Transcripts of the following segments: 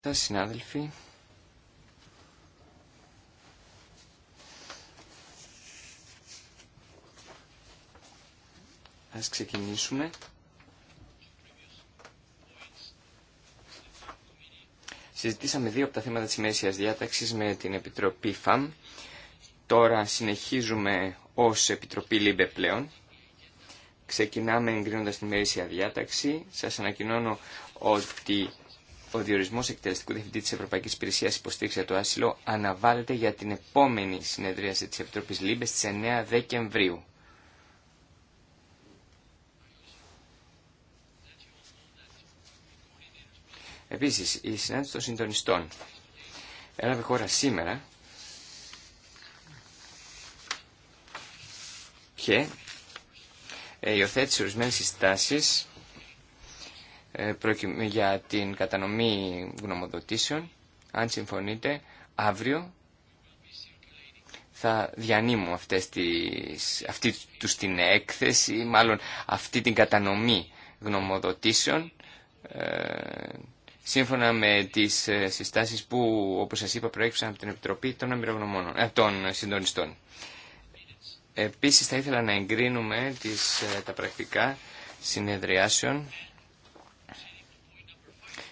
Τα συνάδελφοι. Ας ξεκινήσουμε. Συζητήσαμε δύο από τα θέματα της ημέρησιας διάταξης με την Επιτροπή ΦΑΜ. Τώρα συνεχίζουμε ως Επιτροπή ΛΥΜΠΕ πλέον. Ξεκινάμε εγκρίνοντας την ημέρησια διάταξη. Σας ανακοινώνω ότι ο Διορισμό εκτελεστικού διευθυντή τη Ευρωπαϊκή Υπηρεσία Υποστήριξη για το Άσυλο αναβάλλεται για την επόμενη συνεδρίαση τη Επιτροπή ΛΥΜΠΕΣ στι 9 Δεκεμβρίου. Επίσης, η συνάντηση των συντονιστών έλαβε χώρα σήμερα και ε, υιοθέτησε ορισμένε συστάσει. Ε, για την κατανομή γνωμοδοτήσεων. Αν συμφωνείτε, αύριο θα διανύμω αυτές τις, αυτή τους την έκθεση, μάλλον αυτή την κατανομή γνωμοδοτήσεων, ε, σύμφωνα με τις ε, συστάσεις που, όπως σας είπα, προέκυψαν από την Επιτροπή των, των Συντονιστών. Επίσης, θα ήθελα να εγκρίνουμε τις, τα πρακτικά συνεδριάσεων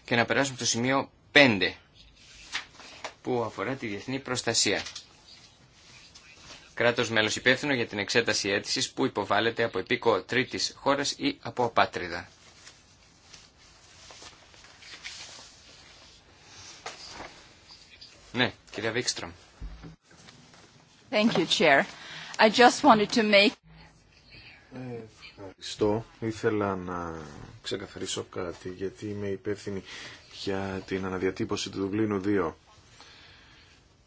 και να περάσουμε στο σημείο 5 που αφορά τη διεθνή προστασία. Κράτος μέλο υπεύθυνο για την εξέταση αίτηση που υποβάλλεται από επίκο τρίτης χώρας ή από απάτριδα. Ναι, κυρία Βίξτρομ. Thank you, ε, Ευχαριστώ. Ήθελα να ξεκαθαρίσω κάτι γιατί είμαι υπεύθυνη για την αναδιατύπωση του Δουβλίνου 2.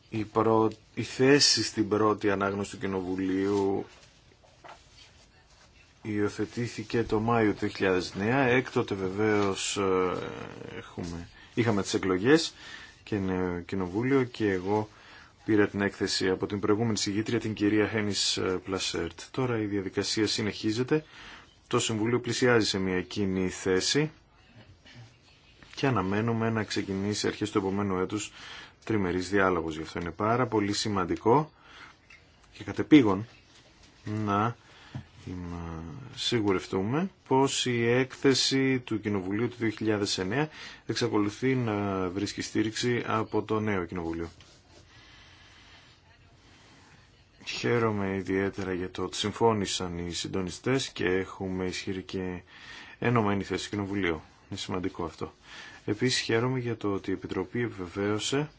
Η, προ... θέση στην πρώτη ανάγνωση του Κοινοβουλίου υιοθετήθηκε το Μάιο 2009. Έκτοτε βεβαίως ε, έχουμε... είχαμε τις εκλογές και Κοινοβούλιο και εγώ πήρα την έκθεση από την προηγούμενη συγγήτρια, την κυρία Χένις ε, Πλασέρτ. Τώρα η διαδικασία συνεχίζεται. Το Συμβούλιο πλησιάζει σε μια κοινή θέση και αναμένουμε να ξεκινήσει αρχές του επόμενου έτους τριμερής διάλογος. Γι' αυτό είναι πάρα πολύ σημαντικό και κατεπήγον να σιγουρευτούμε πως η έκθεση του Κοινοβουλίου του 2009 εξακολουθεί να βρίσκει στήριξη από το νέο Κοινοβουλίο. Χαίρομαι ιδιαίτερα για το ότι συμφώνησαν οι συντονιστές και έχουμε ισχυρή και ενωμένη θέση στο Κοινοβουλίο. Είναι σημαντικό αυτό. Επίσης χαίρομαι για το ότι η Επιτροπή επιβεβαίωσε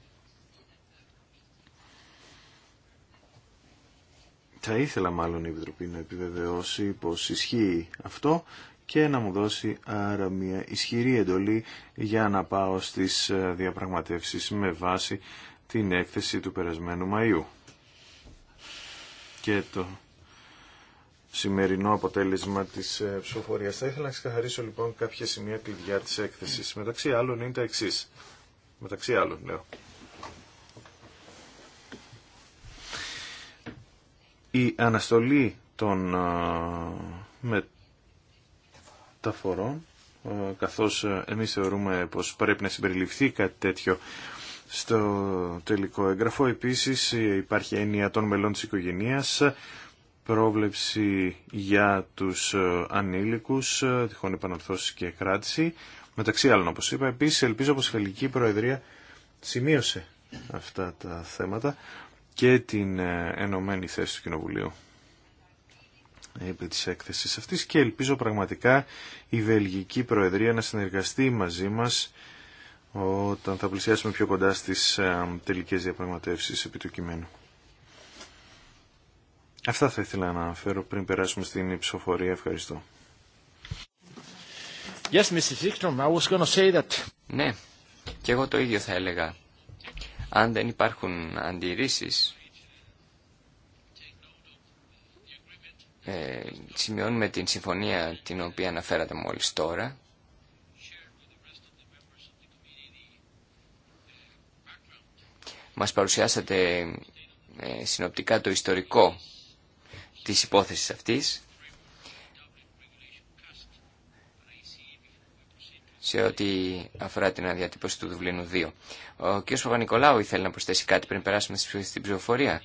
θα ήθελα μάλλον η Επιτροπή να επιβεβαιώσει πως ισχύει αυτό και να μου δώσει άρα μια ισχυρή εντολή για να πάω στις διαπραγματεύσεις με βάση την έκθεση του περασμένου Μαΐου και το σημερινό αποτέλεσμα της ε, ψηφοφορίας. Θα ήθελα να ξεκαθαρίσω λοιπόν κάποια σημεία κλειδιά της έκθεσης. Μεταξύ άλλων είναι τα εξή. Μεταξύ άλλων λέω. Η αναστολή των ε, μεταφορών, ε, καθώς εμείς θεωρούμε πως πρέπει να συμπεριληφθεί κάτι τέτοιο στο τελικό έγγραφο. Επίσης υπάρχει έννοια των μελών της οικογενείας, πρόβλεψη για τους ε, ανήλικους, ε, τυχόν επαναρθώσεις και κράτηση. Μεταξύ άλλων, όπως είπα, επίσης ελπίζω πως η Φελική Προεδρία σημείωσε αυτά τα θέματα και την ε, ενωμένη θέση του Κοινοβουλίου επί της έκθεσης αυτής και ελπίζω πραγματικά η Βελγική Προεδρία να συνεργαστεί μαζί μας όταν θα πλησιάσουμε πιο κοντά στις ε, τελικές διαπραγματεύσεις επί του κειμένου. Αυτά θα ήθελα να αναφέρω πριν περάσουμε στην ψηφοφορία. Ευχαριστώ. Yes, Mrs. I was say that. Ναι, και εγώ το ίδιο θα έλεγα. Αν δεν υπάρχουν αντιρρήσεις, ε, σημειώνουμε την συμφωνία την οποία αναφέρατε μόλις τώρα Μας παρουσιάσατε ε, συνοπτικά το ιστορικό της υπόθεσης αυτής σε ό,τι αφορά την αδιατύπωση του Δουβλίνου 2. Ο κ. Παπα-Νικολάου ήθελε να προσθέσει κάτι πριν περάσουμε στην ψηφοφορία.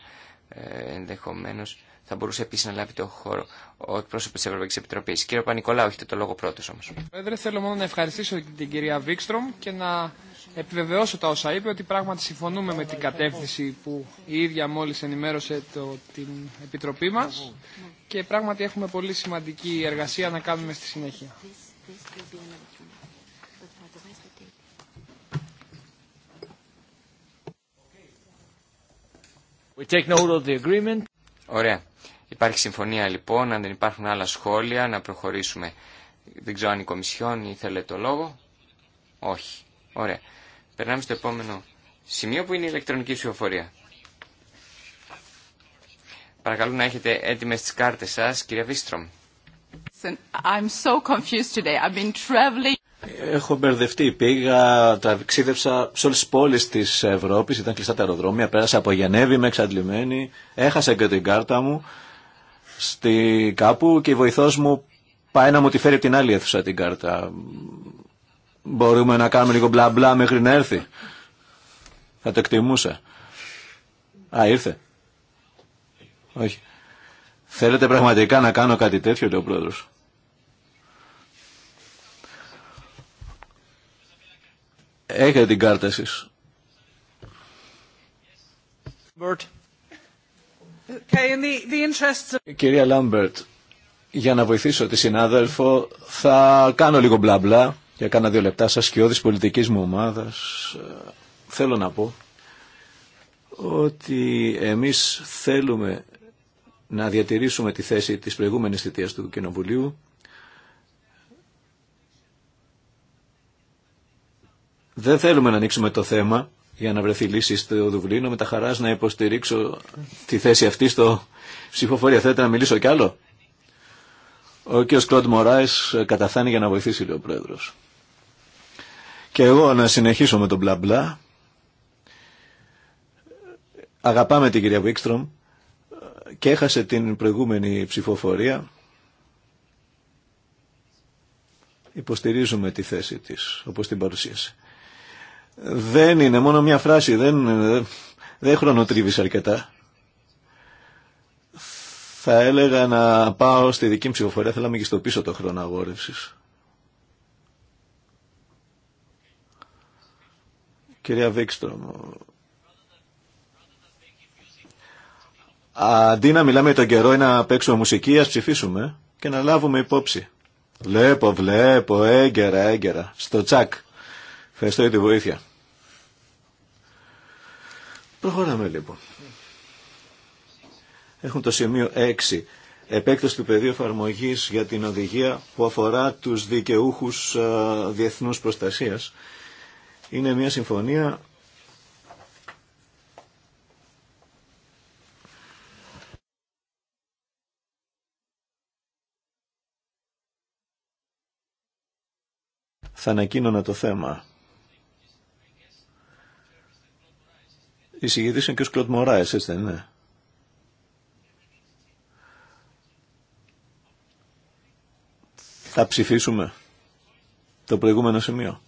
Ε, Ενδεχομένω θα μπορούσε επίση να λάβει το χώρο ο εκπρόσωπο τη Ευρωπαϊκή Επιτροπή. Κύριε Παπα-Νικολάου, έχετε το λόγο πρώτο όμω. Πρόεδρε, θέλω μόνο να ευχαριστήσω την κυρία Βίξτρομ και να επιβεβαιώσω τα όσα είπε, ότι πράγματι συμφωνούμε με την κατεύθυνση που η ίδια μόλις ενημέρωσε το, την Επιτροπή μας και πράγματι έχουμε πολύ σημαντική εργασία να κάνουμε στη συνέχεια. Ωραία. Υπάρχει συμφωνία λοιπόν, αν δεν υπάρχουν άλλα σχόλια, να προχωρήσουμε. Δεν ξέρω αν η Κομισιόν ήθελε το λόγο. Όχι. Ωραία. Περνάμε στο επόμενο σημείο που είναι η ηλεκτρονική ψηφοφορία. Παρακαλώ να έχετε έτοιμες τις κάρτες σας, κυρία Βίστρομ. Έχω μπερδευτεί. Πήγα, ταξίδεψα σε όλε τι πόλει τη Ευρώπη, ήταν κλειστά τα αεροδρόμια. Πέρασα από Γενέβη, είμαι εξαντλημένη. Έχασα και την κάρτα μου στη κάπου και η βοηθό μου πάει να μου τη φέρει από την άλλη αίθουσα την κάρτα. Μπορούμε να κάνουμε λίγο μπλα μπλα μέχρι να έρθει. Θα το εκτιμούσα. Α, ήρθε. Όχι. Θέλετε πραγματικά να κάνω κάτι τέτοιο, λέει ο πρόεδρος. Έχετε την κάρτα εσείς. Κυρία Λάμπερτ, για να βοηθήσω τη συνάδελφο, θα κάνω λίγο μπλα μπλα για κάνα δύο λεπτά σας και όδης πολιτικής μου ομάδας ε, θέλω να πω ότι εμείς θέλουμε να διατηρήσουμε τη θέση της προηγούμενης θητείας του Κοινοβουλίου Δεν θέλουμε να ανοίξουμε το θέμα για να βρεθεί λύση στο Δουβλίνο με τα χαράς να υποστηρίξω τη θέση αυτή στο ψηφοφορία. Θέλετε να μιλήσω κι άλλο. Ο κ. Κλοντ Μωράης ε, καταφθάνει για να βοηθήσει, ο Πρόεδρος. Και εγώ να συνεχίσω με τον μπλα μπλα. Αγαπάμε την κυρία Βίξτρομ και έχασε την προηγούμενη ψηφοφορία. Υποστηρίζουμε τη θέση της, όπως την παρουσίασε. Δεν είναι, μόνο μια φράση, δεν, δεν χρονοτρίβεις αρκετά. Θα έλεγα να πάω στη δική μου ψηφοφορία, θέλω να πίσω το χρόνο αγόρευσης. Κυρία Βίκστρομ, αντί να μιλάμε τον καιρό ή να παίξουμε μουσική, ας ψηφίσουμε και να λάβουμε υπόψη. Βλέπω, βλέπω, έγκαιρα, έγκαιρα, στο τσακ. Ευχαριστώ για τη βοήθεια. Προχωράμε λοιπόν. Έχουν το σημείο 6. Επέκταση του πεδίου εφαρμογή για την οδηγία που αφορά τους δικαιούχους ε, διεθνούς προστασίας είναι μια συμφωνία θα ανακοίνωνα το θέμα. Η είναι και ο Σκλωτ Μωράες, έτσι δεν είναι. Θα ψηφίσουμε το προηγούμενο σημείο.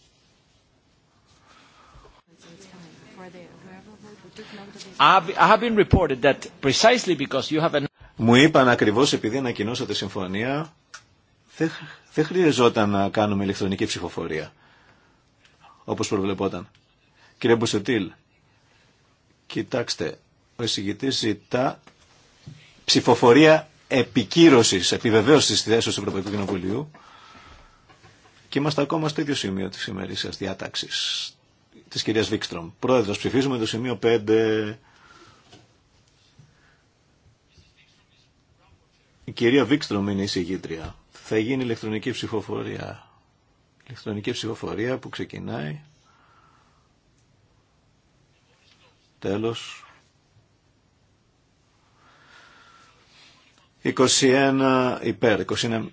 Μου είπαν ακριβώ επειδή ανακοινώσατε συμφωνία, δεν, χρειαζόταν να κάνουμε ηλεκτρονική ψηφοφορία, όπω προβλεπόταν. Κύριε Μπουσουτήλ, κοιτάξτε, ο εισηγητή ζητά ψηφοφορία επικύρωση, επιβεβαίωση τη θέση του Ευρωπαϊκού Κοινοβουλίου και είμαστε ακόμα στο ίδιο σημείο της ημερήσια διάταξη της κυρίας Βίκστρομ. Πρόεδρος, ψηφίζουμε το σημείο 5. Η κυρία Βίκστρομ είναι η συγγήτρια. Θα γίνει ηλεκτρονική ψηφοφορία. Ηλεκτρονική ψηφοφορία που ξεκινάει. Τέλος. 21 υπέρ, 21,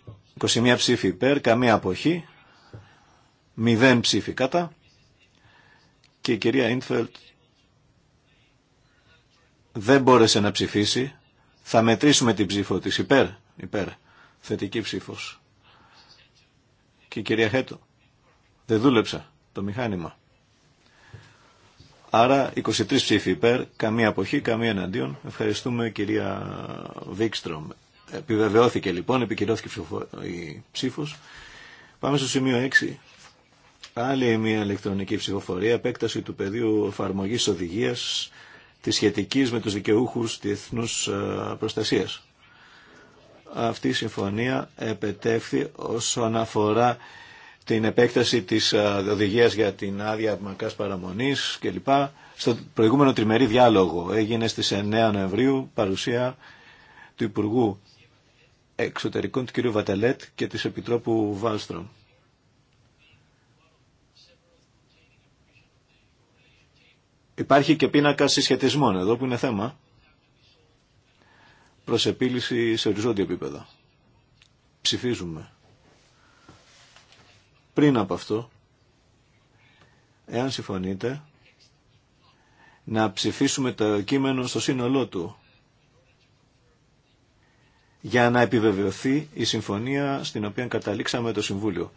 21 ψήφοι υπέρ, καμία αποχή, 0 ψήφοι κατά και η κυρία Ίντφελτ δεν μπόρεσε να ψηφίσει. Θα μετρήσουμε την ψήφο της υπέρ, υπέρ, θετική ψήφος. Και η κυρία Χέτο, δεν δούλεψα το μηχάνημα. Άρα 23 ψήφοι υπέρ, καμία αποχή, καμία εναντίον. Ευχαριστούμε κυρία Βίκστρομ. Επιβεβαιώθηκε λοιπόν, επικυρώθηκε η ψήφος. Πάμε στο σημείο 6 Άλλη μια ηλεκτρονική ψηφοφορία, επέκταση του πεδίου εφαρμογή οδηγία τη σχετική με του δικαιούχου διεθνού ε, προστασία. Αυτή η συμφωνία επετεύχθη όσον αφορά την επέκταση της ε, οδηγία για την άδεια παραμονής παραμονής κλπ. Στο προηγούμενο τριμερή διάλογο έγινε στις 9 Νοεμβρίου παρουσία του Υπουργού Εξωτερικών του κ. Βατελέτ και της Επιτρόπου Βάλστρομ. Υπάρχει και πίνακα συσχετισμών εδώ που είναι θέμα προς επίλυση σε οριζόντιο επίπεδο. Ψηφίζουμε. Πριν από αυτό, εάν συμφωνείτε, να ψηφίσουμε το κείμενο στο σύνολό του για να επιβεβαιωθεί η συμφωνία στην οποία καταλήξαμε το Συμβούλιο.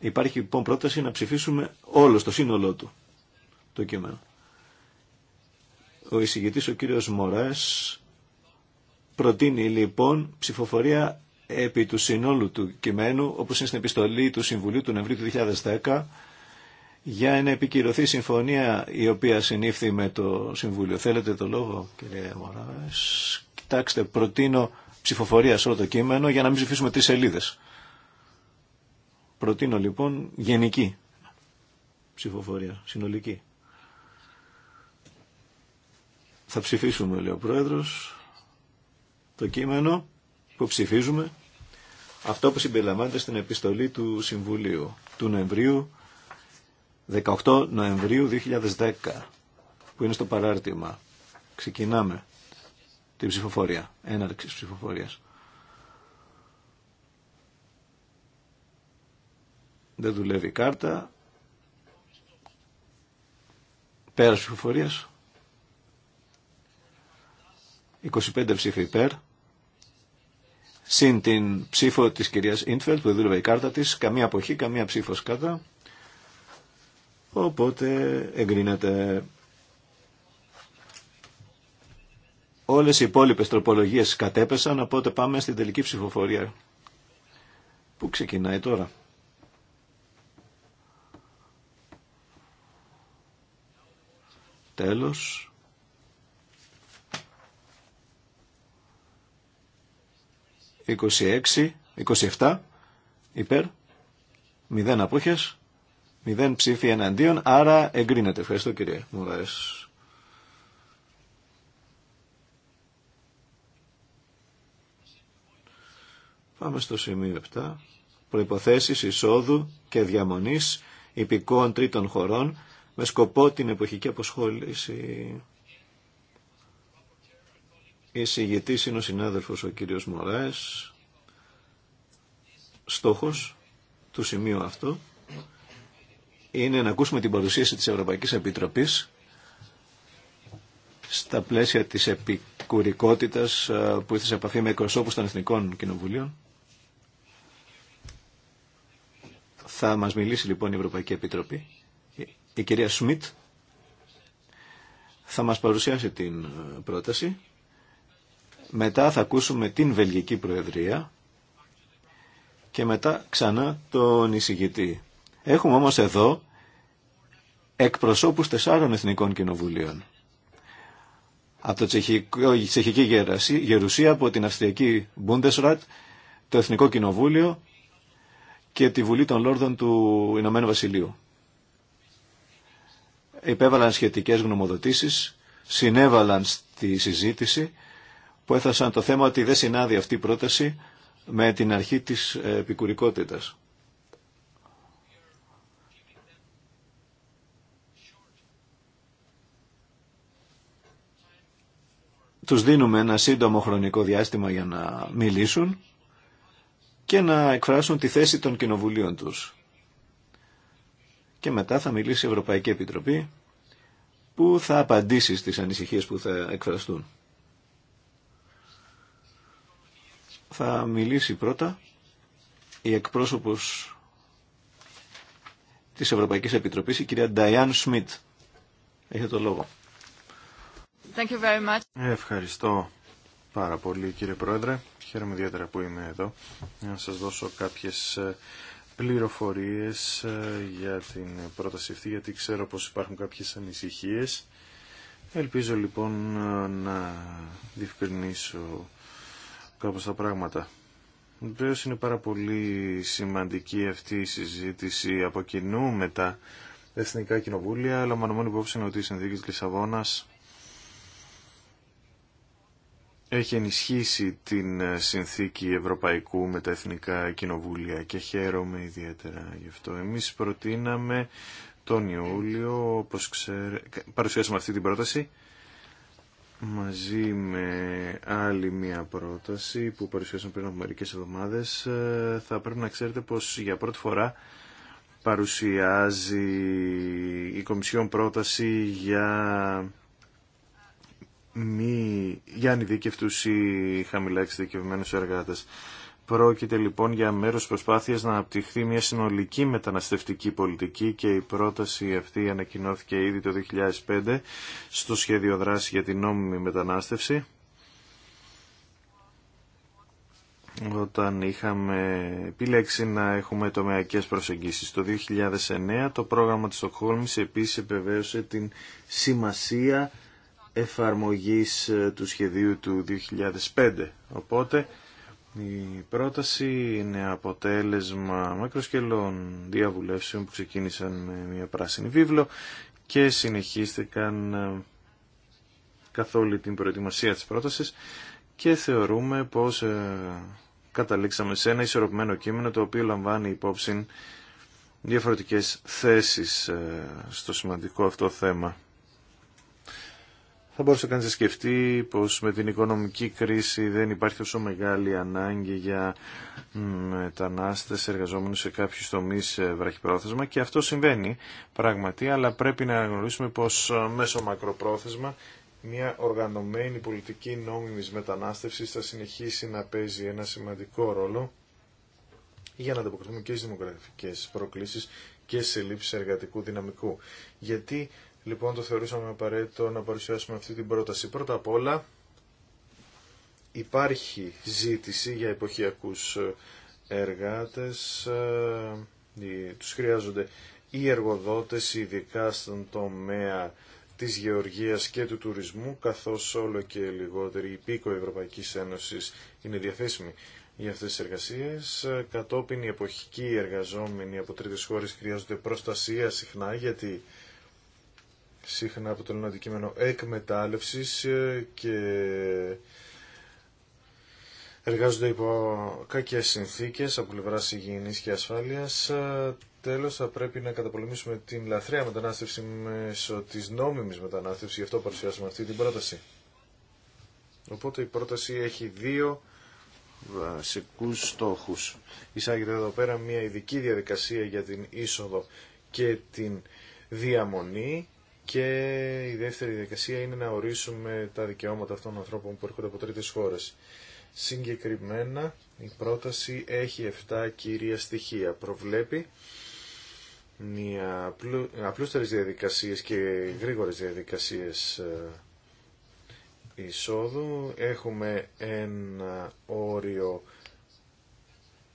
Υπάρχει λοιπόν πρόταση να ψηφίσουμε όλο στο σύνολό του το κείμενο. Ο εισηγητής ο κύριος Μωράς προτείνει λοιπόν ψηφοφορία επί του συνόλου του κειμένου, όπως είναι στην επιστολή του Συμβουλίου του Νευρίου του 2010, για να επικυρωθεί η συμφωνία η οποία συνήφθη με το Συμβούλιο. Θέλετε το λόγο, κύριε Μωράς. Κοιτάξτε, προτείνω ψηφοφορία σε όλο το κείμενο για να μην ψηφίσουμε τρεις σελίδες. Προτείνω λοιπόν γενική ψηφοφορία, συνολική. Θα ψηφίσουμε, λέει ο Πρόεδρος, το κείμενο που ψηφίζουμε, αυτό που συμπεριλαμβάνεται στην επιστολή του Συμβουλίου του Νοεμβρίου, 18 Νοεμβρίου 2010, που είναι στο παράρτημα. Ξεκινάμε την ψηφοφορία, έναρξη ψηφοφορίας. Δεν δουλεύει η κάρτα. Πέρας ψηφοφορίας. 25 ψήφοι υπέρ, συν την ψήφο της κυρίας Ίντφελτ που δούλευε η κάρτα της, καμία αποχή, καμία ψήφος κατά. Οπότε εγκρίνεται όλες οι υπόλοιπε τροπολογίες κατέπεσαν, οπότε πάμε στην τελική ψηφοφορία που ξεκινάει τώρα. Τέλος. 26, 27 υπέρ, 0 απόχες, 0 ψήφοι εναντίον, άρα εγκρίνεται. Ευχαριστώ κύριε Μουράες. Πάμε στο σημείο 7. Προϋποθέσεις εισόδου και διαμονής υπηκόων τρίτων χωρών με σκοπό την εποχική αποσχόληση η είναι ο συνάδελφος ο κύριος Μωράες. Στόχος του σημείου αυτό είναι να ακούσουμε την παρουσίαση της Ευρωπαϊκής Επιτροπής στα πλαίσια της επικουρικότητας ε, που ήρθε σε επαφή με εκπροσώπους των Εθνικών Κοινοβουλίων. Θα μας μιλήσει λοιπόν η Ευρωπαϊκή Επιτροπή. Η κυρία Σμιτ θα μας παρουσιάσει την ε, πρόταση μετά θα ακούσουμε την Βελγική Προεδρία και μετά ξανά τον εισηγητή. Έχουμε όμως εδώ εκπροσώπους τεσσάρων εθνικών κοινοβουλίων. Από το Τσεχική Γερουσία, από την Αυστριακή Bundesrat, το Εθνικό Κοινοβούλιο και τη Βουλή των Λόρδων του Ηνωμένου Βασιλείου. Υπέβαλαν σχετικές γνωμοδοτήσεις, συνέβαλαν στη συζήτηση που έθεσαν το θέμα ότι δεν συνάδει αυτή η πρόταση με την αρχή της επικουρικότητας. Τους δίνουμε ένα σύντομο χρονικό διάστημα για να μιλήσουν και να εκφράσουν τη θέση των κοινοβουλίων τους. Και μετά θα μιλήσει η Ευρωπαϊκή Επιτροπή που θα απαντήσει στις ανησυχίες που θα εκφραστούν. θα μιλήσει πρώτα η εκπρόσωπος της Ευρωπαϊκής Επιτροπής, η κυρία Νταϊάν Σμιτ. Έχετε το λόγο. Thank you very much. Ευχαριστώ πάρα πολύ κύριε Πρόεδρε. Χαίρομαι ιδιαίτερα που είμαι εδώ να σας δώσω κάποιες ε, πληροφορίες ε, για την πρόταση αυτή γιατί ξέρω πως υπάρχουν κάποιες ανησυχίες. Ελπίζω λοιπόν να διευκρινίσω κάπως τα πράγματα. Βεβαίω είναι πάρα πολύ σημαντική αυτή η συζήτηση από κοινού με τα Εθνικά Κοινοβούλια, αλλά μόνο υπόψη είναι ότι η Συνθήκη της Λισαβόνας έχει ενισχύσει την συνθήκη Ευρωπαϊκού με τα Εθνικά Κοινοβούλια και χαίρομαι ιδιαίτερα γι' αυτό. Εμείς προτείναμε τον Ιούλιο, όπως ξέρετε, παρουσιάσαμε αυτή την πρόταση μαζί με άλλη μία πρόταση που παρουσιάσαμε πριν από μερικές εβδομάδες. Ε, θα πρέπει να ξέρετε πως για πρώτη φορά παρουσιάζει η Κομισιόν πρόταση για μη, για ανειδίκευτους ή χαμηλά εξειδικευμένους εργάτες. Πρόκειται λοιπόν για μέρος προσπάθειας να απτυχθεί μια συνολική μεταναστευτική πολιτική και η πρόταση αυτή ανακοινώθηκε ήδη το 2005 στο σχέδιο δράση για την νόμιμη μετανάστευση. Όταν είχαμε επιλέξει να έχουμε τομεακές προσεγγίσεις. Το 2009 το πρόγραμμα της Στοκχόλμης επίσης επιβεβαίωσε την σημασία εφαρμογής ε, του σχεδίου του 2005. Οπότε η πρόταση είναι αποτέλεσμα μακροσκελών διαβουλεύσεων που ξεκίνησαν με μια πράσινη βίβλο και συνεχίστηκαν ε, καθ' την προετοιμασία της πρότασης και θεωρούμε πως ε, καταλήξαμε σε ένα ισορροπημένο κείμενο το οποίο λαμβάνει υπόψη διαφορετικές θέσεις ε, στο σημαντικό αυτό θέμα. Θα μπορούσε κανείς να σκεφτεί πως με την οικονομική κρίση δεν υπάρχει τόσο μεγάλη ανάγκη για μετανάστες εργαζόμενους σε κάποιους τομείς ε, βραχυπρόθεσμα και αυτό συμβαίνει πράγματι, αλλά πρέπει να γνωρίσουμε πως ε, μέσω μακροπρόθεσμα μια οργανωμένη πολιτική νόμιμης μετανάστευσης θα συνεχίσει να παίζει ένα σημαντικό ρόλο για να ανταποκριθούμε και στις δημογραφικές προκλήσεις και σε λήψη εργατικού δυναμικού. Γιατί Λοιπόν, το θεωρούσαμε απαραίτητο να παρουσιάσουμε αυτή την πρόταση. Πρώτα απ' όλα, υπάρχει ζήτηση για εποχιακούς ε, εργάτες, ε, τους χρειάζονται οι εργοδότες, ειδικά στον τομέα της γεωργίας και του τουρισμού, καθώς όλο και λιγότεροι πίκο Ευρωπαϊκής Ένωσης είναι διαθέσιμοι για αυτές τις εργασίες. Ε, κατόπιν οι εποχικοί εργαζόμενοι από τρίτες χώρες χρειάζονται προστασία συχνά, γιατί συχνά αποτελούν αντικείμενο εκμετάλλευσης ε, και εργάζονται υπό κακές συνθήκες από πλευρά υγιεινής και ασφάλειας. Ε, τέλος, θα πρέπει να καταπολεμήσουμε την λαθρέα μετανάστευση μέσω της νόμιμης μετανάστευσης, γι' αυτό παρουσιάσαμε αυτή την πρόταση. Οπότε η πρόταση έχει δύο βασικούς στόχους. Εισάγεται εδώ πέρα μια ειδική διαδικασία για την είσοδο και την διαμονή και η δεύτερη διαδικασία είναι να ορίσουμε τα δικαιώματα αυτών των ανθρώπων που έρχονται από τρίτες χώρες. Συγκεκριμένα η πρόταση έχει 7 κυρία στοιχεία. Προβλέπει μια απλού, απλούστερες διαδικασίες και γρήγορες διαδικασίες ε, εισόδου. Έχουμε ένα όριο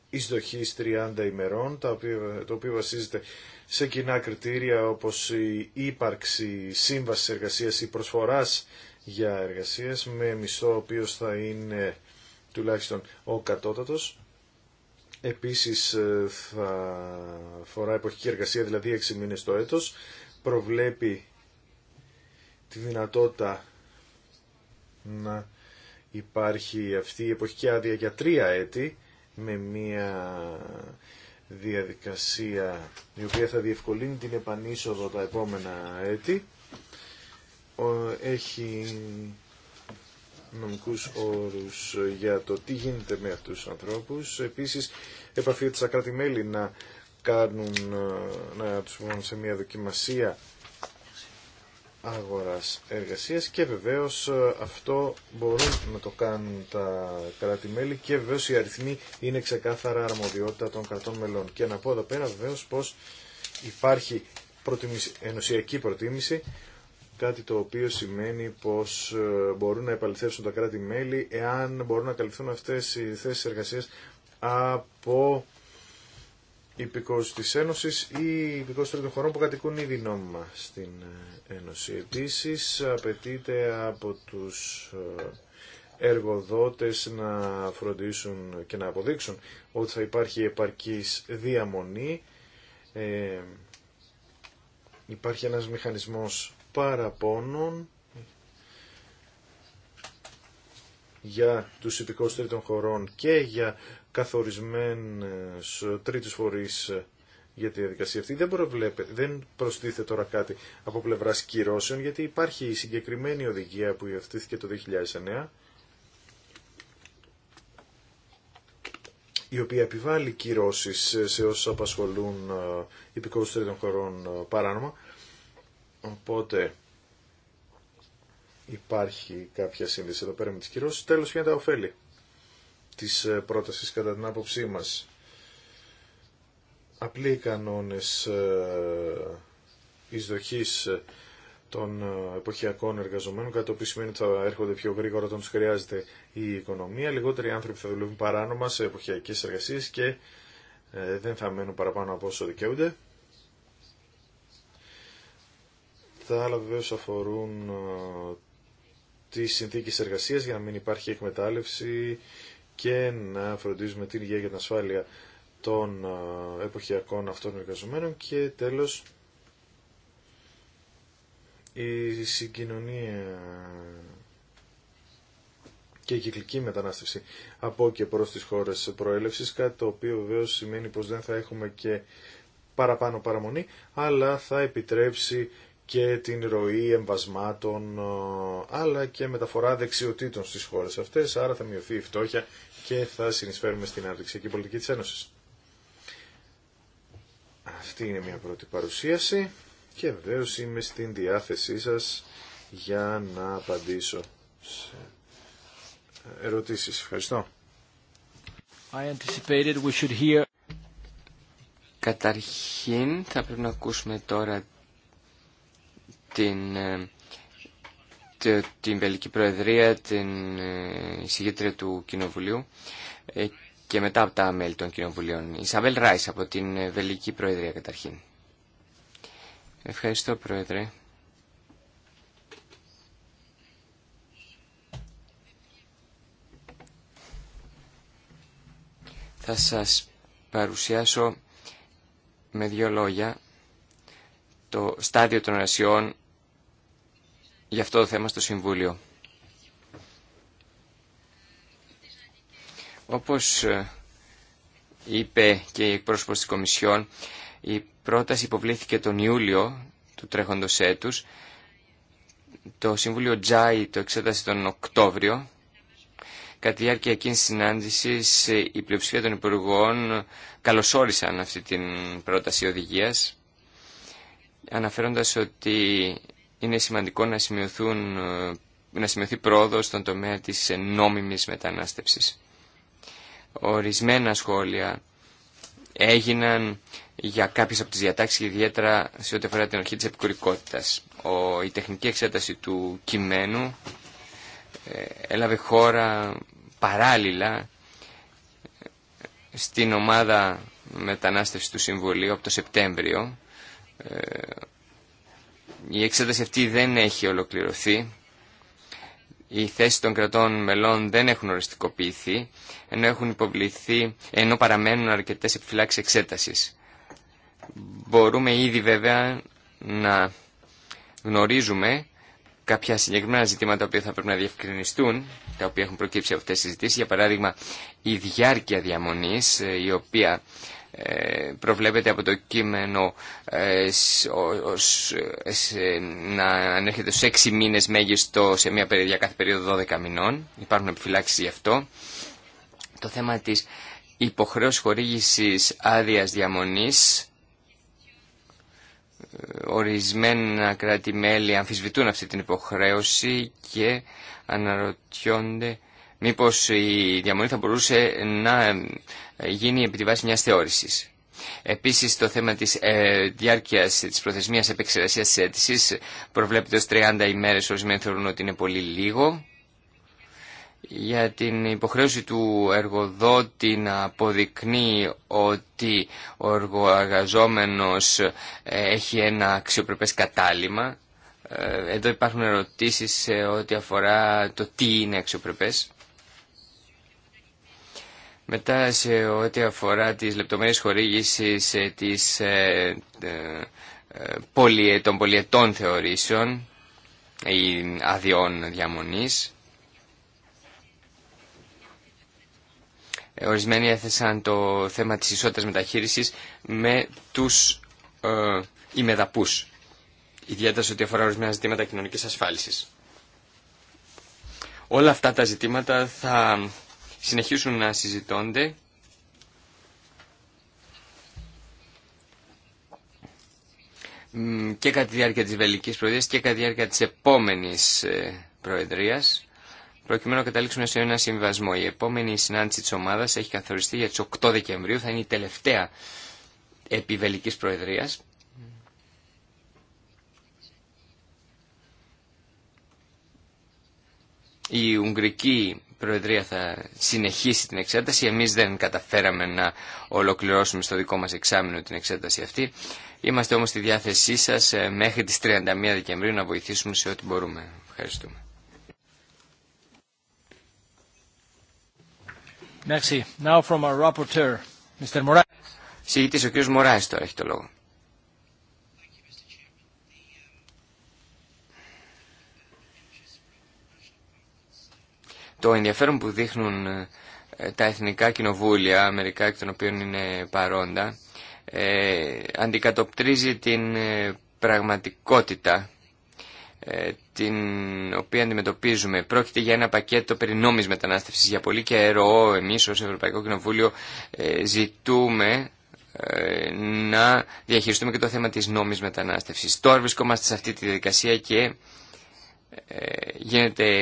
εισδοχής 30 ημερών, το οποίο βασίζεται σε κοινά κριτήρια όπως η ύπαρξη σύμβασης εργασίας ή προσφοράς για εργασίες με μισθό ο οποίος θα είναι τουλάχιστον ο κατώτατος. Επίσης ε, θα φορά εποχική εργασία, δηλαδή 6 μήνες το έτος. Προβλέπει τη δυνατότητα να υπάρχει αυτή η εποχική άδεια για τρία έτη με μία διαδικασία η οποία θα διευκολύνει την επανείσοδο τα επόμενα έτη. Έχει νομικούς όρους για το τι γίνεται με αυτούς τους ανθρώπους. Επίσης, επαφή στα κράτη-μέλη να κάνουν, να τους σε μια δοκιμασία αγοράς εργασίας και βεβαίως ε, αυτό μπορούν να το κάνουν τα κράτη-μέλη και βεβαίως οι αριθμοί είναι ξεκάθαρα αρμοδιότητα των κρατών μελών. Και να πω εδώ πέρα βεβαίως πως υπάρχει προτιμηση, ενωσιακή προτίμηση κάτι το οποίο σημαίνει πως ε, μπορούν να επαληθεύσουν τα κράτη-μέλη εάν μπορούν να καλυφθούν αυτές οι θέσεις εργασίας από υπηκός της Ένωσης ή υπηκός τρίτων χωρών που κατοικούν ήδη νόμιμα στην ε, Ένωση. Επίσης απαιτείται από τους ε, εργοδότες να φροντίσουν και να αποδείξουν ότι θα υπάρχει επαρκής διαμονή. Ε, υπάρχει ένας μηχανισμός παραπώνων για τους υπηκόους τρίτων χωρών και για καθορισμένες ε, τρίτους φορείς ε, για τη διαδικασία αυτή. Δεν, προβλέπε, δεν προστίθε τώρα κάτι από πλευρά κυρώσεων, γιατί υπάρχει η συγκεκριμένη οδηγία που υιοθετήθηκε το 2009, η οποία επιβάλλει κυρώσεις ε, σε όσους απασχολούν υπηκόρους τρίτων χωρών παράνομα. Οπότε υπάρχει κάποια σύνδεση εδώ πέρα με τις κυρώσεις. Τέλος, ποια είναι τα ωφέλη της ε, πρότασης κατά την άποψή μας. Απλοί οι κανόνες ε, εισδοχής ε, των εποχιακών εργαζομένων, κάτι το σημαίνει ότι θα έρχονται πιο γρήγορα όταν τους χρειάζεται η οικονομία, λιγότεροι άνθρωποι θα δουλεύουν παράνομα σε εποχιακές εργασίες και δεν θα μένουν παραπάνω από όσο δικαιούνται. Τα άλλα βεβαίως αφορούν τις συνθήκες εργασίας για να μην υπάρχει εκμετάλλευση και να φροντίζουμε την υγεία για την ασφάλεια των ε, εποχιακών αυτών εργαζομένων και τέλος η συγκοινωνία και η κυκλική μετανάστευση από και προς τις χώρες προέλευσης, κάτι το οποίο βεβαίω σημαίνει πως δεν θα έχουμε και παραπάνω παραμονή, αλλά θα επιτρέψει και την ροή εμβασμάτων ε, αλλά και μεταφορά δεξιοτήτων στις χώρες αυτές, άρα θα μειωθεί η φτώχεια και θα συνεισφέρουμε στην αναπτυξιακή πολιτική της Ένωσης. Αυτή είναι μια πρώτη παρουσίαση και βεβαίω είμαι στην διάθεσή σας για να απαντήσω σε ερωτήσεις. Ευχαριστώ. I anticipated we should hear... Καταρχήν θα πρέπει να ακούσουμε τώρα την, ε, την Βελική Προεδρία, την ε, εισηγήτρια του Κοινοβουλίου ε, και μετά από τα μέλη των Κοινοβουλίων. Η Σαβέλ Ράις από την Βελική Προεδρία καταρχήν. Ευχαριστώ Πρόεδρε. Θα σας παρουσιάσω με δύο λόγια το στάδιο των ασιών για αυτό το θέμα στο Συμβούλιο. Όπως ε, είπε και η εκπρόσωπος της Κομισιόν, η πρόταση υποβλήθηκε τον Ιούλιο του τρέχοντος έτους. Το Συμβούλιο Τζάι το εξέτασε τον Οκτώβριο. Κατά τη διάρκεια εκείνης της συνάντησης, η πλειοψηφία των υπουργών καλωσόρισαν αυτή την πρόταση οδηγίας, αναφέροντας ότι είναι σημαντικό να, ε, να σημειωθεί πρόοδο στον τομέα της νόμιμης μετανάστευσης. Ορισμένα σχόλια έγιναν για κάποιες από τις διατάξεις, ιδιαίτερα σε ό,τι αφορά την αρχή της επικουρικότητας. η τεχνική εξέταση του κειμένου ε, έλαβε χώρα παράλληλα ε, στην ομάδα μετανάστευσης του Συμβουλίου από το Σεπτέμβριο, ε, η εξέταση αυτή δεν έχει ολοκληρωθεί. Οι θέσει των κρατών μελών δεν έχουν οριστικοποιηθεί, ενώ, έχουν υποβληθεί, ενώ παραμένουν αρκετές επιφυλάξει εξέταση. Μπορούμε ήδη βέβαια να γνωρίζουμε κάποια συγκεκριμένα ζητήματα που θα πρέπει να διευκρινιστούν, τα οποία έχουν προκύψει από αυτές τι συζητήσει. Για παράδειγμα, η διάρκεια διαμονή ε, η οποία προβλέπεται από το κείμενο ε, ε, να ανέρχεται στους 6 μήνες μέγιστο σε μια περίοδο κάθε περίοδο 12 μηνών. Υπάρχουν επιφυλάξεις γι' αυτό. Το θέμα της υποχρέωσης χορήγησης άδειας διαμονής ε, ορισμένα κράτη-μέλη αμφισβητούν αυτή την υποχρέωση και αναρωτιόνται μήπως η διαμονή θα μπορούσε να ε, γίνει επί τη βάση μιας θεώρησης. Επίσης το θέμα της ε, διάρκειας της προθεσμίας επεξεργασίας της αίτησης προβλέπεται ως 30 ημέρες ορισμένοι θεωρούν ότι είναι πολύ λίγο. Για την υποχρέωση του εργοδότη να αποδεικνύει ότι ο εργοαγαζόμενος ε, έχει ένα αξιοπρεπές κατάλημα. Ε, εδώ υπάρχουν ερωτήσεις ό,τι αφορά το τι είναι αξιοπρεπές. Μετά σε ό,τι αφορά τις λεπτομέρειες χορήγησης ε, της, ε, ε, ε των πολιετών θεωρήσεων ή αδειών διαμονής, ε, ορισμένοι έθεσαν το θέμα της ισότητας μεταχείρισης με τους ε, ημεδαπούς, ιδιαίτερα σε ό,τι αφορά ορισμένα ζητήματα κοινωνικής ασφάλισης. Όλα αυτά τα ζητήματα θα συνεχίσουν να συζητώνται και κατά τη διάρκεια της Βελικής Προεδρίας και κατά τη διάρκεια της επόμενης ε, Προεδρίας προκειμένου να καταλήξουμε σε ένα συμβασμό. Η επόμενη συνάντηση της ομάδας έχει καθοριστεί για τις 8 Δεκεμβρίου, θα είναι η τελευταία επί Βελικής Προεδρίας. Η Ουγγρική Προεδρία θα συνεχίσει την εξέταση. Εμείς δεν καταφέραμε να ολοκληρώσουμε στο δικό μας εξάμεινο την εξέταση αυτή. Είμαστε όμως στη διάθεσή σας ε, μέχρι τις 31 Δεκεμβρίου να βοηθήσουμε σε ό,τι μπορούμε. Ευχαριστούμε. Merci. Now from our rapporteur, Mr. Συγητής ο κ. Μωράης τώρα έχει το λόγο. το ενδιαφέρον που δείχνουν ε, τα εθνικά κοινοβούλια, μερικά εκ των οποίων είναι παρόντα, ε, αντικατοπτρίζει την ε, πραγματικότητα την οποία αντιμετωπίζουμε. Πρόκειται για ένα πακέτο περί νόμης μετανάστευσης. Για πολύ καιρό εμείς ως Ευρωπαϊκό Κοινοβούλιο ζητούμε να διαχειριστούμε και το θέμα της νόμης μετανάστευσης. Τώρα βρισκόμαστε σε αυτή τη διαδικασία και γίνεται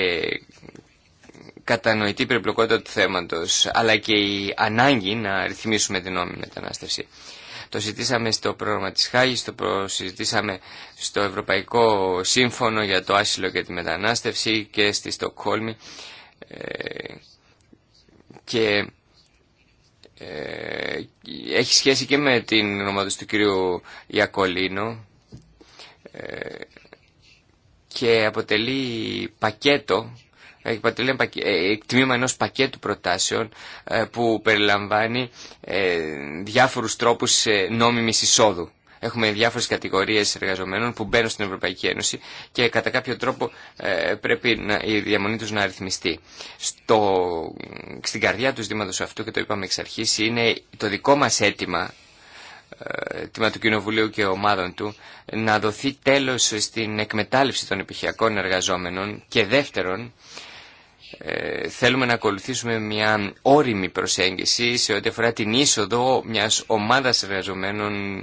κατανοητή περιπλοκότητα του θέματος, αλλά και η ανάγκη να ρυθμίσουμε την νόμιμη μετανάστευση. Το συζητήσαμε στο πρόγραμμα της Χάγης, το συζητήσαμε στο Ευρωπαϊκό Σύμφωνο για το Άσυλο και τη Μετανάστευση και στη Στοκχόλμη ε, και ε, έχει σχέση και με την ονοματό του κυρίου Ιακολίνο ε, και αποτελεί πακέτο ε, τμήμα ενός πακέτου προτάσεων ε, που περιλαμβάνει ε, διάφορους τρόπους νόμιμης εισόδου. Έχουμε διάφορες κατηγορίες εργαζομένων που μπαίνουν στην Ευρωπαϊκή Ένωση και κατά κάποιο τρόπο πρέπει να, η διαμονή τους να αριθμιστεί. Στο, στην καρδιά του ζητήματος αυτού, και το είπαμε εξ αρχής, είναι το δικό μας αίτημα τίμα του Κοινοβουλίου και ομάδων του να δοθεί τέλος στην εκμετάλλευση των επιχειακών εργαζόμενων και δεύτερον ε, θέλουμε να ακολουθήσουμε μια όριμη προσέγγιση σε ό,τι αφορά την είσοδο μιας ομάδας εργαζομένων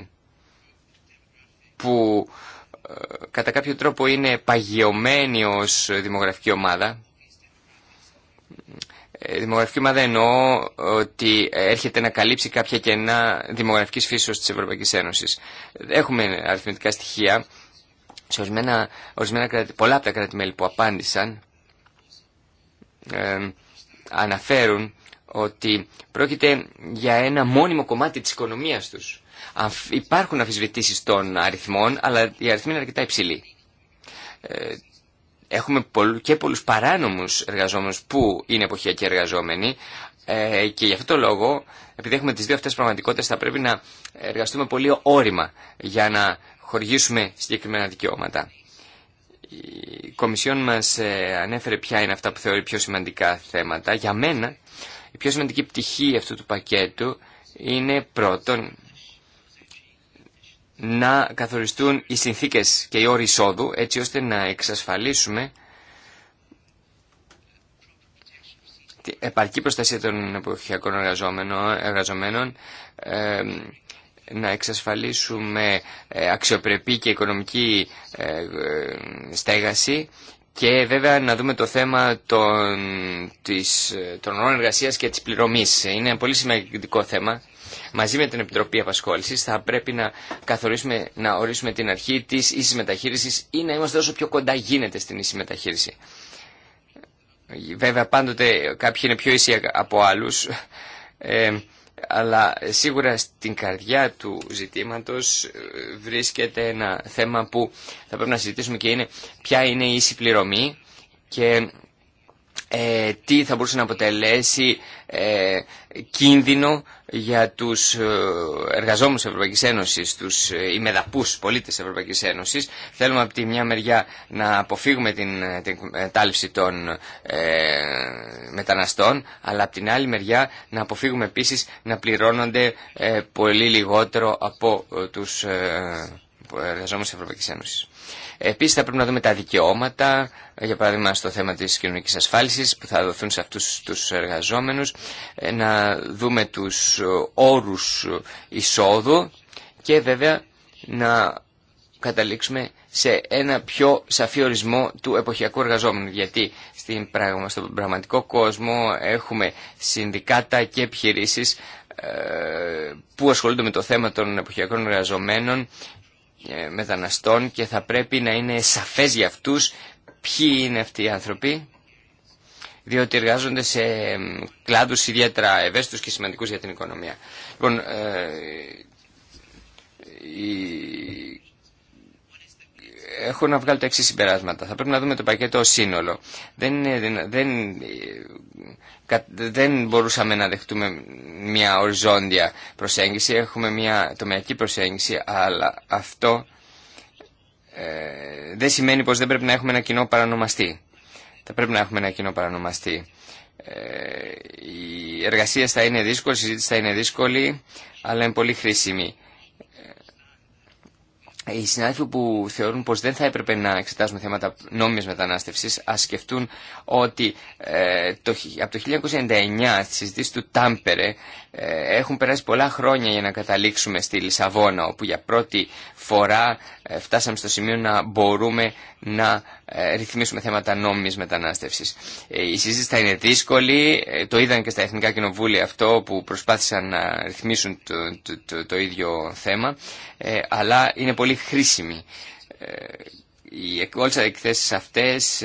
που ε, κατά κάποιο τρόπο είναι παγιωμένη ως δημογραφική ομάδα. Ε, δημογραφική ομάδα εννοώ ότι έρχεται να καλύψει κάποια κενά δημογραφικής φύσης της Ευρωπαϊκής Ένωσης. Έχουμε αριθμητικά στοιχεία σε ορισμένα, ορισμένα πολλά από τα κράτη-μέλη που απάντησαν αναφέρουν ότι πρόκειται για ένα μόνιμο κομμάτι της οικονομίας τους. Υπάρχουν αφισβητήσεις των αριθμών, αλλά η αριθμή είναι αρκετά υψηλή. Ε, έχουμε και πολλούς παράνομους εργαζόμενους που είναι εποχιακοί εργαζόμενοι ε, και γι' αυτό το λόγο, επειδή έχουμε τις δύο αυτές πραγματικότητες, θα πρέπει να εργαστούμε πολύ όρημα για να χορηγήσουμε συγκεκριμένα δικαιώματα. Η Κομισιόν μας ε, ανέφερε ποια είναι αυτά που θεωρεί πιο σημαντικά θέματα. Για μένα η πιο σημαντική πτυχή αυτού του πακέτου είναι πρώτον να καθοριστούν οι συνθήκες και οι όροι εισόδου έτσι ώστε να εξασφαλίσουμε την επαρκή προστασία των εποχιακών εργαζομένων, εργαζομένων να εξασφαλίσουμε ε, αξιοπρεπή και οικονομική ε, ε, στέγαση και βέβαια να δούμε το θέμα των, της, των ορών εργασίας και της πληρωμής. Είναι ένα πολύ σημαντικό θέμα. Μαζί με την Επιτροπή Απασχόλησης θα πρέπει να καθορίσουμε, να ορίσουμε την αρχή της ίσης μεταχείρισης ή να είμαστε όσο πιο κοντά γίνεται στην ίση μεταχείριση. Βέβαια πάντοτε κάποιοι είναι πιο ίσοι από άλλους αλλά σίγουρα στην καρδιά του ζητήματος ε, βρίσκεται ένα θέμα που θα πρέπει να συζητήσουμε και είναι ποια είναι η ίση πληρωμή και ε, τι θα μπορούσε να αποτελέσει ε, κίνδυνο για τους ε, εργαζόμενους της Ευρωπαϊκής Ένωσης, τους ημεδαπούς πολίτες της Ευρωπαϊκής Ένωσης. Θέλουμε από τη μια μεριά να αποφύγουμε την, την των μεταναστών, αλλά από την άλλη μεριά να αποφύγουμε επίσης να πληρώνονται πολύ λιγότερο από ε, τους εργαζόμενους Ευρωπαϊκή Ένωση. Επίσης θα πρέπει να δούμε τα δικαιώματα, για παράδειγμα στο θέμα τη κοινωνική ασφάλισης που θα δοθούν σε αυτού του εργαζόμενου, ε, να δούμε του όρου εισόδου και βέβαια να καταλήξουμε σε ένα πιο σαφή ορισμό του εποχιακού εργαζόμενου. Γιατί στην πράγμα, στον πραγματικό κόσμο έχουμε συνδικάτα και επιχειρήσει ε, που ασχολούνται με το θέμα των εποχιακών εργαζομένων ε, μεταναστών και θα πρέπει να είναι σαφές για αυτούς ποιοι είναι αυτοί οι άνθρωποι διότι εργάζονται σε κλάδους ιδιαίτερα ευαίσθητους και σημαντικούς για την οικονομία. Λοιπόν, ε, έχω να βγάλω τα εξή συμπεράσματα. Θα πρέπει να δούμε το πακέτο ως σύνολο. Δεν, δεν, δεν, δεν μπορούσαμε να δεχτούμε μια οριζόντια προσέγγιση. Έχουμε μια τομεακή προσέγγιση, αλλά αυτό ε, δεν σημαίνει πως δεν πρέπει να έχουμε ένα κοινό παρανομαστή. Θα πρέπει να έχουμε ένα κοινό παρανομαστή. Ε, οι εργασίες θα είναι δύσκολες, η συζήτηση θα είναι δύσκολη, αλλά είναι πολύ χρήσιμη οι συνάδελφοι που θεωρούν πως δεν θα έπρεπε να εξετάζουμε θέματα νόμιμης μετανάστευσης ας σκεφτούν ότι ε, το, από το 1999 στη συζήτηση του Τάμπερε ε, έχουν περάσει πολλά χρόνια για να καταλήξουμε στη Λισαβόνα, όπου για πρώτη φορά ε, φτάσαμε στο σημείο να μπορούμε να ε, ρυθμίσουμε θέματα νόμιμης μετανάστευσης. Η συζήτηση θα είναι δύσκολη, το είδαν και στα Εθνικά Κοινοβούλια αυτό που προσπάθησαν να ρυθμίσουν το, το, ίδιο θέμα, αλλά είναι πολύ χρήσιμη οι, οι εκθέσεις αυτές,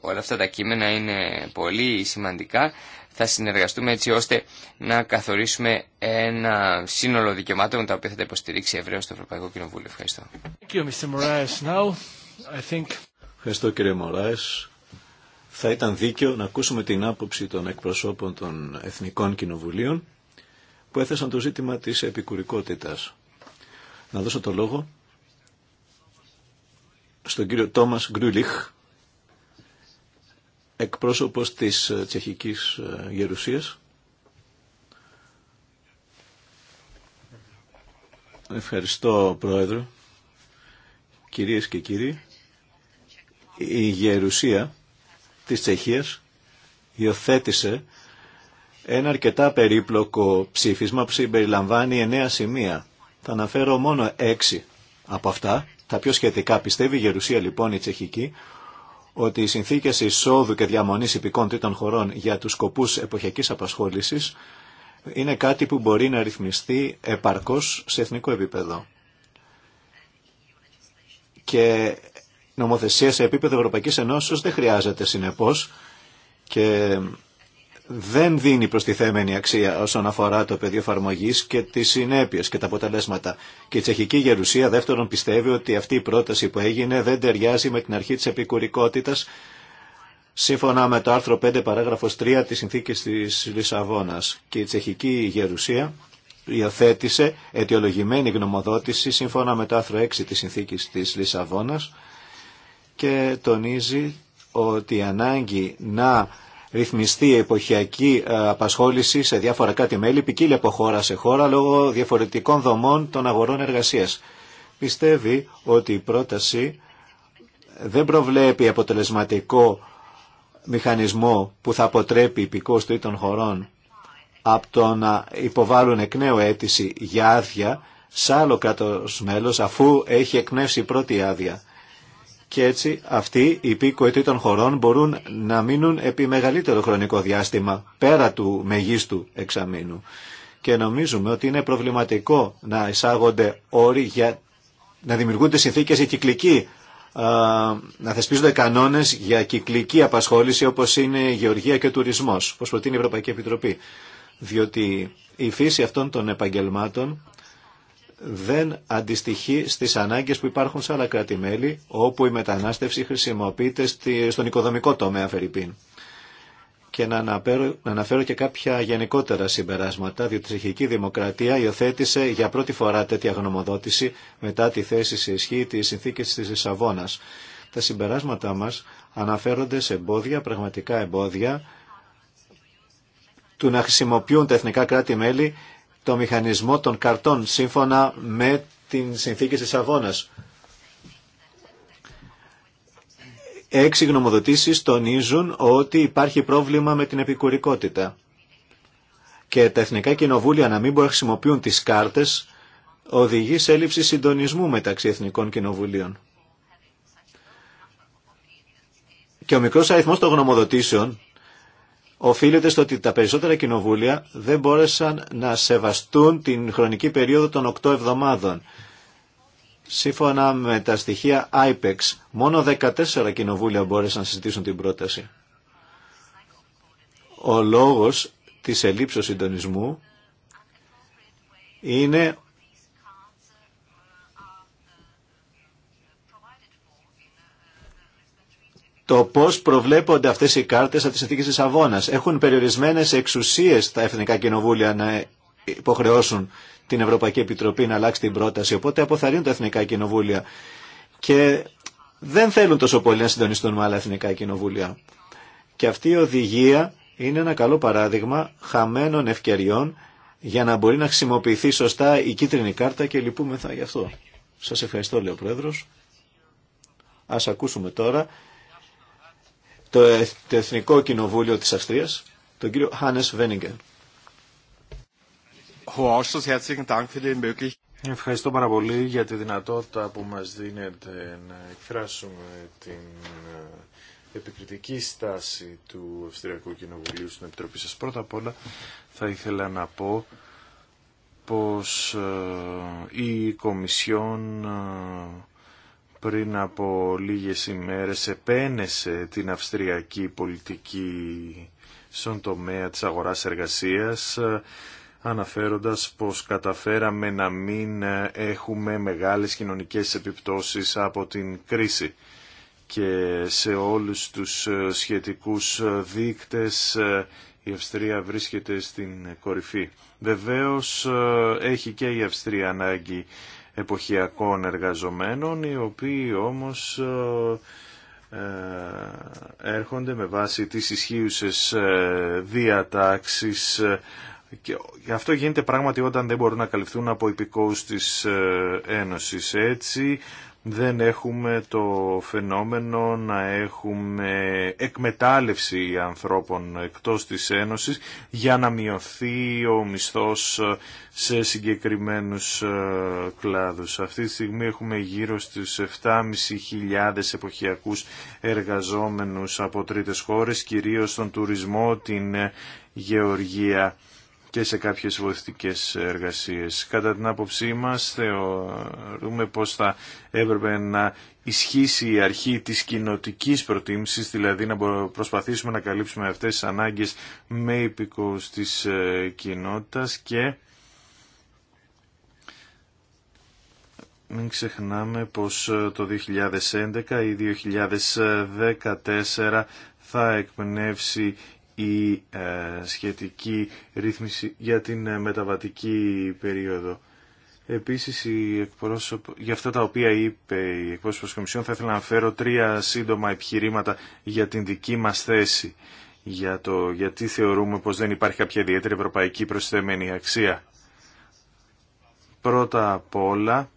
όλα αυτά τα κείμενα είναι πολύ σημαντικά θα συνεργαστούμε έτσι ώστε να καθορίσουμε ένα σύνολο δικαιωμάτων τα οποία θα τα υποστηρίξει ευρέως το Ευρωπαϊκό Κοινοβούλιο. Ευχαριστώ. Ευχαριστώ κύριε Μωράες. Θα ήταν δίκαιο να ακούσουμε την άποψη των εκπροσώπων των Εθνικών Κοινοβουλίων που έθεσαν το ζήτημα της επικουρικότητας. Να δώσω το λόγο στον κύριο Τόμας Γκρούλιχ εκπρόσωπος της ε, τσεχικής ε, γερουσίας. Ευχαριστώ Πρόεδρο. Κυρίες και κύριοι, η γερουσία της Τσεχίας υιοθέτησε ένα αρκετά περίπλοκο ψήφισμα που συμπεριλαμβάνει εννέα σημεία. Θα αναφέρω μόνο έξι από αυτά, τα πιο σχετικά πιστεύει η γερουσία λοιπόν η τσεχική, ότι οι συνθήκε εισόδου και διαμονή υπηκών τρίτων χωρών για τους σκοπούς εποχιακή απασχόλησης είναι κάτι που μπορεί να ρυθμιστεί επαρκώς σε εθνικό επίπεδο. Και νομοθεσία σε επίπεδο Ευρωπαϊκής Ενώσης δεν χρειάζεται συνεπώ. και δεν δίνει προστιθέμενη αξία όσον αφορά το πεδίο εφαρμογή και τι συνέπειε και τα αποτελέσματα. Και η τσεχική γερουσία δεύτερον πιστεύει ότι αυτή η πρόταση που έγινε δεν ταιριάζει με την αρχή τη επικουρικότητα σύμφωνα με το άρθρο 5 παράγραφος 3 της συνθήκης της Λισαβόνας και η τσεχική γερουσία υιοθέτησε αιτιολογημένη γνωμοδότηση σύμφωνα με το άρθρο 6 της συνθήκης της Λισαβόνας και τονίζει ότι η ανάγκη να ρυθμιστεί εποχιακή ε, απασχόληση σε διάφορα κάτι μέλη, ποικίλει από χώρα σε χώρα λόγω διαφορετικών δομών των αγορών εργασίας. Πιστεύει ότι η πρόταση δεν προβλέπει αποτελεσματικό μηχανισμό που θα αποτρέπει ή των χωρών από το να υποβάλουν εκ νέου αίτηση για άδεια σε άλλο κράτος μέλος αφού έχει εκνεύσει η πρώτη άδεια και έτσι αυτοί οι υπήκοοι των χωρών μπορούν να μείνουν επί μεγαλύτερο χρονικό διάστημα πέρα του μεγίστου εξαμήνου. Και νομίζουμε ότι είναι προβληματικό να εισάγονται όροι για να δημιουργούνται συνθήκε για κυκλική, να θεσπίζονται κανόνες για κυκλική απασχόληση όπως είναι η γεωργία και ο τουρισμός, όπω προτείνει η Ευρωπαϊκή Επιτροπή. Διότι η φύση αυτών των επαγγελμάτων δεν αντιστοιχεί στις ανάγκες που υπάρχουν σε άλλα κράτη-μέλη, όπου η μετανάστευση χρησιμοποιείται στον οικοδομικό τομέα, Φερρυππίν. Και να αναφέρω, αναφέρω και κάποια γενικότερα συμπεράσματα, διότι η Τσεχική Δημοκρατία υιοθέτησε για πρώτη φορά τέτοια γνωμοδότηση μετά τη θέση σε ισχύ της συνθήκης της Λισαβόνα. Τα συμπεράσματά μας αναφέρονται σε εμπόδια, πραγματικά εμπόδια, του να χρησιμοποιούν τα εθνικά κράτη-μέλη το μηχανισμό των καρτών σύμφωνα με την συνθήκη της Αβώνας. Έξι γνωμοδοτήσεις τονίζουν ότι υπάρχει πρόβλημα με την επικουρικότητα και τα εθνικά κοινοβούλια να μην μπορούν να χρησιμοποιούν τις κάρτες οδηγεί σε έλλειψη συντονισμού μεταξύ εθνικών κοινοβουλίων. Και ο μικρός αριθμός των γνωμοδοτήσεων οφείλεται στο ότι τα περισσότερα κοινοβούλια δεν μπόρεσαν να σεβαστούν την χρονική περίοδο των 8 εβδομάδων. Σύμφωνα με τα στοιχεία IPEX, μόνο 14 κοινοβούλια μπόρεσαν να συζητήσουν την πρόταση. Ο λόγος της ελλείψης συντονισμού είναι το πώ προβλέπονται αυτέ οι κάρτε από τι συνθήκε τη Αβώνα. Έχουν περιορισμένες εξουσίε τα εθνικά κοινοβούλια να υποχρεώσουν την Ευρωπαϊκή Επιτροπή να αλλάξει την πρόταση. Οπότε αποθαρρύνουν τα εθνικά κοινοβούλια. Και δεν θέλουν τόσο πολύ να συντονιστούν με άλλα εθνικά κοινοβούλια. Και αυτή η οδηγία είναι ένα καλό παράδειγμα χαμένων ευκαιριών για να μπορεί να χρησιμοποιηθεί σωστά η κίτρινη κάρτα και λυπούμεθα γι' αυτό. Σας ευχαριστώ, λέει ο Πρόεδρος. Ας ακούσουμε τώρα το Εθνικό Κοινοβούλιο της Αυστρίας, τον κύριο Χάνες Βένιγκεν. Ευχαριστώ πάρα πολύ για τη δυνατότητα που μας δίνετε να εκφράσουμε την ε, επικριτική στάση του Αυστριακού Κοινοβουλίου στην Επιτροπή σας. Πρώτα απ' όλα θα ήθελα να πω πως ε, η Κομισιόν ε, πριν από λίγες ημέρες επένεσε την αυστριακή πολιτική στον τομέα της αγοράς εργασίας αναφέροντας πως καταφέραμε να μην έχουμε μεγάλες κοινωνικές επιπτώσεις από την κρίση και σε όλους τους σχετικούς δείκτες η Αυστρία βρίσκεται στην κορυφή. Βεβαίως έχει και η Αυστρία ανάγκη εποχιακών εργαζομένων, οι οποίοι όμως ε, ε, έρχονται με βάση τις ισχύουσες ε, διατάξεις και αυτό γίνεται πράγματι όταν δεν μπορούν να καλυφθούν από υπηκόους της Ένωσης. Έτσι, δεν έχουμε το φαινόμενο να έχουμε εκμετάλλευση ανθρώπων εκτός της Ένωσης για να μειωθεί ο μισθός σε συγκεκριμένους ε, κλάδους. Αυτή τη στιγμή έχουμε γύρω στους 7.500 εποχιακούς εργαζόμενους από τρίτες χώρες, κυρίως στον τουρισμό, την ε, γεωργία και σε κάποιες βοηθητικές εργασίες. Κατά την άποψή μας θεωρούμε πως θα έπρεπε να ισχύσει η αρχή της κοινοτική προτίμησης, δηλαδή να προσπαθήσουμε να καλύψουμε αυτές τις ανάγκες με υπηκούς της ε, κοινότητας και μην ξεχνάμε πως ε, το 2011 ή 2014 θα εκπνεύσει η ε, σχετική ρύθμιση για την ε, μεταβατική περίοδο. Επίσης, η εκπρόσωπο... για αυτά τα οποία είπε η εκπρόσωπος Κομισιόν, θα ήθελα να φέρω τρία σύντομα επιχειρήματα για την δική μας θέση, για το γιατί θεωρούμε πως δεν υπάρχει κάποια ιδιαίτερη ευρωπαϊκή προσθέμενη αξία. Πρώτα απ' όλα,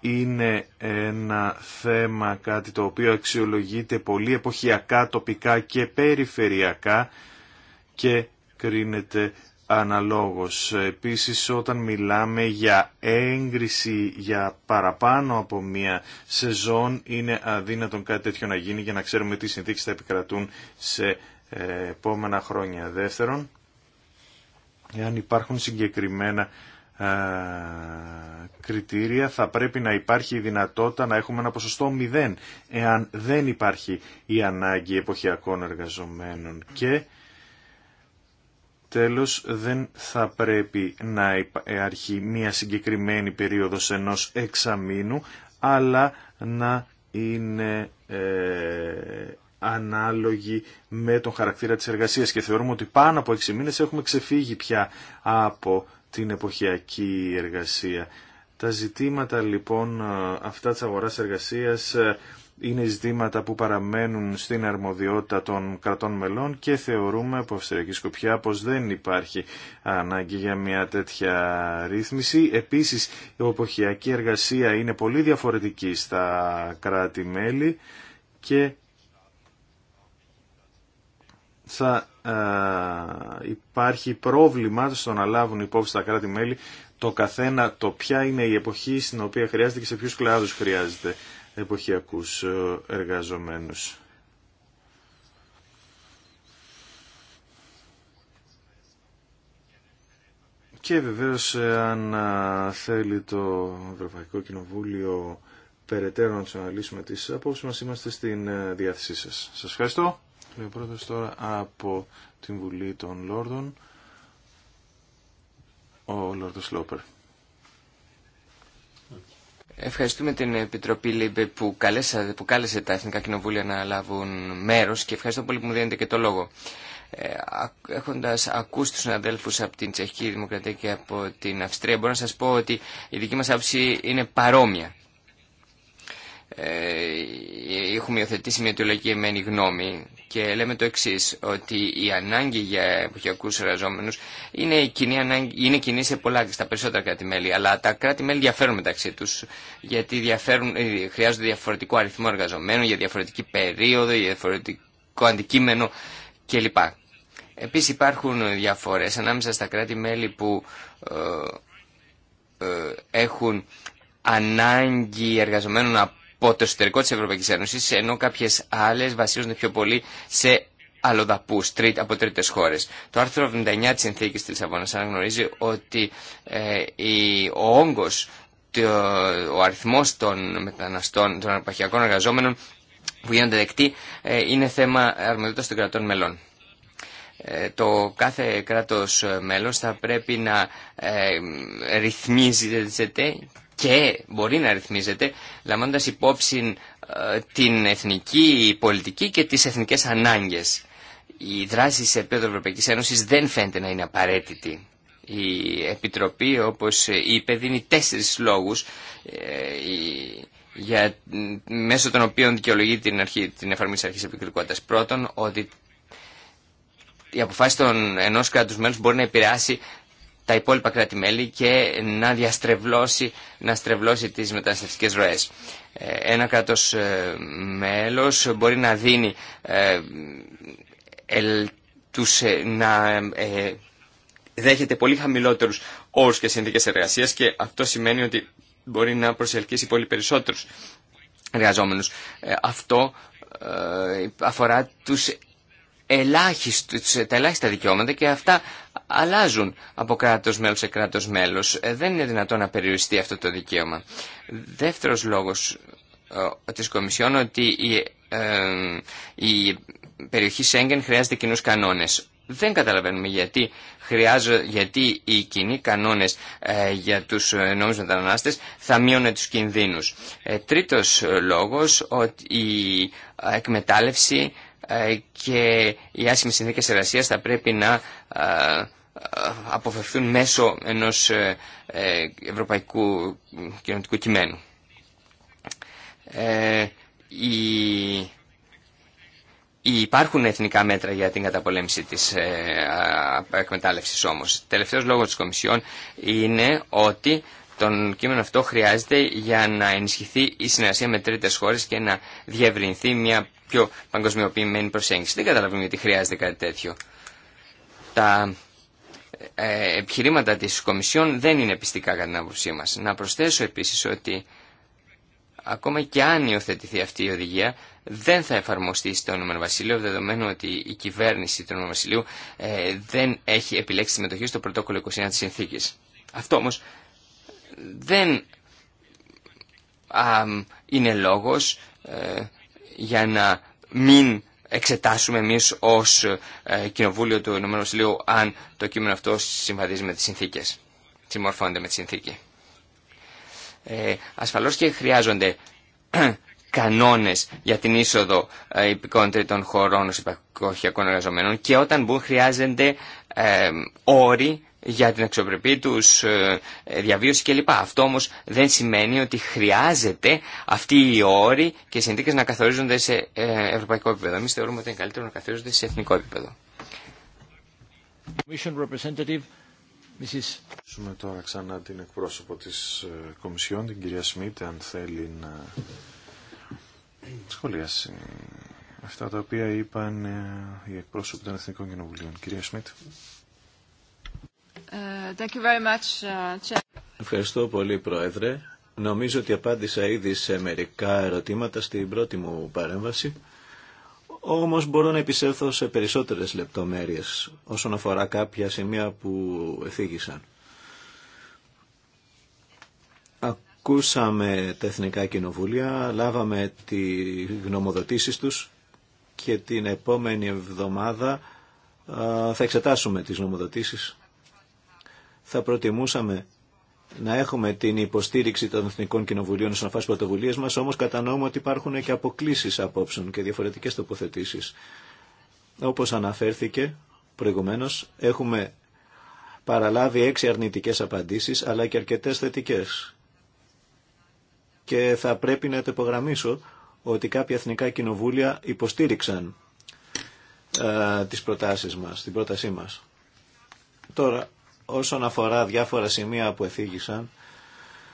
είναι ένα θέμα, κάτι το οποίο αξιολογείται πολύ εποχιακά, τοπικά και περιφερειακά και κρίνεται αναλόγως. Επίσης όταν μιλάμε για έγκριση για παραπάνω από μία σεζόν είναι αδύνατον κάτι τέτοιο να γίνει για να ξέρουμε τι συνθήκες θα επικρατούν σε ε, επόμενα χρόνια. Δεύτερον, εάν υπάρχουν συγκεκριμένα κριτήρια θα πρέπει να υπάρχει η δυνατότητα να έχουμε ένα ποσοστό μηδέν εάν δεν υπάρχει η ανάγκη εποχιακών εργαζομένων και τέλος δεν θα πρέπει να υπάρχει ε, μια συγκεκριμένη περίοδος ενός εξαμήνου αλλά να είναι ε, ανάλογη με τον χαρακτήρα της εργασίας και θεωρούμε ότι πάνω από 6 μήνες έχουμε ξεφύγει πια από την εποχιακή εργασία. Τα ζητήματα λοιπόν ε, αυτά της αγοράς εργασίας ε, είναι ζητήματα που παραμένουν στην αρμοδιότητα των κρατών μελών και θεωρούμε από αυστηριακή σκοπιά πως δεν υπάρχει ανάγκη για μια τέτοια ρύθμιση. Επίσης η εποχιακή εργασία είναι πολύ διαφορετική στα κράτη-μέλη και θα ε, υπάρχει πρόβλημα στο να λάβουν υπόψη τα κράτη-μέλη το καθένα το ποια είναι η εποχή στην οποία χρειάζεται και σε ποιους κλάδους χρειάζεται εποχιακούς ε, εργαζομένους. Και βεβαίως αν ε, θέλει το Ευρωπαϊκό Κοινοβούλιο περαιτέρω να τους αναλύσουμε τις απόψεις μας, είμαστε στην διάθεσή σας. Σας ευχαριστώ. Με τώρα από την Βουλή των Λόρδων, ο Λόρδος Λόπερ. Ευχαριστούμε την Επιτροπή ΛΥΜΠΕ που, που κάλεσε τα Εθνικά Κοινοβούλια να λάβουν μέρος και ευχαριστώ πολύ που μου δίνετε και το λόγο. Ε, έχοντας ακούσει τους συναδέλφους από την Τσεχική Δημοκρατία και από την Αυστρία μπορώ να σας πω ότι η δική μας άποψη είναι παρόμοια. Ε, έχουμε υιοθετήσει μια τεολογική εμένη γνώμη και λέμε το εξή ότι η ανάγκη για εποχιακούς εργαζόμενους είναι κοινή, ανάγκη, είναι κοινή σε πολλά στα περισσότερα κράτη-μέλη αλλά τα κράτη-μέλη διαφέρουν μεταξύ τους γιατί διαφέρουν, ε, χρειάζονται διαφορετικό αριθμό εργαζομένων για διαφορετική περίοδο, για διαφορετικό αντικείμενο κλπ. Επίσης υπάρχουν διαφορές ανάμεσα στα κράτη-μέλη που ε, έχουν ανάγκη εργαζομένων από από το εσωτερικό της Ευρωπαϊκής Ένωσης, ενώ κάποιες άλλες βασίζονται πιο πολύ σε αλλοδαπού από τρίτες χώρες. Το άρθρο 79 της Συνθήκης της Λισαβόνας αναγνωρίζει ότι ε, η, ο όγκο, ο αριθμός των μεταναστών, των αρπαχιακών εργαζόμενων που γίνονται δεκτοί ε, είναι θέμα αρμοδιότητας των κρατών μελών. Ε, το κάθε κράτος μέλος θα πρέπει να ρυθμίζεται και μπορεί να ρυθμίζεται λαμβάνοντας υπόψη ε, την εθνική πολιτική και τις εθνικές ανάγκες. Η δράση σε επίπεδο Ευρωπαϊκής Ένωσης δεν φαίνεται να είναι απαραίτητη. Η Επιτροπή, όπως είπε, δίνει τέσσερις λόγους ε, για, μέσω των οποίων δικαιολογεί την, αρχή, την εφαρμογή της αρχής επικριτικότητας. Πρώτον, ότι η αποφάση των ενός κράτους μέλους μπορεί να επηρεάσει τα υπόλοιπα κράτη-μέλη και να διαστρεβλώσει, να στρεβλώσει τις μεταναστευτικές ροές. Ε, ένα κράτος ε, μέλος μπορεί να δίνει ε, τους, να δέχεται πολύ χαμηλότερους όρους και συνθήκες εργασίας και αυτό σημαίνει ότι μπορεί να προσελκύσει πολύ περισσότερους εργαζόμενους. Αυτό αφορά τους τα ελάχιστα δικαιώματα και αυτά αλλάζουν από κράτος μέλος σε κράτος μέλος. Ε, δεν είναι δυνατόν να περιοριστεί αυτό το δικαίωμα. Δεύτερος λόγος ε, της Κομισιόν ότι η, ε, η περιοχή Σέγγεν χρειάζεται κοινού κανόνες. Δεν καταλαβαίνουμε γιατί, γιατί οι κοινοί κανόνες ε, για τους νόμους μετανάστες θα μείωνε τους κινδύνους. τρίτος λόγος, ότι η εκμετάλλευση ε, και οι άσχημες συνθήκες εργασίας θα πρέπει να ε, ε, αποφευθούν μέσω ενός ευρωπαϊκού κοινωνικού κειμένου. Υπάρχουν εθνικά μέτρα για την καταπολέμηση της εκμετάλλευσης όμως. Τελευταίος λόγος της Κομισιόν είναι ότι τον κείμενο αυτό χρειάζεται για να ενισχυθεί η συνεργασία με τρίτες χώρες και να διευρυνθεί μια πιο παγκοσμιοποιημένη προσέγγιση. Δεν καταλαβαίνουμε γιατί χρειάζεται κάτι τέτοιο. Τα ε, επιχειρήματα της Κομισιόν δεν είναι πιστικά κατά την άποψή μας. Να προσθέσω επίσης ότι ακόμα και αν υιοθετηθεί αυτή η οδηγία δεν θα εφαρμοστεί στο Ηνωμένο Βασίλειο δεδομένου ότι η κυβέρνηση του Ηνωμένου Βασιλείου ε, δεν έχει επιλέξει συμμετοχή στο πρωτόκολλο 29 της συνθήκης. Αυτό όμως δεν είναι λόγος ε, για να μην εξετάσουμε εμείς ως ε, Κοινοβούλιο του Ηνωμένου αν το κείμενο αυτό συμβαδίζει με τις συνθήκες, συμμορφώνεται με τη συνθήκη. Ε, ασφαλώς και χρειάζονται κανόνες για την είσοδο ε, υπηκών τρίτων χωρών ως εργαζομένων και όταν μπουν χρειάζονται ε, όροι για την αξιοπρεπή τους ε, διαβίωση κλπ. Αυτό όμως δεν σημαίνει ότι χρειάζεται αυτοί οι όροι και οι συνθήκες να καθορίζονται σε ε, ευρωπαϊκό επίπεδο. Εμείς θεωρούμε ότι είναι καλύτερο να καθορίζονται σε εθνικό επίπεδο. Σούμε τώρα ξανά την εκπρόσωπο της ε, Κομισιόν, την κυρία Σμίτ, αν θέλει να σχολιάσει αυτά τα οποία είπαν οι εκπρόσωποι των Εθνικών Κοινοβουλίων. Κυρία Σμίτ. Uh, uh, Ευχαριστώ πολύ, Πρόεδρε. Νομίζω ότι απάντησα ήδη σε μερικά ερωτήματα στην πρώτη μου παρέμβαση. Όμως μπορώ να επισέλθω σε περισσότερες λεπτομέρειες όσον αφορά κάποια σημεία που εθίγησαν. Ακούσαμε τα Εθνικά Κοινοβούλια, λάβαμε τη γνωμοδοτήσεις τους και την επόμενη εβδομάδα θα εξετάσουμε τις γνωμοδοτήσεις θα προτιμούσαμε να έχουμε την υποστήριξη των Εθνικών Κοινοβουλίων στον αφάσει πρωτοβουλίε μα, όμω κατανοούμε ότι υπάρχουν και αποκλήσει απόψεων και διαφορετικέ τοποθετήσει. Όπω αναφέρθηκε προηγουμένω, έχουμε παραλάβει έξι αρνητικέ απαντήσει, αλλά και αρκετέ θετικέ. Και θα πρέπει να το υπογραμμίσω ότι κάποια εθνικά κοινοβούλια υποστήριξαν ε, τις προτάσεις μας, την πρότασή μας. Τώρα, Όσον αφορά διάφορα σημεία που εφήγησαν,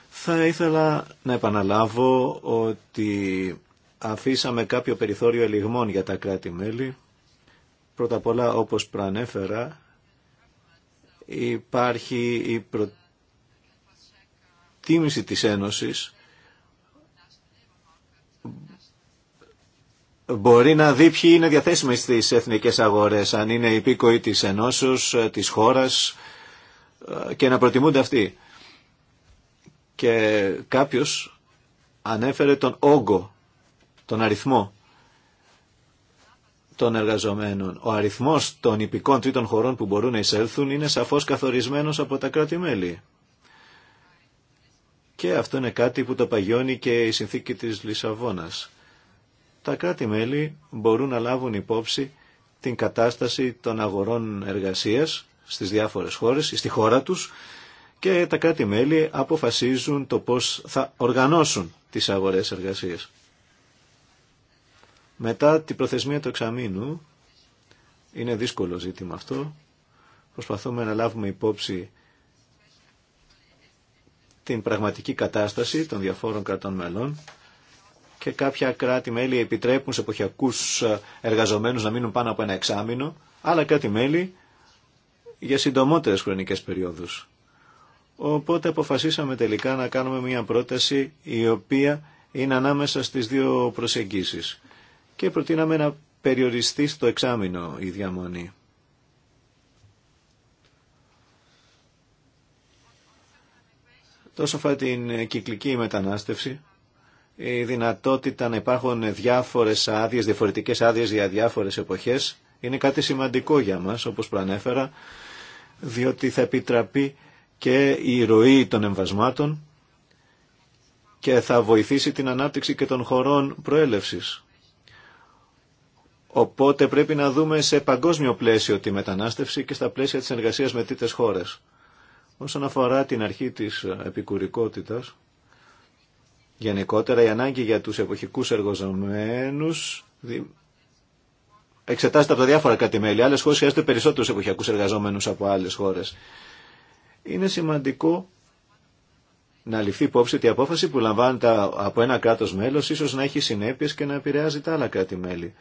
θα ήθελα να επαναλάβω ότι αφήσαμε κάποιο περιθώριο ελιγμών για τα κράτη-μέλη. Πρώτα απ' όλα, όπως προανέφερα, υπάρχει η προτίμηση της Ένωσης Μπορεί να δει ποιοι είναι διαθέσιμοι στις εθνικές αγορές, αν είναι υπήκοοι της ενώσεως, της χώρας ε, και να προτιμούνται αυτοί. Και κάποιος ανέφερε τον όγκο, τον αριθμό των εργαζομένων. Ο αριθμός των υπηκών τρίτων χωρών που μπορούν να εισέλθουν είναι σαφώς καθορισμένος από τα κράτη-μέλη. Και αυτό είναι κάτι που το παγιώνει και η συνθήκη της Λισαβόνας. Τα κράτη-μέλη μπορούν να λάβουν υπόψη την κατάσταση των αγορών εργασίας στις διάφορες χώρες, στη χώρα τους και τα κράτη-μέλη αποφασίζουν το πώς θα οργανώσουν τις αγορές εργασίας. Μετά την προθεσμία του εξαμήνου, είναι δύσκολο ζήτημα αυτό, προσπαθούμε να λάβουμε υπόψη την πραγματική κατάσταση των διαφόρων κρατών μελών και κάποια κράτη-μέλη επιτρέπουν σε εποχιακούς εργαζομένους να μείνουν πάνω από ένα εξάμηνο, άλλα κράτη-μέλη για συντομότερες χρονικές περιόδους. Οπότε αποφασίσαμε τελικά να κάνουμε μια πρόταση η οποία είναι ανάμεσα στις δύο προσεγγίσεις και προτείναμε να περιοριστεί στο εξάμεινο η διαμονή. Τόσο αφορά την κυκλική μετανάστευση, η δυνατότητα να υπάρχουν διάφορες άδειες, διαφορετικές άδειες για διάφορες εποχές, είναι κάτι σημαντικό για μας, όπως προανέφερα, διότι θα επιτραπεί και η ροή των εμβασμάτων και θα βοηθήσει την ανάπτυξη και των χωρών προέλευσης. Οπότε πρέπει να δούμε σε παγκόσμιο πλαίσιο τη μετανάστευση και στα πλαίσια της εργασίας με τίτες χώρες. Όσον αφορά την αρχή της επικουρικότητας, γενικότερα η ανάγκη για τους εποχικούς εργοζομένους εξετάζεται από τα διάφορα κράτη-μέλη, Άλλε χώρε χρειάζονται περισσότερου εποχιακού εργαζόμενου από άλλε χώρε. Είναι σημαντικό να ληφθεί υπόψη ότι η απόφαση που λαμβάνεται από ένα κράτο μέλο ίσω να έχει συνέπειε και να επηρεάζει τα άλλα κράτη-μέλη.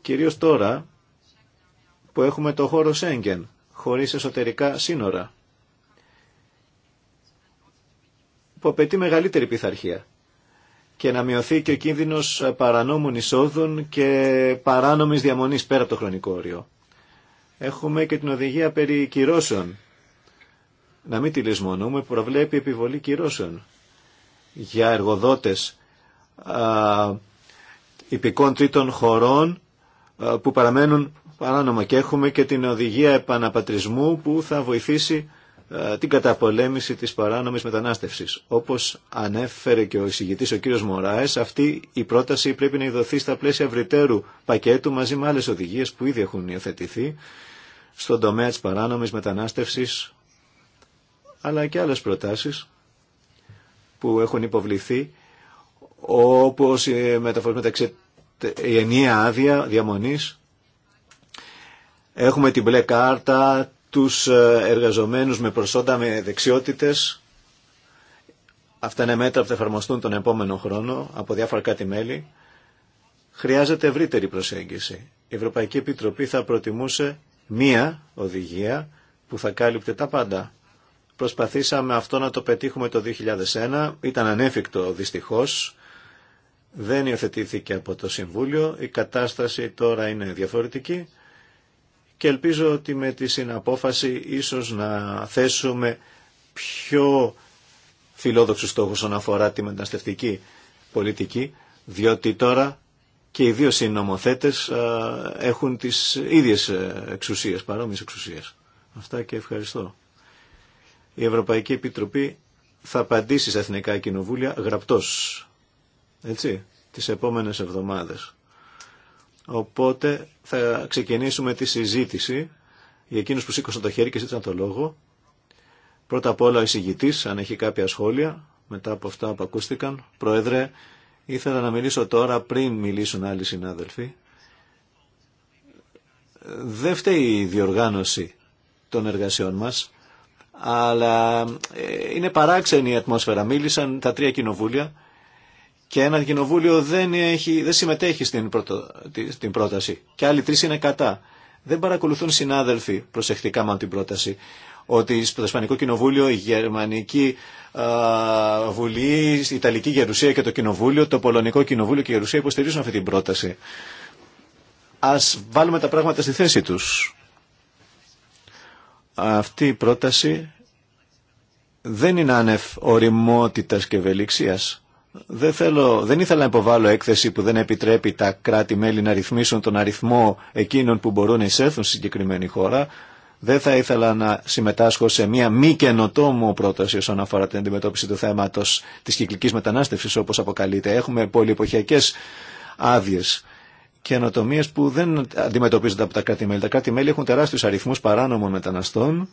Κυρίω τώρα που έχουμε το χώρο Σέγγεν, χωρίς εσωτερικά σύνορα, που απαιτεί μεγαλύτερη πειθαρχία και να μειωθεί και ο κίνδυνος παρανόμων εισόδων και παράνομης διαμονής πέρα από το χρονικό όριο. Έχουμε και την οδηγία περί κυρώσεων. Να μην τη λησμονούμε, προβλέπει επιβολή κυρώσεων για εργοδότες υπηκόν τρίτων χωρών που παραμένουν παράνομα και έχουμε και την οδηγία επαναπατρισμού που θα βοηθήσει ε, την καταπολέμηση της παράνομης μετανάστευσης. Όπως ανέφερε και ο εισηγητής ο κύριος Μωράες, αυτή η πρόταση πρέπει να ειδωθεί στα πλαίσια βρυτέρου πακέτου μαζί με άλλες οδηγίες που ήδη έχουν υιοθετηθεί στον τομέα της παράνομης μετανάστευσης, αλλά και άλλες προτάσεις που έχουν υποβληθεί, όπως η ενιαία άδεια διαμονής, Έχουμε την μπλε κάρτα, τους ε, εργαζομένους με προσόντα, με δεξιότητες. Αυτά είναι μέτρα που θα εφαρμοστούν τον επόμενο χρόνο από διάφορα κάτι μέλη. Χρειάζεται ευρύτερη προσέγγιση. Η Ευρωπαϊκή Επιτροπή θα προτιμούσε μία οδηγία που θα κάλυπτε τα πάντα. Προσπαθήσαμε αυτό να το πετύχουμε το 2001. Ήταν ανέφικτο δυστυχώς. Δεν υιοθετήθηκε από το Συμβούλιο. Η κατάσταση τώρα είναι διαφορετική και ελπίζω ότι με τη συναπόφαση ίσως να θέσουμε πιο φιλόδοξους στόχους όσον αφορά τη μεταναστευτική πολιτική, διότι τώρα και οι δύο συνομοθέτες έχουν τις ίδιες ε, εξουσίες, παρόμοιες εξουσίες. Αυτά και ευχαριστώ. Η Ευρωπαϊκή Επιτροπή θα απαντήσει σε Εθνικά Κοινοβούλια γραπτός, έτσι, τις επόμενες εβδομάδες. Οπότε θα ξεκινήσουμε τη συζήτηση για εκείνους που σήκωσαν το χέρι και ζήτησαν το λόγο. Πρώτα απ' όλα ο εισηγητής, αν έχει κάποια σχόλια, μετά από αυτά που ακούστηκαν. Πρόεδρε, ήθελα να μιλήσω τώρα πριν μιλήσουν άλλοι συνάδελφοι. Δεν φταίει η διοργάνωση των εργασιών μας, αλλά ε, είναι παράξενη η ατμόσφαιρα. Μίλησαν τα τρία κοινοβούλια και ένα κοινοβούλιο δεν, έχει, δεν συμμετέχει στην, πρόταση και άλλοι τρεις είναι κατά. Δεν παρακολουθούν συνάδελφοι προσεκτικά με την πρόταση ότι στο Ισπανικό Κοινοβούλιο, η Γερμανική α, Βουλή, η Ιταλική Γερουσία και το Κοινοβούλιο, το Πολωνικό Κοινοβούλιο και η Γερουσία υποστηρίζουν αυτή την πρόταση. Ας βάλουμε τα πράγματα στη θέση τους. Αυτή η πρόταση δεν είναι άνευ οριμότητας και ευελιξίας. Δεν, θέλω, δεν ήθελα να υποβάλω έκθεση που δεν επιτρέπει τα κράτη-μέλη να ρυθμίσουν τον αριθμό εκείνων που μπορούν να εισέλθουν στη συγκεκριμένη χώρα. Δεν θα ήθελα να συμμετάσχω σε μια μη καινοτόμο πρόταση όσον αφορά την αντιμετώπιση του θέματο τη κυκλική μετανάστευση, όπω αποκαλείται. Έχουμε πολυεποχιακέ άδειε καινοτομίε που δεν αντιμετωπίζονται από τα κράτη-μέλη. Τα κράτη-μέλη έχουν τεράστιου αριθμού παράνομων μεταναστών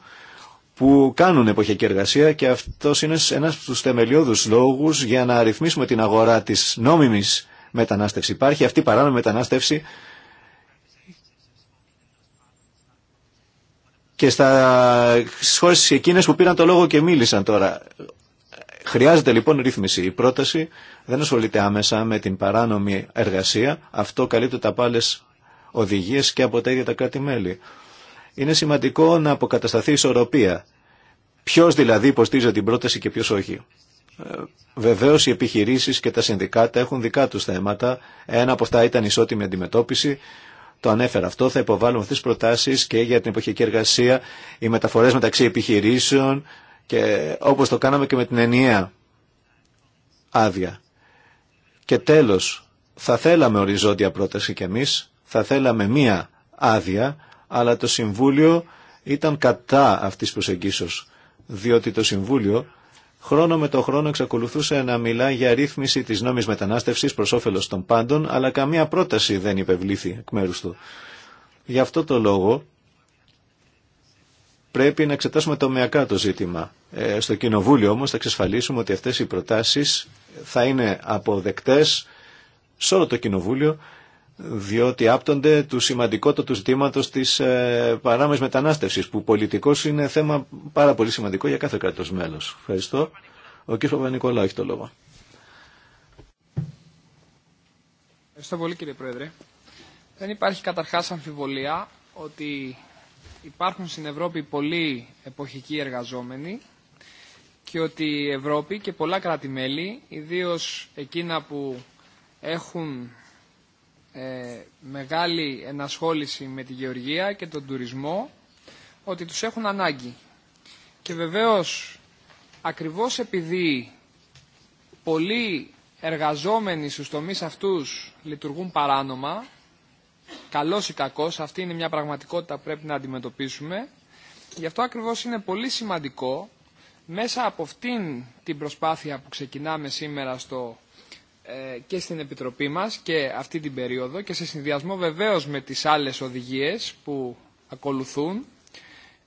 που κάνουν εποχιακή εργασία και αυτός είναι ένας από τους θεμελιώδους λόγους για να ρυθμίσουμε την αγορά της νόμιμης μετανάστευση. Υπάρχει αυτή η παράνομη μετανάστευση και στα χώρες εκείνες που πήραν το λόγο και μίλησαν τώρα. Χρειάζεται λοιπόν ρύθμιση. Η πρόταση δεν ασχολείται άμεσα με την παράνομη εργασία. Αυτό καλύπτεται από πάλες οδηγίες και από τα ίδια τα κράτη-μέλη είναι σημαντικό να αποκατασταθεί η ισορροπία. Ποιο δηλαδή υποστήριζε την πρόταση και ποιο όχι. Ε, Βεβαίω οι επιχειρήσει και τα συνδικάτα έχουν δικά του θέματα. Ένα από αυτά ήταν ισότιμη αντιμετώπιση. Το ανέφερα αυτό. Θα υποβάλουμε αυτέ τι προτάσει και για την εποχική εργασία, οι μεταφορέ μεταξύ επιχειρήσεων και όπω το κάναμε και με την ενιαία άδεια. Και τέλο, θα θέλαμε οριζόντια πρόταση κι εμεί. Θα θέλαμε μία άδεια αλλά το Συμβούλιο ήταν κατά αυτής της προσεγγίσεως, διότι το Συμβούλιο χρόνο με το χρόνο εξακολουθούσε να μιλά για ρύθμιση της νόμης μετανάστευσης προς όφελος των πάντων, αλλά καμία πρόταση δεν υπευλήθη εκ μέρους του. Γι' αυτό το λόγο πρέπει να εξετάσουμε τομεακά το ζήτημα. Ε, στο Κοινοβούλιο όμως θα εξασφαλίσουμε ότι αυτές οι προτάσεις θα είναι αποδεκτές σε όλο το Κοινοβούλιο διότι άπτονται του σημαντικότατου ζητήματος της ε, παράμεση μετανάστευσης, που πολιτικό είναι θέμα πάρα πολύ σημαντικό για κάθε κράτο μέλο. Ευχαριστώ. Ο κ. παπα έχει το λόγο. Ευχαριστώ πολύ κύριε Πρόεδρε. Δεν υπάρχει καταρχάς αμφιβολία ότι υπάρχουν στην Ευρώπη πολλοί εποχικοί εργαζόμενοι και ότι η Ευρώπη και πολλά κράτη-μέλη, ιδίως εκείνα που έχουν ε, μεγάλη ενασχόληση με τη γεωργία και τον τουρισμό ότι τους έχουν ανάγκη. Και βεβαίως ακριβώς επειδή πολλοί εργαζόμενοι στους τομείς αυτούς λειτουργούν παράνομα, καλός ή κακός, αυτή είναι μια πραγματικότητα που πρέπει να αντιμετωπίσουμε, γι' αυτό ακριβώς είναι πολύ σημαντικό μέσα από αυτήν την προσπάθεια που ξεκινάμε σήμερα στο ε, και στην Επιτροπή μας και αυτή την περίοδο και σε συνδυασμό βεβαίως με τις άλλες οδηγίες που ακολουθούν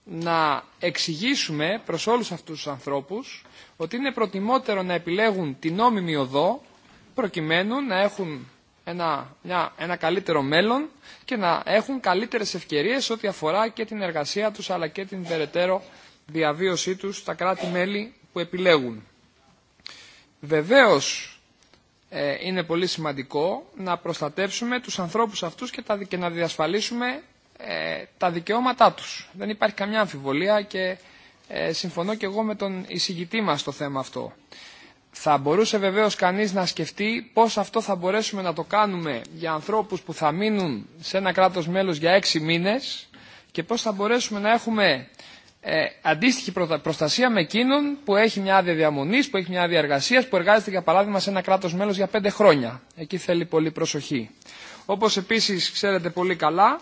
να εξηγήσουμε προς όλους αυτούς τους ανθρώπους ότι είναι προτιμότερο να επιλέγουν την νόμιμη οδό προκειμένου να έχουν ένα, ένα καλύτερο μέλλον και να έχουν καλύτερες ευκαιρίες ό,τι αφορά και την εργασία τους αλλά και την περαιτέρω διαβίωσή τους στα κράτη-μέλη που επιλέγουν. Βεβαίως ε, είναι πολύ σημαντικό να προστατεύσουμε τους ανθρώπους αυτούς και, τα, και να διασφαλίσουμε ε, τα δικαιώματά τους. Δεν υπάρχει καμιά αμφιβολία και ε, συμφωνώ και εγώ με τον εισηγητή μας στο θέμα αυτό. Θα μπορούσε βεβαίως κανείς να σκεφτεί πώς αυτό θα μπορέσουμε να το κάνουμε για ανθρώπους που θα μείνουν σε ένα κράτος μέλος για έξι μήνες και πώς θα μπορέσουμε να έχουμε ε, αντίστοιχη προστασία με εκείνον που έχει μια άδεια διαμονή, που έχει μια άδεια εργασία, που εργάζεται για παράδειγμα σε ένα κράτο μέλο για πέντε χρόνια. Εκεί θέλει πολύ προσοχή. Όπω επίση ξέρετε πολύ καλά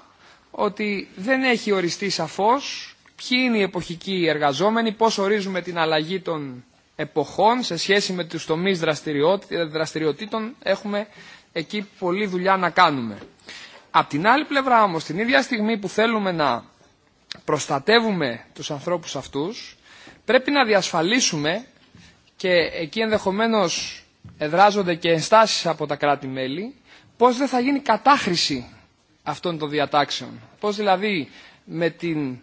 ότι δεν έχει οριστεί σαφώ ποιοι είναι οι εποχικοί εργαζόμενοι, πώ ορίζουμε την αλλαγή των εποχών σε σχέση με του τομεί δραστηριοτήτων. Έχουμε εκεί πολλή δουλειά να κάνουμε. Απ' την άλλη πλευρά όμω, την ίδια στιγμή που θέλουμε να προστατεύουμε τους ανθρώπους αυτούς, πρέπει να διασφαλίσουμε και εκεί ενδεχομένως εδράζονται και ενστάσεις από τα κράτη-μέλη, πώς δεν θα γίνει κατάχρηση αυτών των διατάξεων. Πώς δηλαδή με την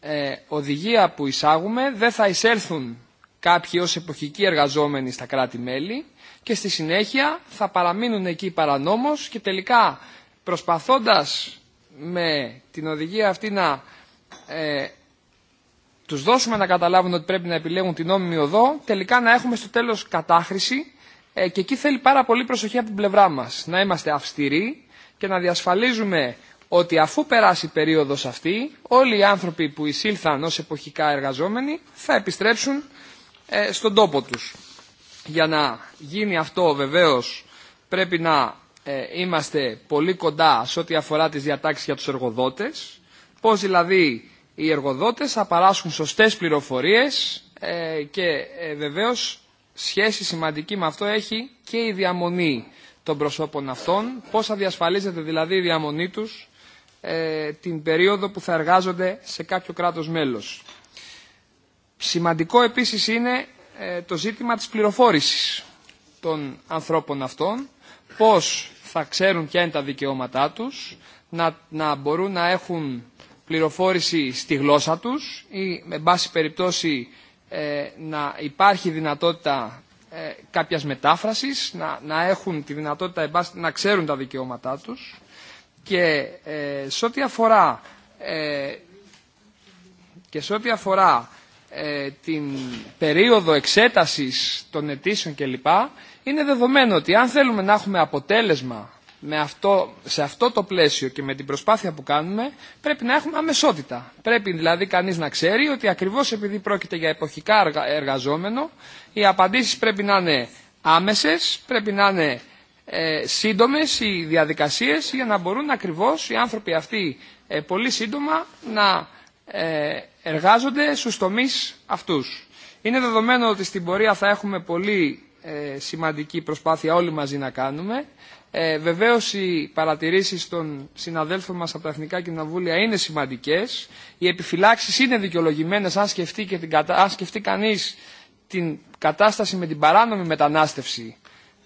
ε, οδηγία που εισάγουμε δεν θα εισέλθουν κάποιοι ως εποχικοί εργαζόμενοι στα κράτη-μέλη και στη συνέχεια θα παραμείνουν εκεί παρανόμως και τελικά προσπαθώντας με την οδηγία αυτή να ε, τους δώσουμε να καταλάβουν ότι πρέπει να επιλέγουν την νόμιμη οδό, τελικά να έχουμε στο τέλος κατάχρηση ε, και εκεί θέλει πάρα πολύ προσοχή από την πλευρά μας. Να είμαστε αυστηροί και να διασφαλίζουμε ότι αφού περάσει η περίοδος αυτή, όλοι οι άνθρωποι που εισήλθαν ως εποχικά εργαζόμενοι θα επιστρέψουν ε, στον τόπο τους. Για να γίνει αυτό βεβαίως πρέπει να ε, είμαστε πολύ κοντά σε ό,τι αφορά τις διατάξεις για τους εργοδότες, πώς δηλαδή οι εργοδότες θα παράσχουν σωστές πληροφορίες ε, και ε, βεβαίως σχέση σημαντική με αυτό έχει και η διαμονή των προσώπων αυτών, πώς θα διασφαλίζεται δηλαδή η διαμονή τους ε, την περίοδο που θα εργάζονται σε κάποιο κράτος μέλος. Σημαντικό επίσης είναι το ζήτημα της πληροφόρησης των ανθρώπων αυτών, πώς θα ξέρουν ποια είναι τα δικαιώματά τους, να, να μπορούν να έχουν πληροφόρηση στη γλώσσα τους ή με βάση περιπτώσει ε, να υπάρχει δυνατότητα ε, κάποιας μετάφρασης, να, έχουν τη δυνατότητα να ξέρουν τα δικαιώματά τους και σε ό,τι αφορά, ε, και σε ό,τι αφορά την περίοδο εξέτασης των αιτήσεων κλπ. Είναι δεδομένο ότι αν θέλουμε να έχουμε αποτέλεσμα με αυτό, σε αυτό το πλαίσιο και με την προσπάθεια που κάνουμε πρέπει να έχουμε αμεσότητα. Πρέπει δηλαδή κανείς να ξέρει ότι ακριβώς επειδή πρόκειται για εποχικά εργαζόμενο οι απαντήσεις πρέπει να είναι άμεσες, πρέπει να είναι ε, σύντομες οι διαδικασίες για να μπορούν ακριβώς οι άνθρωποι αυτοί ε, πολύ σύντομα να ε, εργάζονται στους τομείς αυτούς. Είναι δεδομένο ότι στην πορεία θα έχουμε πολύ ε, σημαντική προσπάθεια όλοι μαζί να κάνουμε ε, βεβαίως οι παρατηρήσει των συναδέλφων μας από τα Εθνικά Κοινοβούλια είναι σημαντικέ. Οι επιφυλάξει είναι δικαιολογημένε αν σκεφτεί, και την κατα... κανείς την κατάσταση με την παράνομη μετανάστευση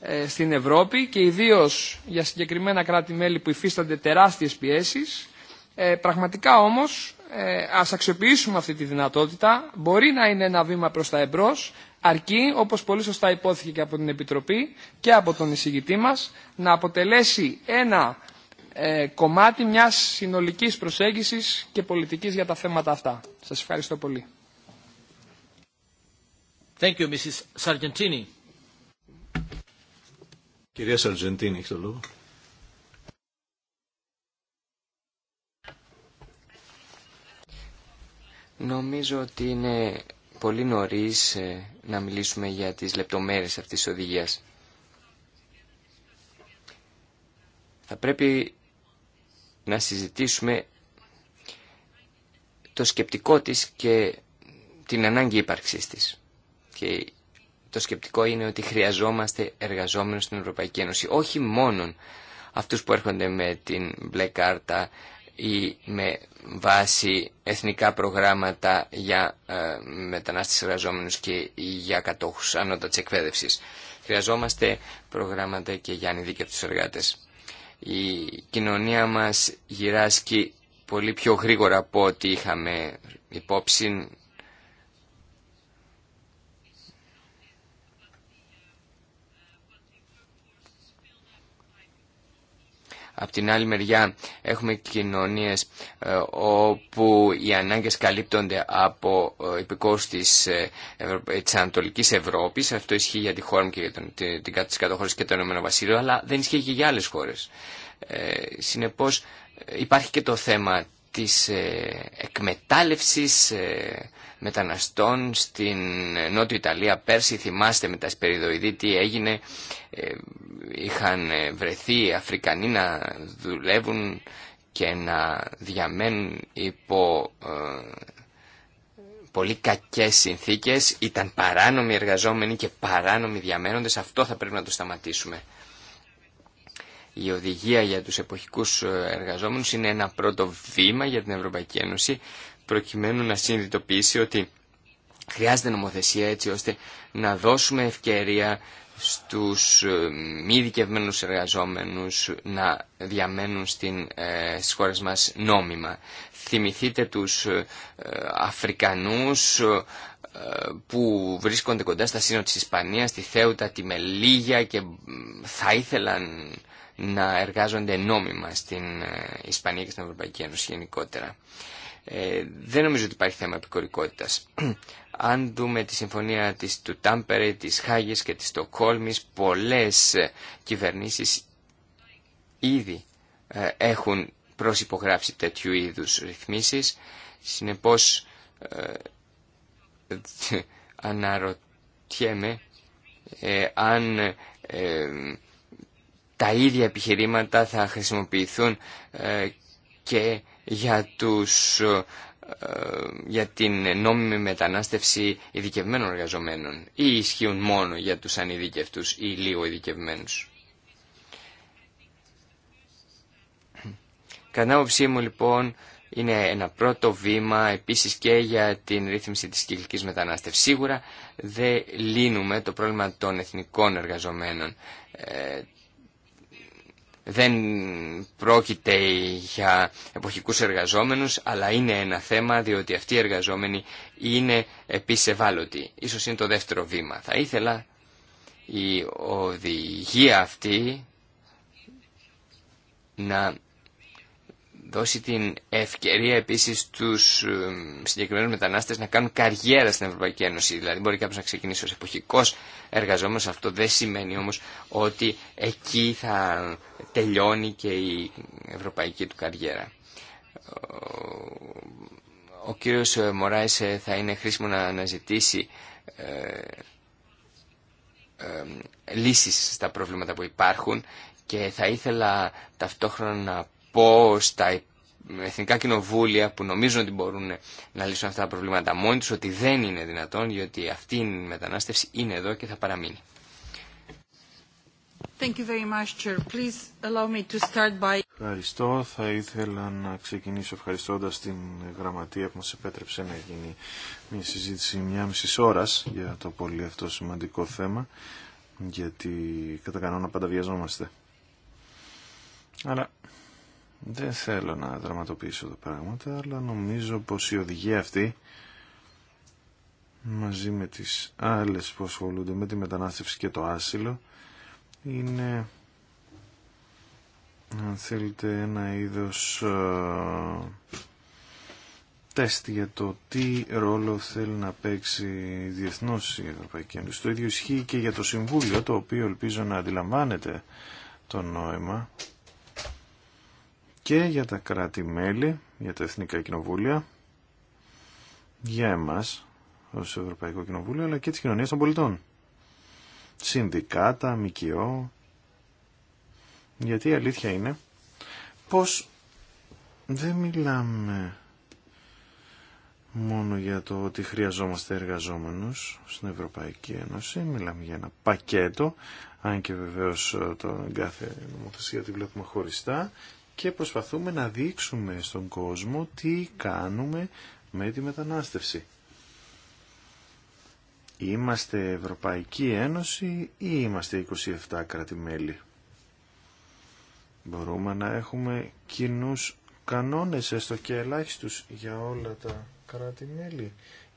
ε, στην Ευρώπη και ιδίως για συγκεκριμένα κράτη-μέλη που υφίστανται τεράστιες πιέσεις. Ε, πραγματικά όμως ε, ας αξιοποιήσουμε αυτή τη δυνατότητα. Μπορεί να είναι ένα βήμα προς τα εμπρός αρκεί, όπως πολύ σωστά υπόθηκε και από την Επιτροπή και από τον εισηγητή μας, να αποτελέσει ένα ε, κομμάτι μιας συνολικής προσέγγισης και πολιτικής για τα θέματα αυτά. Σας ευχαριστώ πολύ. Thank you, Mrs. Κυρία έχει Νομίζω ότι είναι πολύ νωρίς ε, να μιλήσουμε για τις λεπτομέρειες αυτής της οδηγίας. Θα πρέπει να συζητήσουμε το σκεπτικό της και την ανάγκη ύπαρξής της. Και το σκεπτικό είναι ότι χρειαζόμαστε εργαζόμενους στην Ευρωπαϊκή Ένωση. Όχι μόνον αυτούς που έρχονται με την μπλε κάρτα, ή με βάση εθνικά προγράμματα για ε, μετανάστες εργαζόμενους και για κατόχους ανώτατης εκπαίδευσης. Χρειαζόμαστε προγράμματα και για τους εργάτες. Η κοινωνία μας γυράσκει πολύ πιο γρήγορα από ό,τι είχαμε υπόψη Απ' την άλλη μεριά έχουμε κοινωνίες ε, όπου οι ανάγκες καλύπτονται από ε, υπηκόους της, ε, της Ανατολικής Ευρώπης. Αυτό ισχύει για τη χώρα μου και για τον, την κάτω και το Ηνωμένο Βασίλειο, αλλά δεν ισχύει και για άλλες χώρες. Ε, συνεπώς υπάρχει και το θέμα της ε, εκμετάλλευσης ε, μεταναστών στην ε, Νότιο Ιταλία. Πέρσι θυμάστε με τα σπεριδοειδή τι έγινε. Είχαν βρεθεί Αφρικανοί να δουλεύουν και να διαμένουν υπό πολύ κακές συνθήκες. Ήταν παράνομοι εργαζόμενοι και παράνομοι διαμένοντες. Αυτό θα πρέπει να το σταματήσουμε. Η οδηγία για τους εποχικούς ε, εργαζόμενους είναι ένα πρώτο βήμα για την Ευρωπαϊκή Ένωση προκειμένου να συνειδητοποιήσει ότι χρειάζεται νομοθεσία έτσι ώστε να δώσουμε ευκαιρία στους ε, μη δικευμένους εργαζόμενους να διαμένουν στην, ε, στις χώρες μας νόμιμα. Θυμηθείτε τους ε, Αφρικανούς ε, που βρίσκονται κοντά στα σύνορα της Ισπανίας, στη Θέουτα, τη Μελίγια και θα ήθελαν να εργάζονται νόμιμα στην ε, Ισπανία και στην Ευρωπαϊκή Ένωση γενικότερα. Ε, δεν νομίζω ότι υπάρχει θέμα επικορικότητας. Αν δούμε τη συμφωνία της, του Τάμπερε, της Χάγης και της Στοκόλμης, πολλές ε, κυβερνήσεις ήδη έχουν προσυπογράψει τέτοιου είδους ρυθμίσεις. Συνεπώς ε, αναρωτιέμαι αν τα ίδια επιχειρήματα θα χρησιμοποιηθούν ε, και για, τους, ε, για την νόμιμη μετανάστευση ειδικευμένων εργαζομένων ή ισχύουν μόνο για τους ανειδικευτούς ή λίγο ειδικευμένους. Κατά μου λοιπόν είναι ένα πρώτο βήμα επίσης και για την ρύθμιση της κυκλικής μετανάστευσης. Σίγουρα δεν λύνουμε το πρόβλημα των εθνικών εργαζομένων. Ε, δεν πρόκειται για εποχικούς εργαζόμενους, αλλά είναι ένα θέμα διότι αυτοί οι εργαζόμενοι είναι επίσης ευάλωτοι. Ίσως είναι το δεύτερο βήμα. Θα ήθελα η οδηγία αυτή να δώσει την ευκαιρία επίσης στου ε, συγκεκριμένους μετανάστες να κάνουν καριέρα στην Ευρωπαϊκή Ένωση. Δηλαδή μπορεί κάποιο να ξεκινήσει ως εποχικός εργαζόμενος. Αυτό δεν σημαίνει όμως ότι εκεί θα τελειώνει και η ευρωπαϊκή του καριέρα. Ο κύριος Μωράη ε, θα είναι χρήσιμο να αναζητήσει ε, λύσεις στα προβλήματα που υπάρχουν και θα ήθελα ταυτόχρονα να πω στα εθνικά κοινοβούλια που νομίζουν ότι μπορούν να λύσουν αυτά τα προβλήματα μόνοι τους ότι δεν είναι δυνατόν γιατί αυτή η μετανάστευση είναι εδώ και θα παραμείνει. Thank you very much, Chair. Please allow me to start by... Ευχαριστώ. Θα ήθελα να ξεκινήσω ευχαριστώντας την γραμματεία που μας επέτρεψε να γίνει μια συζήτηση μια μισή ώρας για το πολύ αυτό σημαντικό θέμα γιατί κατά κανόνα πάντα βιαζόμαστε. Άρα... Δεν θέλω να δραματοποιήσω τα πράγματα, αλλά νομίζω πως η οδηγία αυτή μαζί με τις άλλες που ασχολούνται με τη μετανάστευση και το άσυλο είναι αν θέλετε ένα είδος ε, τεστ για το τι ρόλο θέλει να παίξει διεθνώς η Ευρωπαϊκή Ένωση. Το ίδιο ισχύει και για το Συμβούλιο, το οποίο ελπίζω να αντιλαμβάνεται το νόημα και για τα κράτη-μέλη, για τα Εθνικά Κοινοβούλια, για εμάς ως Ευρωπαϊκό Κοινοβούλιο, αλλά και τις κοινωνίες των πολιτών. Συνδικάτα, ΜΚΟ, γιατί η αλήθεια είναι πως δεν μιλάμε μόνο για το ότι χρειαζόμαστε εργαζόμενους στην Ευρωπαϊκή Ένωση. Μιλάμε για ένα πακέτο, αν και βεβαίως το κάθε νομοθεσία τη βλέπουμε χωριστά και προσπαθούμε να δείξουμε στον κόσμο τι κάνουμε με τη μετανάστευση. Είμαστε Ευρωπαϊκή Ένωση ή είμαστε 27 κράτη-μέλη. Μπορούμε να έχουμε κοινούς κανόνες έστω και ελάχιστους για όλα τα κράτη-μέλη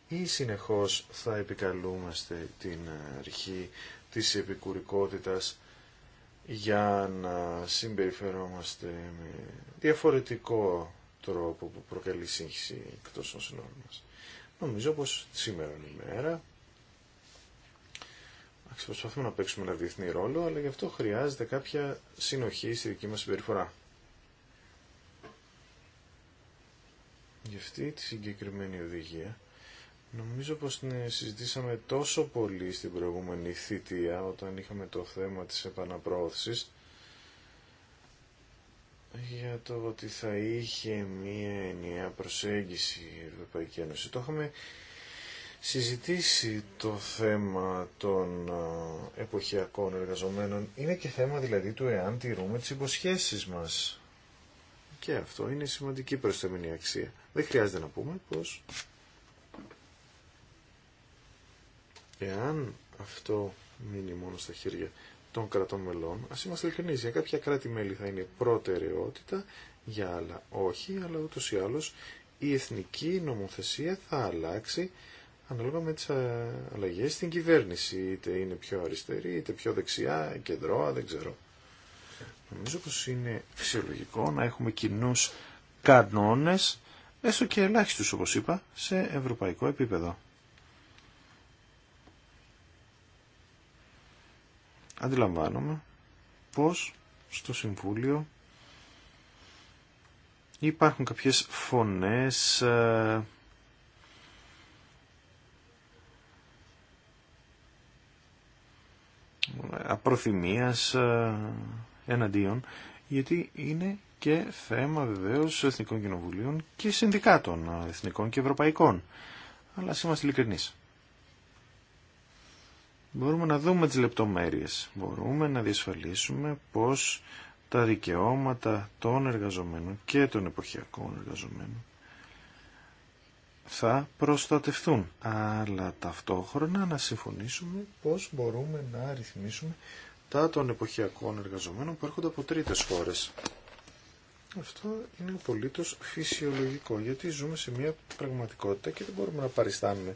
ή συνεχώς θα επικαλούμαστε την αρχή της επικουρικότητας για να συμπεριφερόμαστε με διαφορετικό τρόπο που προκαλεί σύγχυση εκτός των συνόρων μας. Νομίζω πως σήμερα είναι η μέρα. Προσπαθούμε να παίξουμε ένα διεθνή ρόλο, αλλά γι' αυτό χρειάζεται κάποια συνοχή στη δική μας συμπεριφορά. Γι' αυτή τη συγκεκριμένη οδηγία Νομίζω πως συζητήσαμε τόσο πολύ στην προηγούμενη θητεία όταν είχαμε το θέμα της επαναπρόθεσης για το ότι θα είχε μία ενιαία προσέγγιση η Ευρωπαϊκή Ένωση. Το είχαμε συζητήσει το θέμα των εποχιακών εργαζομένων. Είναι και θέμα δηλαδή του εάν τηρούμε τις υποσχέσεις μας. Και αυτό είναι σημαντική προσθεμένη αξία. Δεν χρειάζεται να πούμε πως Εάν αυτό μείνει μόνο στα χέρια των κρατών μελών, α είμαστε ειλικρινεί, για κάποια κράτη-μέλη θα είναι προτεραιότητα, για άλλα όχι, αλλά ούτως ή άλλω η αλλω η νομοθεσία θα αλλάξει ανάλογα με τι αλλαγέ στην κυβέρνηση, είτε είναι πιο αριστερή, είτε πιο δεξιά, κεντρώα, δεν ξέρω. Νομίζω πως είναι φυσιολογικό να έχουμε κοινού κανόνε. έστω και ελάχιστου, όπω είπα, σε ευρωπαϊκό επίπεδο. αντιλαμβάνομαι πως στο Συμβούλιο υπάρχουν κάποιες φωνές ε, απροθυμίας ε, εναντίον γιατί είναι και θέμα βεβαίως εθνικών κοινοβουλίων και συνδικάτων εθνικών και ευρωπαϊκών αλλά είμαστε ειλικρινείς Μπορούμε να δούμε τις λεπτομέρειες. Μπορούμε να διασφαλίσουμε πως τα δικαιώματα των εργαζομένων και των εποχιακών εργαζομένων θα προστατευτούν. Αλλά ταυτόχρονα να συμφωνήσουμε πως μπορούμε να ρυθμίσουμε τα των εποχιακών εργαζομένων που έρχονται από τρίτες χώρες. Αυτό είναι απολύτω φυσιολογικό, γιατί ζούμε σε μια πραγματικότητα και δεν μπορούμε να παριστάνουμε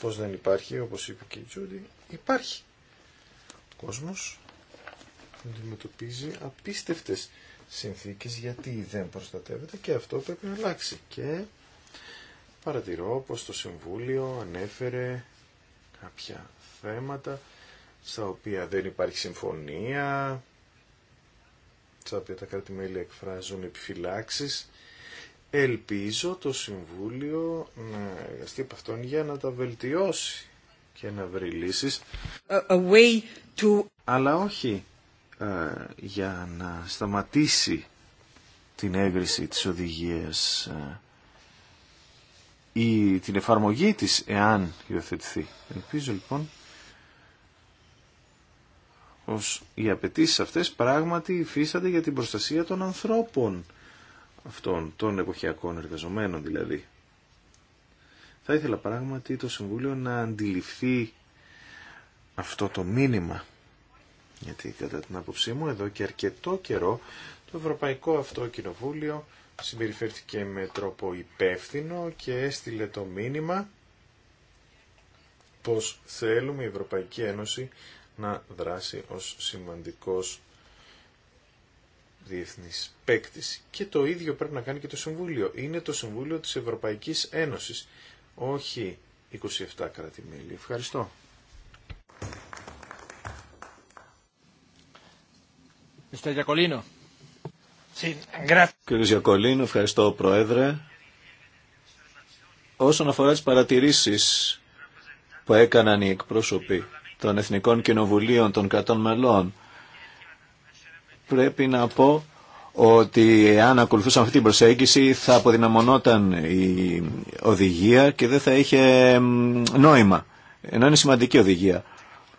πως δεν υπάρχει, όπως είπε και η Τζούντι, υπάρχει. Ο κόσμος αντιμετωπίζει απίστευτες συνθήκες γιατί δεν προστατεύεται και αυτό πρέπει να αλλάξει. Και παρατηρώ πως το Συμβούλιο ανέφερε κάποια θέματα στα οποία δεν υπάρχει συμφωνία, τα οποία τα κράτη-μέλη εκφράζουν επιφυλάξει, Ελπίζω το Συμβούλιο να εργαστεί από αυτόν για να τα βελτιώσει και να βρει λύσεις. Αλλά όχι ε, για να σταματήσει την έγκριση της οδηγίας ε, ή την εφαρμογή της εάν υιοθετηθεί. Ελπίζω λοιπόν ως οι απαιτήσει αυτές πράγματι υφίστανται για την προστασία των ανθρώπων αυτών, των εποχιακών εργαζομένων δηλαδή. Θα ήθελα πράγματι το Συμβούλιο να αντιληφθεί αυτό το μήνυμα. Γιατί κατά την άποψή μου εδώ και αρκετό καιρό το Ευρωπαϊκό αυτό Κοινοβούλιο συμπεριφέρθηκε με τρόπο υπεύθυνο και έστειλε το μήνυμα πως θέλουμε η Ευρωπαϊκή Ένωση να δράσει ως σημαντικός διεθνής παίκτης. Και το ίδιο πρέπει να κάνει και το Συμβούλιο. Είναι το Συμβούλιο της Ευρωπαϊκής Ένωσης, όχι 27 κράτη-μέλη. Ευχαριστώ. Κύριε Γιακολίνο, ευχαριστώ Πρόεδρε. Όσον αφορά τις παρατηρήσεις που έκαναν οι εκπρόσωποι των Εθνικών Κοινοβουλίων των κρατών μελών. Πρέπει να πω ότι αν ακολουθούσαμε αυτή την προσέγγιση θα αποδυναμωνόταν η οδηγία και δεν θα είχε νόημα. Ενώ είναι σημαντική οδηγία.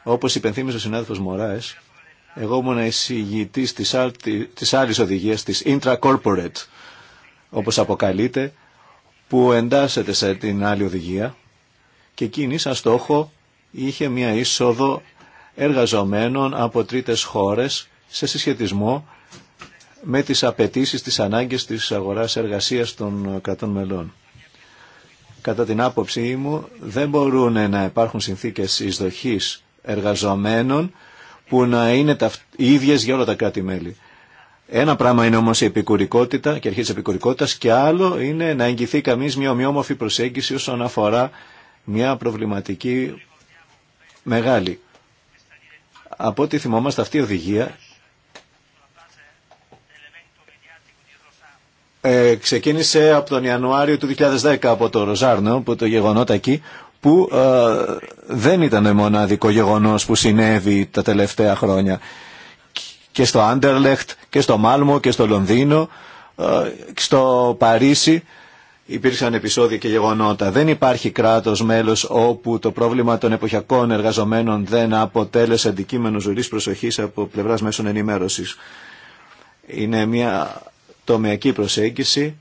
Όπως υπενθύμισε ο συνάδελφος Μωράες, εγώ ήμουν εισηγητής της, άλλη της άλλης οδηγίας, της intra-corporate όπως αποκαλείται, που εντάσσεται σε την άλλη οδηγία και εκείνη σαν στόχο είχε μια είσοδο εργαζομένων από τρίτες χώρες σε συσχετισμό με τις απαιτήσεις, τις ανάγκες της αγοράς εργασίας των κρατών μελών. Κατά την άποψή μου δεν μπορούν να υπάρχουν συνθήκες εισδοχής εργαζομένων που να είναι τα, οι ίδιες για όλα τα κράτη-μέλη. Ένα πράγμα είναι όμως η επικουρικότητα και αρχή της επικουρικότητας και άλλο είναι να εγγυθεί καμίς μια ομοιόμορφη προσέγγιση όσον αφορά μια προβληματική μεγάλη. Από ό,τι θυμόμαστε αυτή η οδηγία ε, ξεκίνησε από τον Ιανουάριο του 2010 από το Ροζάρνο, που το γεγονότα εκεί, που ε, δεν ήταν μοναδικό γεγονός που συνέβη τα τελευταία χρόνια. Και στο Άντερλεχτ, και στο Μάλμο, και στο Λονδίνο, και ε, στο Παρίσι, υπήρξαν επεισόδια και γεγονότα. Δεν υπάρχει κράτος μέλος όπου το πρόβλημα των εποχιακών εργαζομένων δεν αποτέλεσε αντικείμενο ζωή προσοχής από πλευράς μέσων ενημέρωσης. Είναι μια τομεακή προσέγγιση.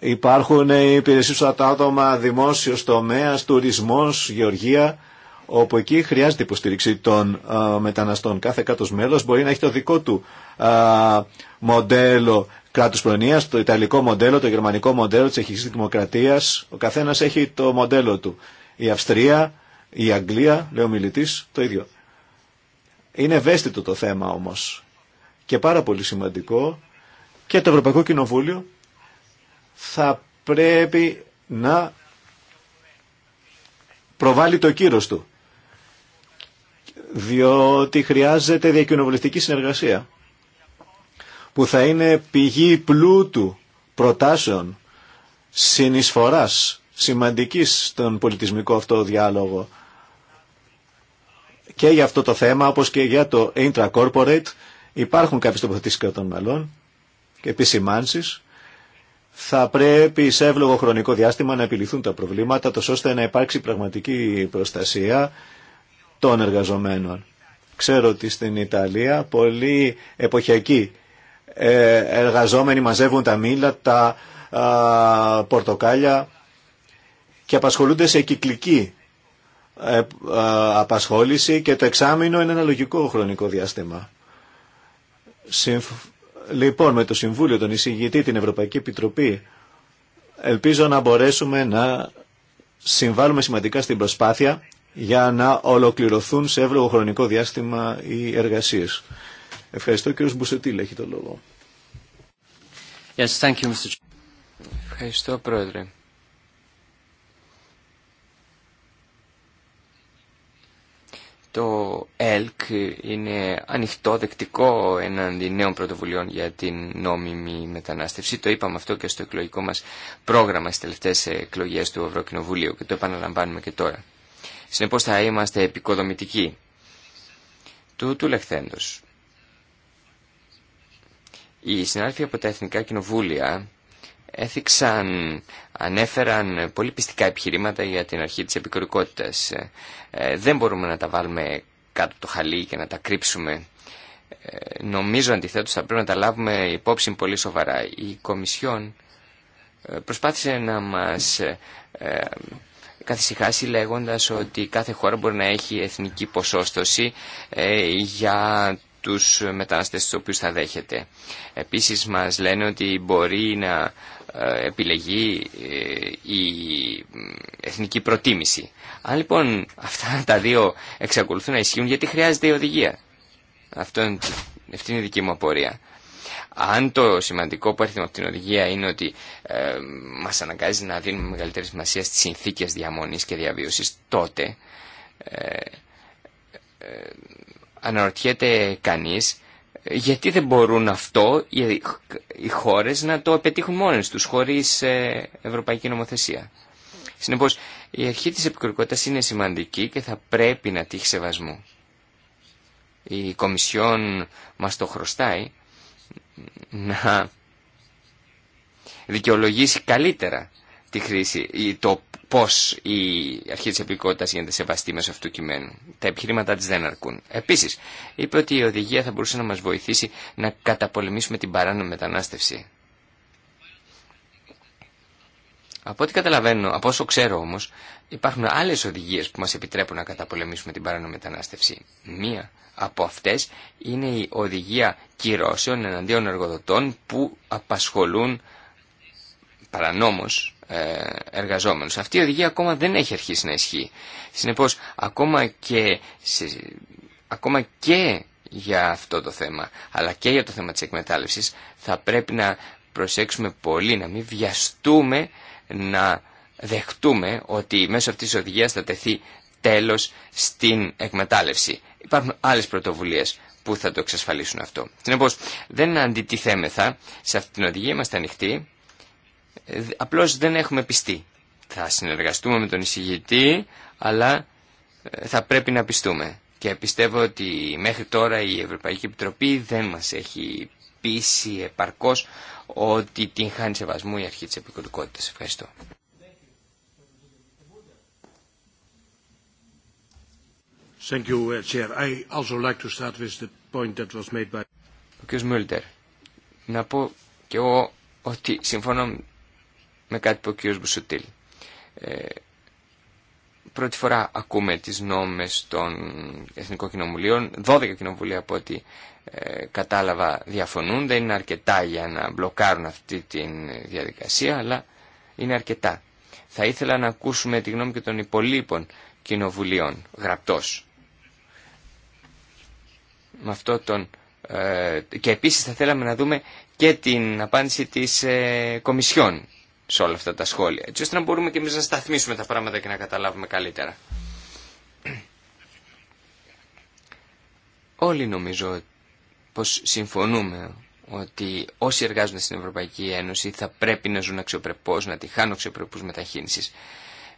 Υπάρχουν υπηρεσίες του τα άτομα, δημόσιος τομέας, τουρισμός, γεωργία, όπου εκεί χρειάζεται υποστήριξη των ε, μεταναστών. Κάθε κάτω μέλος μπορεί να έχει το δικό του ε, μοντέλο κράτους προνοίας, το ιταλικό μοντέλο, το γερμανικό μοντέλο της εχικής δημοκρατίας, ο καθένας έχει το μοντέλο του. Η Αυστρία, η Αγγλία, λέει ο μιλητής, το ίδιο. Είναι ευαίσθητο το θέμα όμως και πάρα πολύ σημαντικό και το Ευρωπαϊκό Κοινοβούλιο θα πρέπει να προβάλλει το κύρος του διότι χρειάζεται διακοινοβουλευτική συνεργασία που θα είναι πηγή πλούτου προτάσεων, συνεισφοράς σημαντικής στον πολιτισμικό αυτό διάλογο και για αυτό το θέμα όπως και για το intra-corporate υπάρχουν κάποιες τοποθετήσεις κρατών μελών και επισημάνσεις θα πρέπει σε εύλογο χρονικό διάστημα να επιληθούν τα προβλήματα τόσο ώστε να υπάρξει πραγματική προστασία των εργαζομένων. Ξέρω ότι στην Ιταλία πολλοί εποχιακοί ε, εργαζόμενοι μαζεύουν τα μήλα, τα πορτοκάλια και απασχολούνται σε κυκλική ε, απασχόληση και το εξάμεινο είναι ένα λογικό χρονικό διάστημα. Λοιπόν, με το Συμβούλιο, τον εισηγητή, την Ευρωπαϊκή Επιτροπή, ελπίζω να μπορέσουμε να συμβάλλουμε σημαντικά στην προσπάθεια για να ολοκληρωθούν σε εύλογο χρονικό διάστημα οι εργασίες. Ευχαριστώ κύριος Μπουσετήλ, έχει το λόγο. Yes, thank you, Mr. Ευχαριστώ πρόεδρε. Το ΕΛΚ είναι ανοιχτό, δεκτικό εναντί νέων πρωτοβουλειών για την νόμιμη μετανάστευση. Το είπαμε αυτό και στο εκλογικό μας πρόγραμμα στις τελευταίες εκλογές του Ευρωκοινοβουλίου και το επαναλαμβάνουμε και τώρα. Συνεπώς θα είμαστε επικοδομητικοί. Του του οι συνάδελφοι από τα Εθνικά Κοινοβούλια έθιξαν, ανέφεραν πολύ πιστικά επιχειρήματα για την αρχή της επικορικότητας. Ε, δεν μπορούμε να τα βάλουμε κάτω το χαλί και να τα κρύψουμε. Ε, νομίζω αντιθέτως θα πρέπει να τα λάβουμε υπόψη πολύ σοβαρά. Η Κομισιόν ε, προσπάθησε να μας ε, ε, καθησυχάσει λέγοντας ότι κάθε χώρα μπορεί να έχει εθνική ποσόστοση για τους μεταναστές τους οποίους θα δέχεται. Επίσης μας λένε ότι μπορεί να ε, επιλεγεί ε, η ε, εθνική προτίμηση. Αν λοιπόν αυτά τα δύο εξακολουθούν να ισχύουν, γιατί χρειάζεται η οδηγία. Αυτό είναι, αυτή είναι η δική μου απορία. Αν το σημαντικό που έρχεται από την οδηγία είναι ότι ε, μας αναγκάζει να δίνουμε μεγαλύτερη σημασία στις συνθήκες διαμονής και διαβίωσης, τότε αναρωτιέται κανείς γιατί δεν μπορούν αυτό οι χώρες να το πετύχουν μόνες τους χωρίς ε, ευρωπαϊκή νομοθεσία. Συνεπώς, η αρχή της επικουρικότητας είναι σημαντική και θα πρέπει να τύχει σεβασμού. Η Κομισιόν μας το χρωστάει να δικαιολογήσει καλύτερα τη χρήση, το Πώ η αρχή τη επικότητα γίνεται σεβαστή μέσω αυτού του κειμένου. Τα επιχειρήματά τη δεν αρκούν. Επίση, είπε ότι η οδηγία θα μπορούσε να μα βοηθήσει να καταπολεμήσουμε την παράνομη μετανάστευση. Από ό,τι καταλαβαίνω, από όσο ξέρω όμω, υπάρχουν άλλε οδηγίε που μα επιτρέπουν να καταπολεμήσουμε την παράνομη μετανάστευση. Μία από αυτέ είναι η οδηγία κυρώσεων εναντίον εργοδοτών που απασχολούν παρανόμως ε, εργαζόμενους. Αυτή η οδηγία ακόμα δεν έχει αρχίσει να ισχύει. Συνεπώς, ακόμα και, ακόμα και για αυτό το θέμα, αλλά και για το θέμα της εκμετάλλευσης, θα πρέπει να προσέξουμε πολύ, να μην βιαστούμε να δεχτούμε ότι μέσω αυτής της οδηγίας θα τεθεί τέλος στην εκμετάλλευση. Υπάρχουν άλλες πρωτοβουλίες που θα το εξασφαλίσουν αυτό. Συνεπώς, δεν αντιτιθέμεθα, σε αυτή την οδηγία είμαστε ανοιχτοί, Απλώς δεν έχουμε πιστεί. Θα συνεργαστούμε με τον εισηγητή, αλλά ε, θα πρέπει να πιστούμε. Και πιστεύω ότι μέχρι τώρα η Ευρωπαϊκή Επιτροπή δεν μας έχει πείσει επαρκώς ότι την χάνει σεβασμού η αρχή της επικουρικότητας. Ευχαριστώ. Thank you, uh, also like point that was made by... Ο κ. Μούλτερ, να πω και εγώ ότι συμφωνώ με κάτι που ο κ. Μπουσουτήλ. Ε, πρώτη φορά ακούμε τις νόμες των Εθνικών Κοινοβουλίων. 12 κοινοβουλία από ό,τι ε, κατάλαβα διαφωνούν. Δεν είναι αρκετά για να μπλοκάρουν αυτή τη διαδικασία, αλλά είναι αρκετά. Θα ήθελα να ακούσουμε τη γνώμη και των υπολείπων κοινοβουλίων, γραπτός. Με αυτό τον, ε, και επίσης θα θέλαμε να δούμε και την απάντηση της ε, Κομισιόν σε όλα αυτά τα σχόλια, έτσι ώστε να μπορούμε και εμείς να σταθμίσουμε τα πράγματα και να καταλάβουμε καλύτερα. Όλοι νομίζω πως συμφωνούμε ότι όσοι εργάζονται στην Ευρωπαϊκή Ένωση θα πρέπει να ζουν αξιοπρεπώς, να τη χάνουν αξιοπρεπούς μεταχύνσεις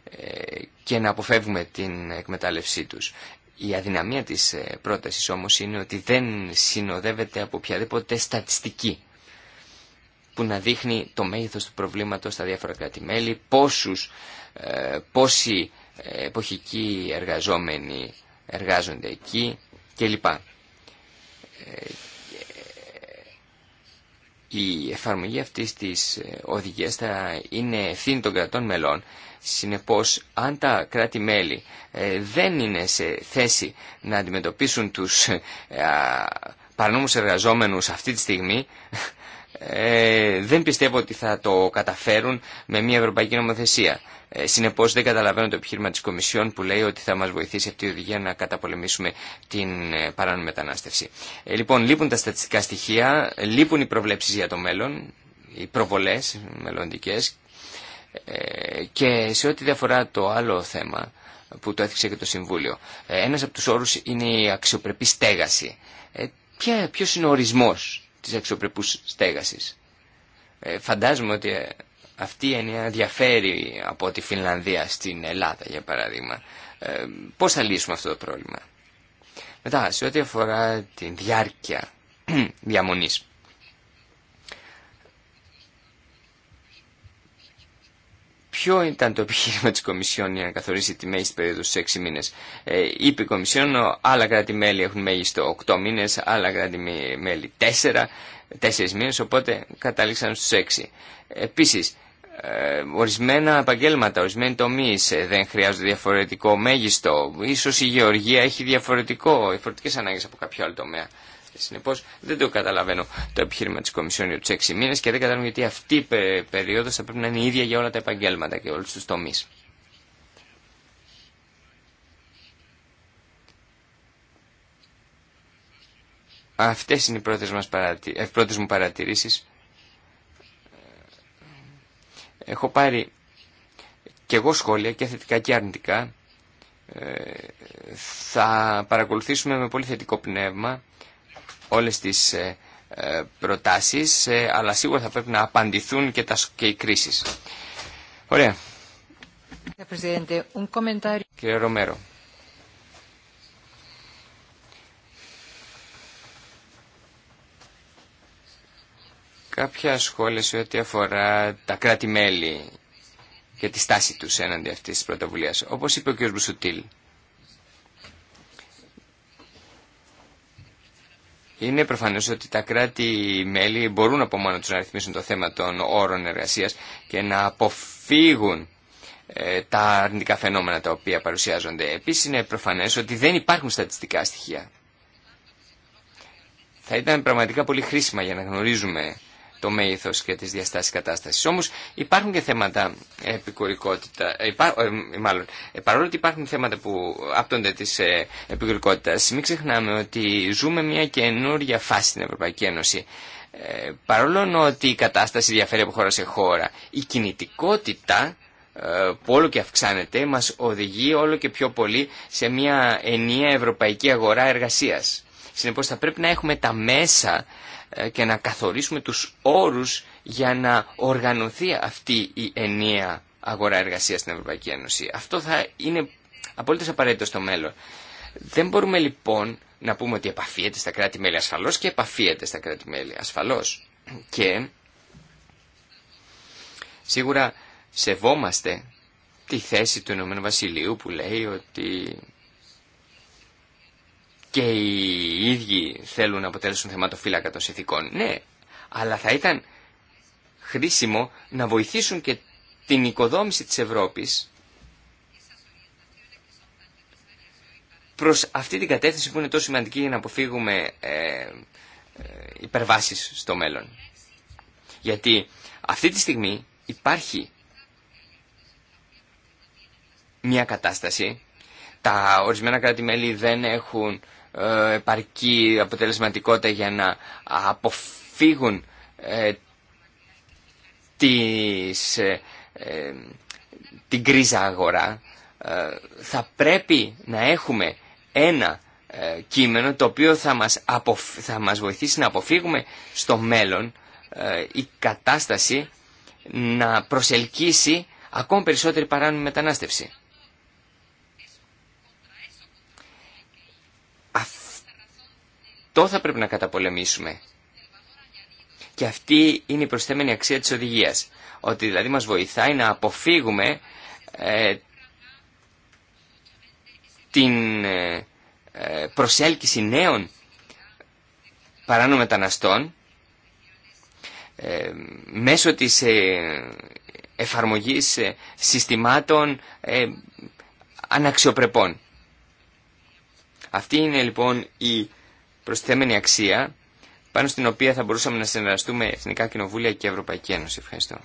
ε, και να αποφεύγουμε την εκμετάλλευσή τους. Η αδυναμία της ε, πρότασης όμως είναι ότι δεν συνοδεύεται από οποιαδήποτε στατιστική που να δείχνει το μέγεθος του προβλήματος στα διάφορα κράτη-μέλη, πόσους, ε, πόσοι ε, εποχικοί εργαζόμενοι εργάζονται εκεί κλπ. Ε, η εφαρμογή αυτής της οδηγίας θα είναι ευθύνη των κρατών μελών. Συνεπώς, αν τα κράτη-μέλη δεν είναι σε θέση να αντιμετωπίσουν τους παρανόμους εργαζόμενους αυτή τη στιγμή, ε, δεν πιστεύω ότι θα το καταφέρουν με μια ευρωπαϊκή νομοθεσία. Ε, Συνεπώ δεν καταλαβαίνω το επιχείρημα τη Κομισιόν που λέει ότι θα μα βοηθήσει αυτή η οδηγία να καταπολεμήσουμε την ε, παράνομη μετανάστευση. Ε, λοιπόν, λείπουν τα στατιστικά στοιχεία, λείπουν οι προβλέψει για το μέλλον, οι προβολέ μελλοντικέ. Ε, και σε ό,τι διαφορά το άλλο θέμα που το έθιξε και το Συμβούλιο, ε, ένα από του όρου είναι η αξιοπρεπή στέγαση. Ε, Ποιο είναι ο ορισμός της αξιοπρεπούς στέγασης. Ε, φαντάζομαι ότι ε, αυτή η έννοια διαφέρει από τη Φινλανδία στην Ελλάδα, για παράδειγμα. Ε, πώς θα λύσουμε αυτό το πρόβλημα. Μετά, σε ό,τι αφορά τη διάρκεια διαμονής. Ποιο ήταν το επιχείρημα της Κομισιόν για να καθορίσει τη μέγιστη περίοδο στους 6 μήνες. Ε, είπε η Κομισιόν, άλλα κράτη-μέλη έχουν μέγιστο 8 μήνες, άλλα κράτη-μέλη 4, 4 μήνες, οπότε κατάληξαν στους 6. Επίσης, ε, ορισμένα επαγγέλματα, ορισμένοι τομεί ε, δεν χρειάζονται διαφορετικό μέγιστο. Ίσως η γεωργία έχει διαφορετικό, διαφορετικές ανάγκες από κάποιο άλλο τομέα. Συνεπώ δεν το καταλαβαίνω το επιχείρημα τη Κομισιόν για του 6 μήνε και δεν καταλαβαίνω γιατί αυτή η περίοδο θα πρέπει να είναι η ίδια για όλα τα επαγγέλματα και όλου του τομεί. Αυτές είναι οι πρώτε ε, μου παρατηρήσει. Έχω πάρει και εγώ σχόλια και θετικά και αρνητικά. Ε, θα παρακολουθήσουμε με πολύ θετικό πνεύμα όλες τις ε, ε, προτάσεις, ε, αλλά σίγουρα θα πρέπει να απαντηθούν και, οι κρίσεις. Ωραία. Κύριε Ρομέρο. Κάποια σχόλια σε ό,τι αφορά τα κράτη-μέλη και τη στάση τους έναντι αυτής της πρωτοβουλίας. Όπως είπε ο κ. Μπουσουτήλ, Είναι προφανές ότι τα κράτη-μέλη μπορούν από μόνο τους να ρυθμίσουν το θέμα των όρων εργασίας και να αποφύγουν ε, τα αρνητικά φαινόμενα τα οποία παρουσιάζονται. Επίσης είναι προφανές ότι δεν υπάρχουν στατιστικά στοιχεία. Θα ήταν πραγματικά πολύ χρήσιμα για να γνωρίζουμε το μέγεθο και τις διαστάσει κατάσταση. Όμω, υπάρχουν και θέματα επικουρικότητα, υπά, ε, μάλλον, ε, παρόλο ότι υπάρχουν θέματα που άπτονται τη ε, επικουρικότητας, μην ξεχνάμε ότι ζούμε μια καινούργια φάση στην Ευρωπαϊκή Ένωση. Ε, παρόλο ότι η κατάσταση διαφέρει από χώρα σε χώρα, η κινητικότητα ε, που όλο και αυξάνεται μας οδηγεί όλο και πιο πολύ σε μια ενιαία ευρωπαϊκή αγορά εργασίας. Συνεπώς θα πρέπει να έχουμε τα μέσα ε, και να καθορίσουμε τους όρους για να οργανωθεί αυτή η ενιαία αγορά εργασία στην Ευρωπαϊκή Ένωση. Αυτό θα είναι απόλυτα απαραίτητο στο μέλλον. Δεν μπορούμε λοιπόν να πούμε ότι επαφίεται στα κράτη-μέλη ασφαλώς και επαφίεται στα κράτη-μέλη ασφαλώς. Και σίγουρα σεβόμαστε τη θέση του Ηνωμένου Βασιλείου που λέει ότι και οι ίδιοι θέλουν να αποτέλεσουν θεματοφύλακα των συνθηκών. Ναι, αλλά θα ήταν χρήσιμο να βοηθήσουν και την οικοδόμηση της Ευρώπης προς αυτή την κατεύθυνση που είναι τόσο σημαντική για να αποφύγουμε ε, ε υπερβάσεις στο μέλλον. Γιατί αυτή τη στιγμή υπάρχει μια κατάσταση, τα ορισμένα κράτη-μέλη δεν έχουν ε, επαρκή αποτελεσματικότητα για να αποφύγουν ε, τις, ε, την κρίζα αγορά, θα πρέπει να έχουμε ένα κείμενο το οποίο θα μας, θα μας βοηθήσει να αποφύγουμε στο μέλλον η κατάσταση να προσελκύσει ακόμα περισσότερη παράνομη μετανάστευση. Το θα πρέπει να καταπολεμήσουμε. Και αυτή είναι η προσθέμενη αξία της οδηγίας. Ότι δηλαδή μας βοηθάει να αποφύγουμε ε, την ε, ε, προσέλκυση νέων παράνομων μεταναστών μέσω της εφαρμογής συστημάτων αναξιοπρεπών. Αυτή είναι λοιπόν η προσθέμενη αξία πάνω στην οποία θα μπορούσαμε να συνεργαστούμε Εθνικά Κοινοβούλια και Ευρωπαϊκή Ένωση. Ευχαριστώ.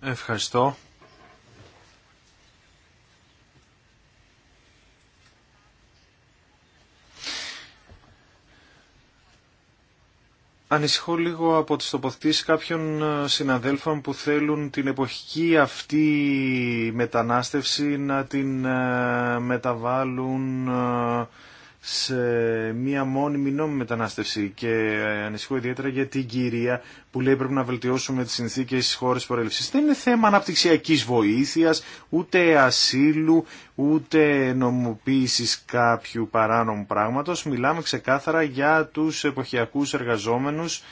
Ευχαριστώ. Ανησυχώ λίγο από τις τοποθετήσεις κάποιων ε, συναδέλφων που θέλουν την εποχική αυτή μετανάστευση να την ε, μεταβάλουν ε, σε μία μόνιμη νόμιμη μετανάστευση και ε, ανησυχώ ιδιαίτερα για την κυρία που λέει πρέπει να βελτιώσουμε τις συνθήκες στις χώρες προέλευσης. Δεν είναι θέμα αναπτυξιακής βοήθειας, ούτε ασύλου, ούτε νομοποίησης κάποιου παράνομου πράγματος. Μιλάμε ξεκάθαρα για τους εποχιακούς εργαζόμενους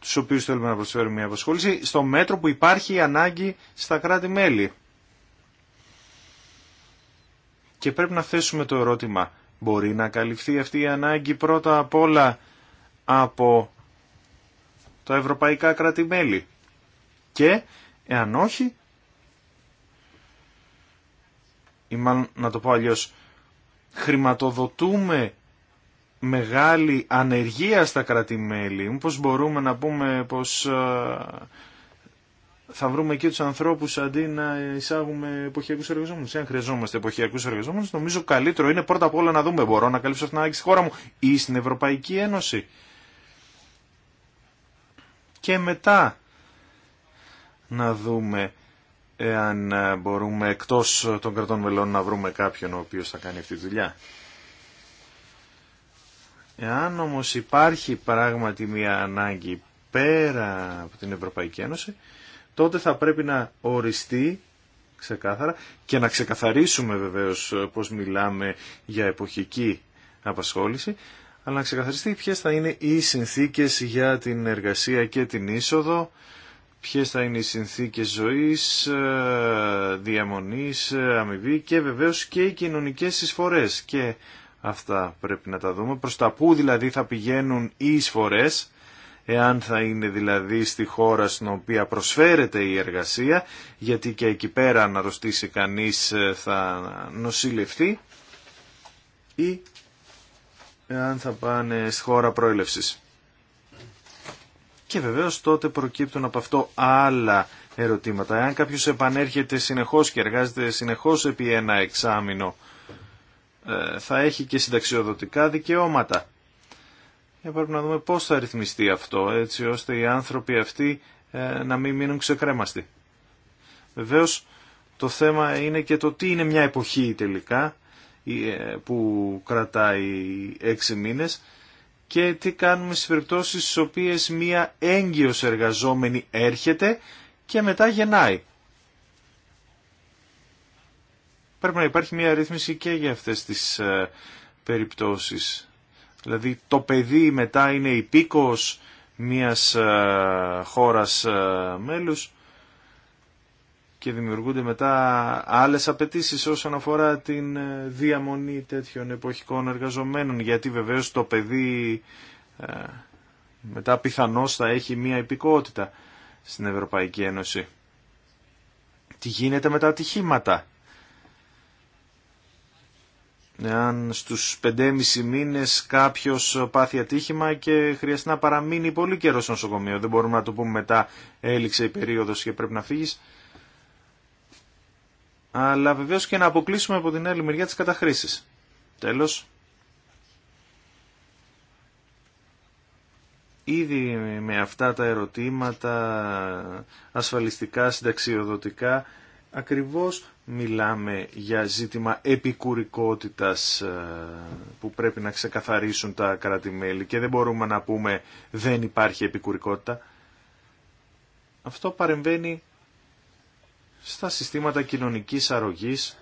τους οποίους θέλουμε να προσφέρουμε μια απασχόληση, στο μέτρο που υπάρχει η ανάγκη στα κράτη-μέλη. Και πρέπει να θέσουμε το ερώτημα, Μπορεί να καλυφθεί αυτή η ανάγκη πρώτα απ' όλα από τα ευρωπαϊκά Και, εάν όχι, ή μάλλον να το πω αλλιώς, χρηματοδοτούμε μεγάλη ανεργία στα κράτη-μέλη. Μήπως μπορούμε να πούμε πως ε, θα βρούμε εκεί του ανθρώπου αντί να εισάγουμε εποχιακού εργαζόμενους. Εάν χρειαζόμαστε εποχιακού εργαζόμενου, νομίζω καλύτερο είναι πρώτα απ' όλα να δούμε μπορώ να καλύψω αυτήν την στη χώρα μου ή στην Ευρωπαϊκή Ένωση. Και μετά να δούμε εάν μπορούμε εκτός των κρατών μελών να βρούμε κάποιον ο οποίος θα κάνει αυτή τη δουλειά. Εάν όμως υπάρχει πράγματι μια ανάγκη πέρα από την Ευρωπαϊκή Ένωση, τότε θα πρέπει να οριστεί ξεκάθαρα και να ξεκαθαρίσουμε βεβαίως ε, πώς μιλάμε για εποχική απασχόληση, αλλά να ξεκαθαριστεί ποιες θα είναι οι συνθήκες για την εργασία και την είσοδο, ποιες θα είναι οι συνθήκες ζωής, ε, διαμονής, ε, αμοιβή και βεβαίως και οι κοινωνικές εισφορές. Και αυτά πρέπει να τα δούμε. Προς τα πού δηλαδή θα πηγαίνουν οι εισφορές εάν θα είναι δηλαδή στη χώρα στην οποία προσφέρεται η εργασία, γιατί και εκεί πέρα να ρωτήσει κανείς ε, θα νοσηλευτεί, ή εάν θα πάνε στη χώρα προέλευσης. Και βεβαίως τότε προκύπτουν από αυτό άλλα ερωτήματα. Εάν κάποιος επανέρχεται συνεχώς και εργάζεται συνεχώς επί ένα εξάμεινο, ε, θα έχει και συνταξιοδοτικά δικαιώματα πρέπει να δούμε πώς θα ρυθμιστεί αυτό έτσι ώστε οι άνθρωποι αυτοί ε, να μην μείνουν ξεκρέμαστοι. Βεβαίως το θέμα είναι και το τι είναι μια εποχή τελικά ε, που κρατάει έξι μήνες και τι κάνουμε στις περιπτώσεις στις οποίες μία έγκυος εργαζόμενη έρχεται και μετά γεννάει. Πρέπει να υπάρχει μία ρύθμιση και για αυτές τις ε, περιπτώσεις. Δηλαδή το παιδί μετά είναι υπήκος μιας ε, χώρας ε, μέλους και δημιουργούνται μετά άλλες απαιτήσει όσον αφορά την ε, διαμονή τέτοιων εποχικών εργαζομένων γιατί βεβαίως το παιδί μετά πιθανώς θα έχει μια υπηκότητα στην Ευρωπαϊκή Ένωση. Τι γίνεται με τα ατυχήματα αν στους 5,5 μήνες κάποιος πάθει ατύχημα και χρειαστεί να παραμείνει πολύ καιρό στο νοσοκομείο, δεν μπορούμε να το πούμε μετά έληξε η περίοδος και πρέπει να φύγεις. Αλλά βεβαίως και να αποκλείσουμε από την άλλη μεριά της καταχρήσης. Τέλος. Ήδη με αυτά τα ερωτήματα ασφαλιστικά, συνταξιοδοτικά ακριβώς μιλάμε για ζήτημα επικουρικότητας ε, που πρέπει να ξεκαθαρίσουν τα κρατη και δεν μπορούμε να πούμε δεν υπάρχει επικουρικότητα. Αυτό παρεμβαίνει στα συστήματα κοινωνικής αρρωγής.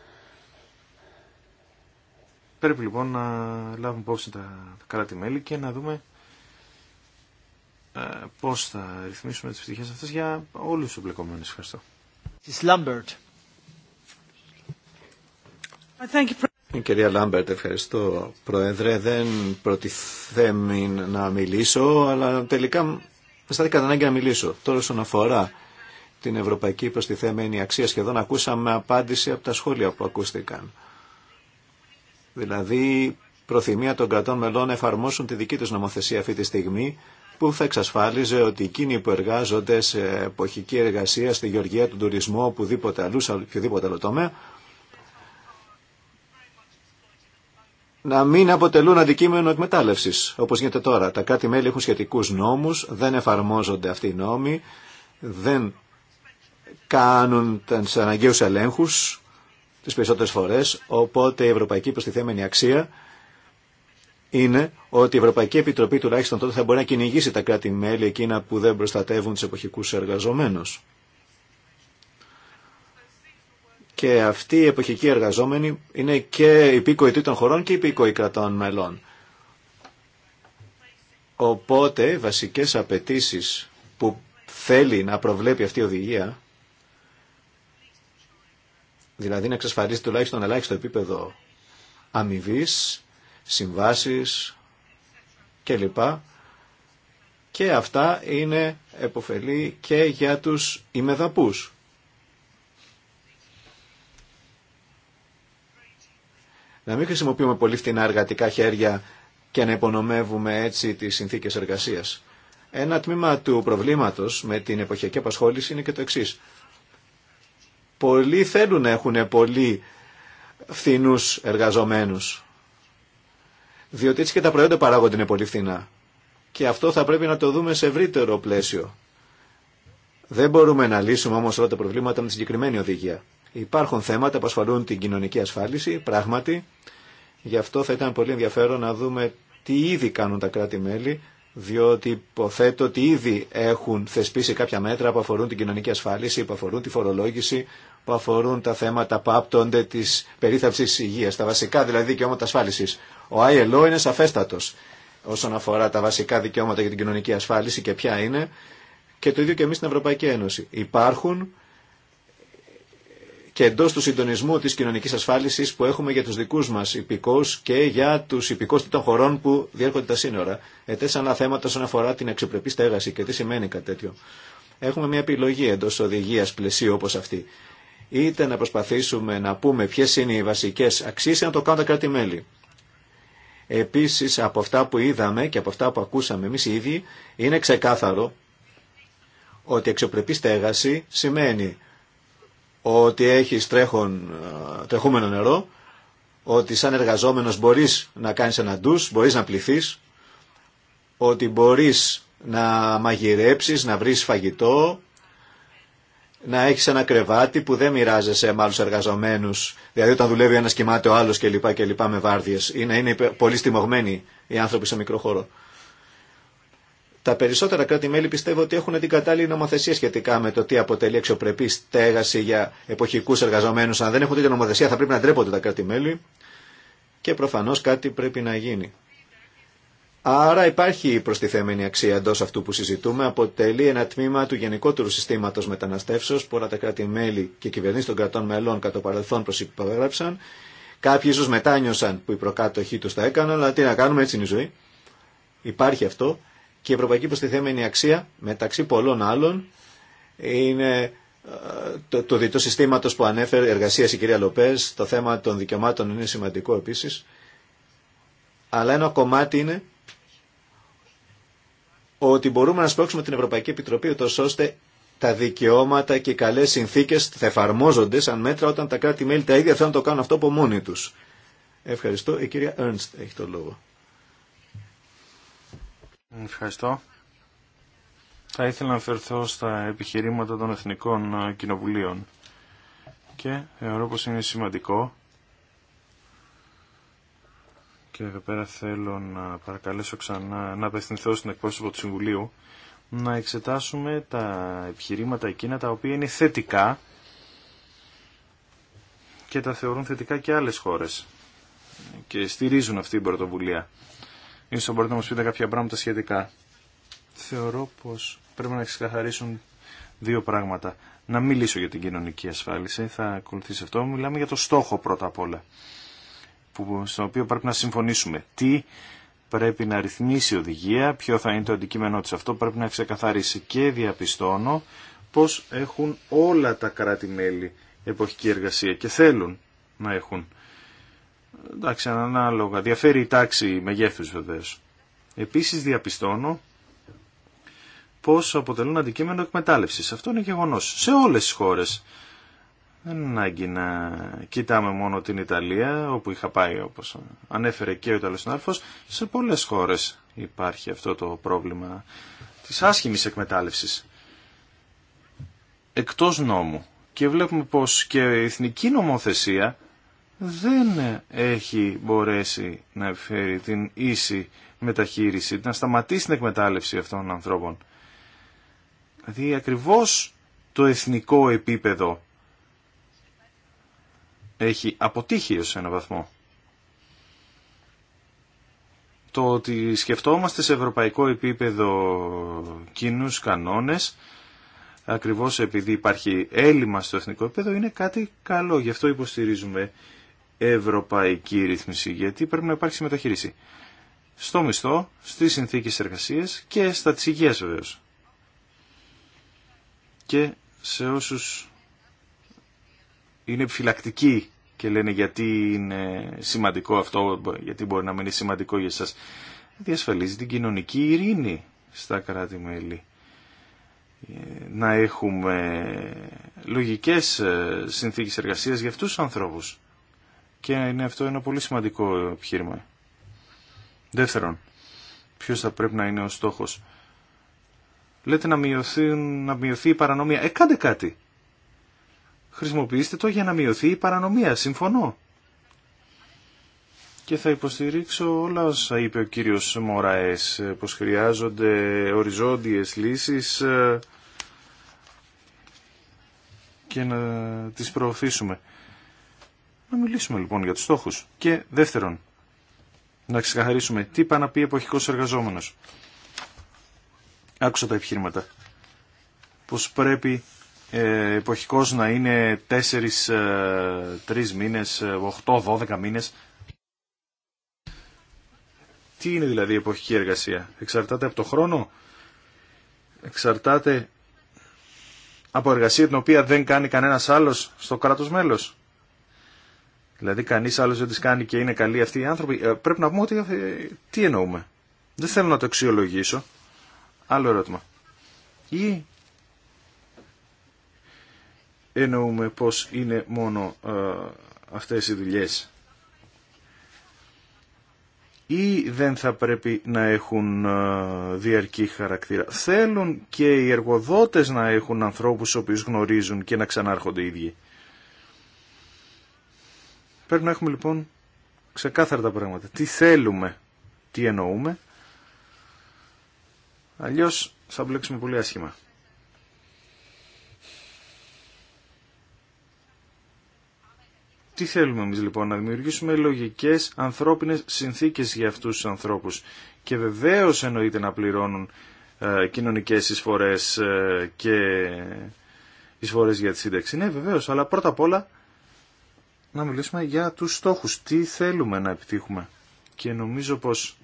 Πρέπει λοιπόν να λάβουμε υπόψη τα κρατη και να δούμε ε, πώς θα ρυθμίσουμε τις πτυχές αυτές για όλους τους εμπλεκομένους. Ευχαριστώ κυρία Λάμπερτ, ευχαριστώ. Πρόεδρε, δεν προτιθέμει να μιλήσω, αλλά τελικά με στάθηκα κατά ανάγκη να μιλήσω. Τώρα, όσον αφορά την ευρωπαϊκή προστιθέμενη αξία, σχεδόν ακούσαμε απάντηση από τα σχόλια που ακούστηκαν. Δηλαδή, προθυμία των κρατών μελών να εφαρμόσουν τη δική τους νομοθεσία αυτή τη στιγμή που θα εξασφάλιζε ότι εκείνοι που εργάζονται σε εποχική εργασία, στη γεωργία, τον τουρισμό, οπουδήποτε αλλού, σε οποιοδήποτε άλλο τομέα, να μην αποτελούν αντικείμενο εκμετάλλευση, όπω γίνεται τώρα. Τα κάτι μελη έχουν σχετικού νόμου, δεν εφαρμόζονται αυτοί οι νόμοι, δεν κάνουν τι αναγκαίου ελέγχου τι περισσότερε φορέ, οπότε η ευρωπαϊκή προστιθέμενη αξία είναι ότι η Ευρωπαϊκή Επιτροπή τουλάχιστον τότε θα μπορεί να κυνηγήσει τα κράτη-μέλη εκείνα που δεν προστατεύουν τους εποχικούς εργαζομένους. Και αυτοί οι εποχικοί εργαζόμενοι είναι και υπήκοοι τρίτων χωρών και υπήκοοι κρατών μελών. Οπότε οι βασικές απαιτήσει που θέλει να προβλέπει αυτή η οδηγία, δηλαδή να εξασφαλίσει τουλάχιστον ελάχιστο επίπεδο αμοιβή, συμβάσεις κλπ. Και αυτά είναι εποφελή και για τους ημεδαπούς. Να μην χρησιμοποιούμε πολύ φτηνά εργατικά χέρια και να υπονομεύουμε έτσι τις συνθήκες εργασίας. Ένα τμήμα του προβλήματος με την εποχιακή απασχόληση είναι και το εξής. Πολλοί θέλουν να έχουν πολύ φθηνούς εργαζομένους. Διότι έτσι και τα προϊόντα παράγονται είναι πολύ φθηνά. Και αυτό θα πρέπει να το δούμε σε ευρύτερο πλαίσιο. Δεν μπορούμε να λύσουμε όμω όλα τα προβλήματα με τη συγκεκριμένη οδηγία. Υπάρχουν θέματα που ασφαλούν την κοινωνική ασφάλιση, πράγματι. Γι' αυτό θα ήταν πολύ ενδιαφέρον να δούμε τι ήδη κάνουν τα κράτη-μέλη, διότι υποθέτω ότι ήδη έχουν θεσπίσει κάποια μέτρα που αφορούν την κοινωνική ασφάλιση, που αφορούν τη φορολόγηση, που αφορούν τα θέματα που άπτονται τη περίθαψη υγεία, τα βασικά δηλαδή δικαιώματα ασφάλιση. Ο ILO είναι σαφέστατο όσον αφορά τα βασικά δικαιώματα για την κοινωνική ασφάλιση και ποια είναι και το ίδιο και εμεί στην Ευρωπαϊκή Ένωση. Υπάρχουν και εντό του συντονισμού τη κοινωνική ασφάλιση που έχουμε για του δικού μα υπηκόου και για του υπηκού των χωρών που διέρχονται τα σύνορα. Ετέθησαν θέματα όσον αφορά την αξιοπρεπή στέγαση και τι σημαίνει κάτι τέτοιο. Έχουμε μια επιλογή εντό οδηγία πλαισίου όπω αυτή είτε να προσπαθήσουμε να πούμε ποιε είναι οι βασικές αξίες να το κάνουν τα κράτη-μέλη. Επίση, από αυτά που είδαμε και από αυτά που ακούσαμε εμεί οι ίδιοι είναι ξεκάθαρο ότι εξωπρεπή στέγαση σημαίνει ότι έχει ε, τρεχούμενο νερό, ότι σαν εργαζόμενος μπορείς να κάνεις ένα ντους, μπορείς να πληθείς, ότι μπορείς να μαγειρέψεις, να βρεις φαγητό, να έχει ένα κρεβάτι που δεν μοιράζεσαι με άλλου εργαζομένου. Δηλαδή, όταν δουλεύει ένα κοιμάται ο άλλο κλπ. και με βάρδιε. Ή να είναι πολύ στιμωγμένοι οι άνθρωποι σε μικρό χώρο. Τα περισσότερα κράτη-μέλη πιστεύω ότι έχουν την κατάλληλη νομοθεσία σχετικά με το τι αποτελεί αξιοπρεπή στέγαση για εποχικού εργαζομένου. Αν δεν έχουν τέτοια νομοθεσία, θα πρέπει να ντρέπονται τα κράτη-μέλη. Και προφανώ κάτι πρέπει να γίνει. Άρα υπάρχει η προστιθέμενη αξία εντό αυτού που συζητούμε. Αποτελεί ένα τμήμα του γενικότερου συστήματο μεταναστεύσεω που όλα τα κράτη-μέλη και κυβερνήσει των κρατών μελών κατά το παρελθόν προσυπογράψαν. Κάποιοι ίσω μετάνιωσαν που οι προκάτοχοί του τα έκαναν, αλλά τι να κάνουμε, έτσι είναι η ζωή. Υπάρχει αυτό και η ευρωπαϊκή προστιθέμενη αξία μεταξύ πολλών άλλων είναι ε, το, το διτό συστήματος που ανέφερε εργασία η κυρία Λοπέ. το θέμα των δικαιωμάτων είναι σημαντικό επίση, αλλά ένα κομμάτι είναι ότι μπορούμε να σπρώξουμε την Ευρωπαϊκή Επιτροπή ούτως ώστε τα δικαιώματα και οι καλές συνθήκες θα εφαρμόζονται σαν μέτρα όταν τα κράτη-μέλη τα ίδια θέλουν να το κάνουν αυτό από μόνοι τους. Ευχαριστώ. Η κυρία Ernst έχει το λόγο. Ευχαριστώ. Θα ήθελα να φερθώ στα επιχειρήματα των Εθνικών Κοινοβουλίων και θεωρώ πως είναι σημαντικό και εδώ πέρα θέλω να παρακαλέσω ξανά να απευθυνθώ στην εκπρόσωπο του Συμβουλίου να εξετάσουμε τα επιχειρήματα εκείνα τα οποία είναι θετικά και τα θεωρούν θετικά και άλλες χώρες και στηρίζουν αυτή την πρωτοβουλία. Ίσως μπορείτε να μας πείτε κάποια πράγματα σχετικά. Θεωρώ πως πρέπει να ξεκαθαρίσουν δύο πράγματα. Να μιλήσω για την κοινωνική ασφάλιση, θα ακολουθήσει αυτό. Μιλάμε για το στόχο πρώτα απ' όλα που, στο οποίο πρέπει να συμφωνήσουμε. Τι πρέπει να ρυθμίσει η οδηγία, ποιο θα είναι το αντικείμενό της. Αυτό πρέπει να ξεκαθαρίσει και διαπιστώνω πως έχουν όλα τα κράτη-μέλη εποχική εργασία και θέλουν να έχουν. Εντάξει, ανάλογα. Διαφέρει η τάξη μεγέθους βεβαίω. Επίσης διαπιστώνω πως αποτελούν αντικείμενο εκμετάλλευσης. Αυτό είναι γεγονός. Σε όλες τις χώρες. Δεν ανάγκη να κοιτάμε μόνο την Ιταλία, όπου είχα πάει όπως ανέφερε και ο Ιταλός συνάδελφος. Σε πολλές χώρες υπάρχει αυτό το πρόβλημα της άσχημης εκμετάλλευσης. Εκτός νόμου. Και βλέπουμε πως και η εθνική νομοθεσία δεν έχει μπορέσει να φέρει την ίση μεταχείριση, να σταματήσει την εκμετάλλευση αυτών των ανθρώπων. Δηλαδή ακριβώς το εθνικό επίπεδο έχει αποτύχει ως ένα βαθμό. Το ότι σκεφτόμαστε σε ευρωπαϊκό επίπεδο κοινού κανόνες, ακριβώς επειδή υπάρχει έλλειμμα στο εθνικό επίπεδο, είναι κάτι καλό. Γι' αυτό υποστηρίζουμε ευρωπαϊκή ρύθμιση, γιατί πρέπει να υπάρξει μεταχείριση. Στο μισθό, στις συνθήκες εργασίας και στα της υγείας βεβαίως. Και σε όσους είναι επιφυλακτικοί και λένε γιατί είναι σημαντικό αυτό, γιατί μπορεί να μην είναι σημαντικό για σας. Διασφαλίζει την κοινωνική ειρήνη στα κράτη-μέλη. Ε, να έχουμε λογικές ε, συνθήκες εργασίας για αυτούς τους ανθρώπους. Και είναι αυτό ένα πολύ σημαντικό επιχείρημα. Δεύτερον, ποιος θα πρέπει να είναι ο στόχος. Λέτε να, μειωθεί, να μειωθεί η παρανομία. Ε, κάντε κάτι χρησιμοποιήστε το για να μειωθεί η παρανομία. Συμφωνώ. Και θα υποστηρίξω όλα όσα είπε ο κύριος Μωραές, πως χρειάζονται οριζόντιες λύσεις ε, και να τις προωθήσουμε. Να μιλήσουμε λοιπόν για τους στόχους. Και δεύτερον, να ξεκαθαρίσουμε τι πάει να πει εποχικός εργαζόμενος. Άκουσα τα επιχείρηματα. Πως πρέπει ε, εποχικός να είναι 4-3 ε, μήνες, 8-12 ε, μήνες. Τι είναι δηλαδή η εποχική εργασία. Εξαρτάται από το χρόνο. Εξαρτάται από εργασία την οποία δεν κάνει κανένας άλλος στο κράτος μέλος. Δηλαδή κανείς άλλος δεν τις κάνει και είναι καλοί αυτοί οι άνθρωποι. πρέπει να πούμε ότι τι εννοούμε. Δεν θέλω να το αξιολογήσω. Άλλο ερώτημα. Ή εννοούμε πως είναι μόνο ε, αυτές οι δουλειές ή δεν θα πρέπει να έχουν ε, διαρκή χαρακτήρα. Θέλουν και οι εργοδότες να έχουν ανθρώπους οποίους γνωρίζουν και να ξανάρχονται οι ίδιοι. Πρέπει να έχουμε λοιπόν ξεκάθαρα τα πράγματα. Τι θέλουμε, τι εννοούμε. Αλλιώς θα μπλέξουμε πολύ άσχημα. Τι θέλουμε εμείς λοιπόν, να δημιουργήσουμε λογικές ανθρώπινες συνθήκες για αυτούς τους ανθρώπους. Και βεβαίως εννοείται να πληρώνουν ε, κοινωνικές εισφορές ε, και εισφορές για τη σύνταξη. Ναι βεβαίως, αλλά πρώτα απ' όλα να μιλήσουμε για τους στόχους. Τι θέλουμε να επιτύχουμε. Και νομίζω πως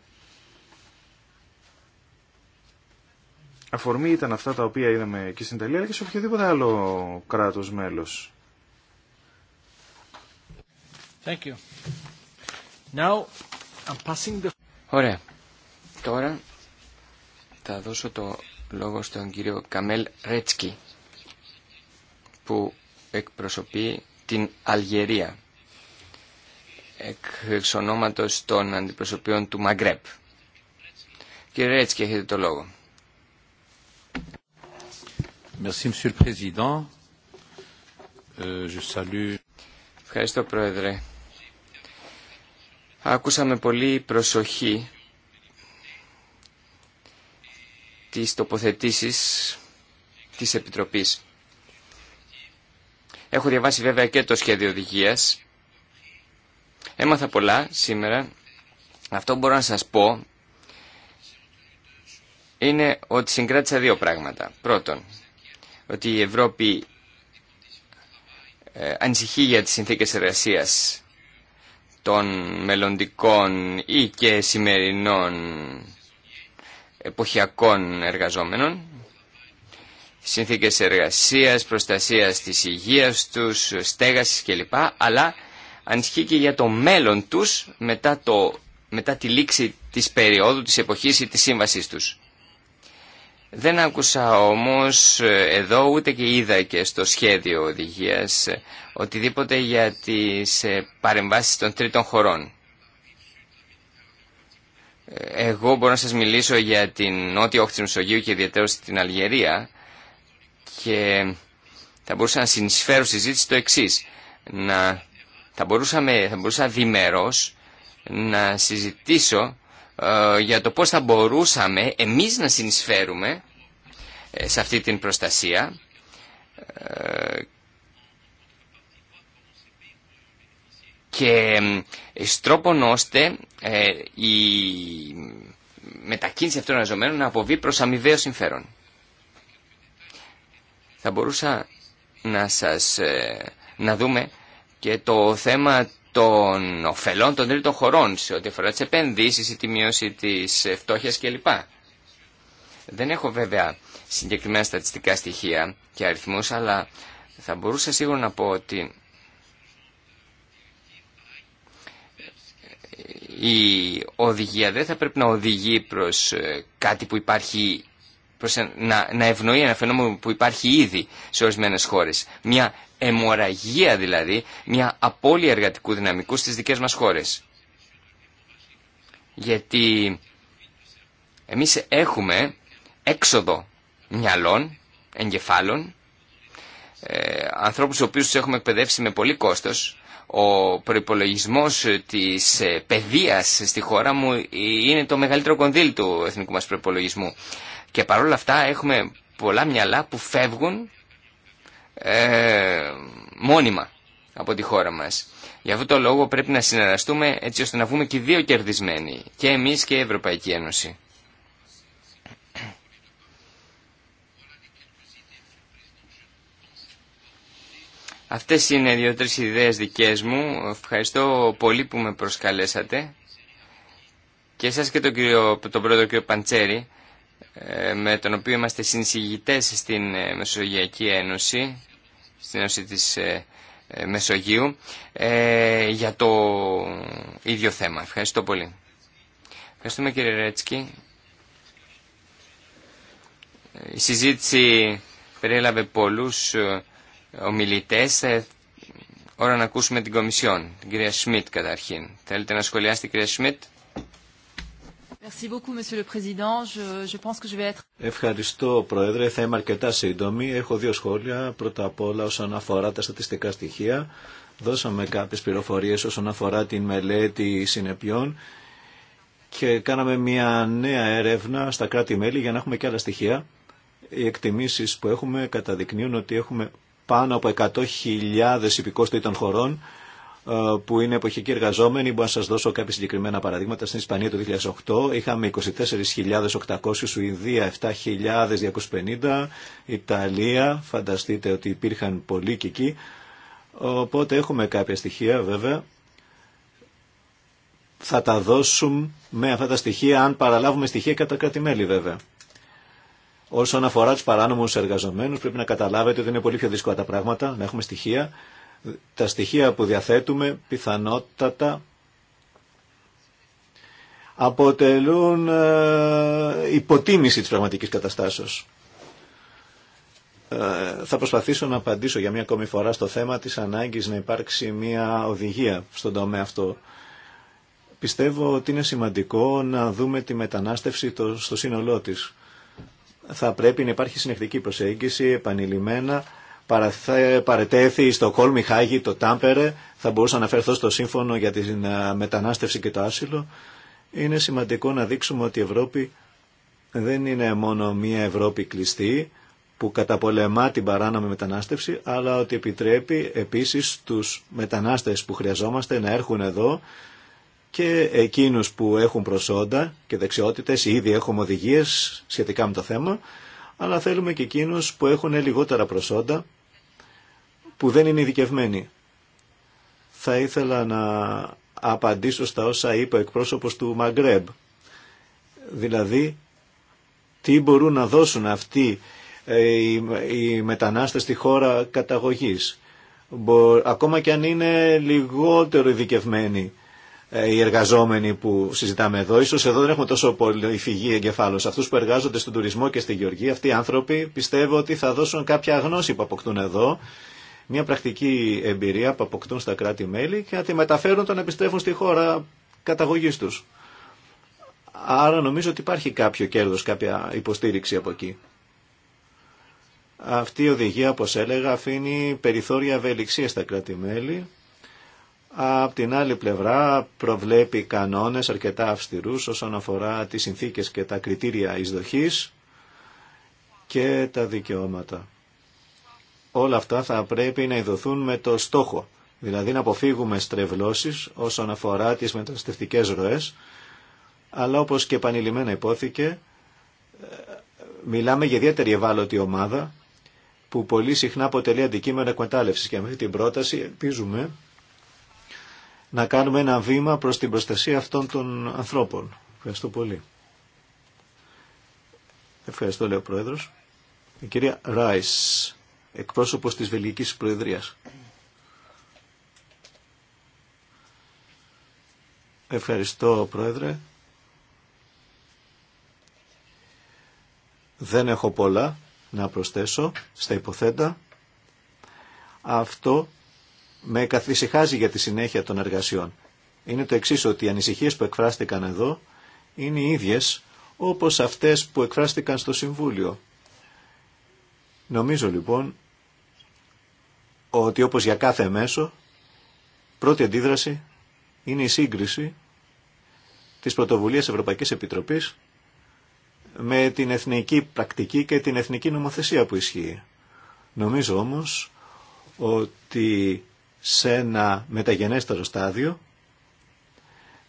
αφορμή ήταν αυτά τα οποία είδαμε και στην Ιταλία και σε οποιοδήποτε άλλο κράτος μέλος. Thank Ωραία. Τώρα θα δώσω το λόγο στον κύριο Καμέλ Ρέτσκι που εκπροσωπεί την Αλγερία εξ ονόματος των αντιπροσωπείων του Μαγκρέπ. Κύριε Ρέτσκι, έχετε το λόγο. Merci, Monsieur euh, Ευχαριστώ, Πρόεδρε. Άκουσα με πολύ προσοχή τις τοποθετήσεις της Επιτροπής. Έχω διαβάσει βέβαια και το σχέδιο οδηγίας. Έμαθα πολλά σήμερα. Αυτό που μπορώ να σας πω είναι ότι συγκράτησα δύο πράγματα. Πρώτον, ότι η Ευρώπη ε, ανησυχεί για τις συνθήκες εργασίας των μελλοντικών ή και σημερινών εποχιακών εργαζόμενων, συνθήκες εργασίας, προστασίας της υγείας τους, στέγασης κλπ. Αλλά ανισχύει και για το μέλλον τους μετά, το, μετά τη λήξη της περίοδου, της εποχής ή της σύμβασής τους. Δεν άκουσα όμως ε, εδώ ούτε και είδα και στο σχέδιο οδηγίας ε, οτιδήποτε για τις ε, παρεμβάσεις των τρίτων χωρών. Εγώ μπορώ να σας μιλήσω για την νότια όχθη της Μεσογείου και ιδιαίτερα στην Αλγερία και θα μπορούσα να συνεισφέρω συζήτηση το εξή. Να, θα μπορούσαμε, θα μπορούσα διμερός να συζητήσω ε, για το πώς θα μπορούσαμε εμείς να συνεισφέρουμε ε, σε αυτή την προστασία ε, και στρόπον ώστε η μετακίνηση αυτών των ζωμένων να αποβεί προς αμοιβαίο συμφέρον. Θα μπορούσα να σας να δούμε και το θέμα των ωφελών των τρίτων χωρών σε ό,τι αφορά τι επενδύσει ή τη μείωση της φτώχεια κλπ. Δεν έχω βέβαια συγκεκριμένα στατιστικά στοιχεία και αριθμού, αλλά θα μπορούσα σίγουρα να πω ότι η οδηγία δεν θα πρέπει να οδηγεί προς κάτι που υπάρχει προς να, να ευνοεί ένα φαινόμενο που υπάρχει ήδη σε ορισμένε χώρε. Μια αιμορραγία δηλαδή, μια απώλεια εργατικού δυναμικού στι δικέ μα χώρε. Γιατί εμεί έχουμε έξοδο μυαλών, εγκεφάλων, ε, ανθρώπους οποίου του έχουμε εκπαιδεύσει με πολύ κόστος ο προπολογισμό ε, της ε, παιδείας στη χώρα μου είναι το μεγαλύτερο κονδύλι του εθνικού μας προπολογισμού. Και παρόλα αυτά έχουμε πολλά μυαλά που φεύγουν ε, μόνιμα από τη χώρα μας. Γι' αυτό τον λόγο πρέπει να συνεργαστούμε έτσι ώστε να βγούμε και δύο κερδισμένοι, και εμείς και η Ευρωπαϊκή Ένωση. Αυτές είναι δύο-τρεις ιδέες δικές μου. Ευχαριστώ πολύ που με προσκαλέσατε. Και εσάς και τον, κύριο, τον πρώτο κύριο Παντσέρη, ε, με τον οποίο είμαστε συνσηγητές στην ε, Μεσογειακή Ένωση, στην Ένωση της ε, Μεσογείου, για το ίδιο θέμα. Ευχαριστώ πολύ. Ευχαριστούμε κύριε Ρέτσκι. Η συζήτηση περιέλαβε πολλούς ομιλητές. Ε, ώρα να ακούσουμε την Κομισιόν, την κυρία Σμιτ καταρχήν. Θέλετε να σχολιάσετε κυρία Σμιτ. Ευχαριστώ Πρόεδρε, θα είμαι αρκετά σύντομη. Έχω δύο σχόλια. Πρώτα απ' όλα όσον αφορά τα στατιστικά στοιχεία. Δώσαμε κάποιες πληροφορίες όσον αφορά την μελέτη συνεπιών και κάναμε μια νέα έρευνα στα κράτη-μέλη για να έχουμε και άλλα στοιχεία. Οι εκτιμήσεις που έχουμε καταδεικνύουν ότι έχουμε πάνω από 100.000 υπηκός των χωρών ε, που είναι εποχικοί εργαζόμενοι. Μπορώ να σας δώσω κάποια συγκεκριμένα παραδείγματα. Στην Ισπανία το 2008 είχαμε 24.800, Σουηδία 7.250, Ιταλία, φανταστείτε ότι υπήρχαν πολλοί και εκεί. Οπότε έχουμε κάποια στοιχεία βέβαια. Θα τα δώσουμε με αυτά τα στοιχεία αν παραλάβουμε στοιχεία κατά κράτη-μέλη βέβαια. Όσον αφορά του παράνομου εργαζομένου, πρέπει να καταλάβετε ότι είναι πολύ πιο δύσκολα τα πράγματα, να έχουμε στοιχεία. Τα στοιχεία που διαθέτουμε πιθανότατα αποτελούν ε, υποτίμηση της πραγματικής καταστάσεως. Ε, θα προσπαθήσω να απαντήσω για μια ακόμη φορά στο θέμα της ανάγκης να υπάρξει μια οδηγία στον τομέα αυτό. Πιστεύω ότι είναι σημαντικό να δούμε τη μετανάστευση στο σύνολό της θα πρέπει να υπάρχει συνεχτική προσέγγιση επανειλημμένα παρετέθη στο Στοκόλμη, Χάγη, το Τάμπερε, θα μπορούσα να φέρθω στο σύμφωνο για την ε, μετανάστευση και το άσυλο. Είναι σημαντικό να δείξουμε ότι η Ευρώπη δεν είναι μόνο μια Ευρώπη κλειστή που καταπολεμά την παράνομη μετανάστευση, αλλά ότι επιτρέπει επίσης τους μετανάστες που χρειαζόμαστε να έρχουν εδώ και εκείνους που έχουν προσόντα και δεξιότητες, ήδη έχουμε οδηγίες σχετικά με το θέμα, αλλά θέλουμε και εκείνους που έχουν λιγότερα προσόντα, που δεν είναι ειδικευμένοι. Θα ήθελα να απαντήσω στα όσα είπε ο εκπρόσωπος του Μαγκρέμπ. Δηλαδή, τι μπορούν να δώσουν αυτοί ε, οι μετανάστες στη χώρα καταγωγής. Ακόμα και αν είναι λιγότερο ειδικευμένοι ε, οι εργαζόμενοι που συζητάμε εδώ. Ίσως εδώ δεν έχουμε τόσο πολύ φυγή εγκεφάλου. Αυτούς που εργάζονται στον τουρισμό και στη γεωργία, αυτοί οι άνθρωποι πιστεύω ότι θα δώσουν κάποια γνώση που αποκτούν εδώ, μια πρακτική εμπειρία που αποκτούν στα κράτη-μέλη και να τη μεταφέρουν όταν επιστρέφουν στη χώρα καταγωγή του. Άρα νομίζω ότι υπάρχει κάποιο κέρδο κάποια υποστήριξη από εκεί. Αυτή η οδηγία, όπω έλεγα, αφήνει περιθώρια ευελιξία στα κράτη-μέλη Απ' την άλλη πλευρά προβλέπει κανόνες αρκετά αυστηρούς όσον αφορά τις συνθήκες και τα κριτήρια εισδοχής και τα δικαιώματα. Όλα αυτά θα πρέπει να ειδωθούν με το στόχο, δηλαδή να αποφύγουμε στρεβλώσεις όσον αφορά τις μεταναστευτικές ροές, αλλά όπως και επανειλημμένα υπόθηκε, μιλάμε για ιδιαίτερη ευάλωτη ομάδα που πολύ συχνά αποτελεί αντικείμενο εκμετάλλευσης και με αυτή την πρόταση ελπίζουμε να κάνουμε ένα βήμα προς την προστασία αυτών των ανθρώπων. Ευχαριστώ πολύ. Ευχαριστώ, λέει ο Πρόεδρος. Η κυρία Ράις, εκπρόσωπος της Βελγικής Προεδρίας. Ευχαριστώ, Πρόεδρε. Δεν έχω πολλά να προσθέσω στα υποθέτα. Αυτό με καθησυχάζει για τη συνέχεια των εργασιών. Είναι το εξής ότι οι ανησυχίες που εκφράστηκαν εδώ είναι οι ίδιες όπως αυτές που εκφράστηκαν στο Συμβούλιο. Νομίζω λοιπόν ότι όπως για κάθε μέσο πρώτη αντίδραση είναι η σύγκριση της πρωτοβουλίας Ευρωπαϊκής Επιτροπής με την εθνική πρακτική και την εθνική νομοθεσία που ισχύει. Νομίζω όμως ότι σε ένα μεταγενέστερο στάδιο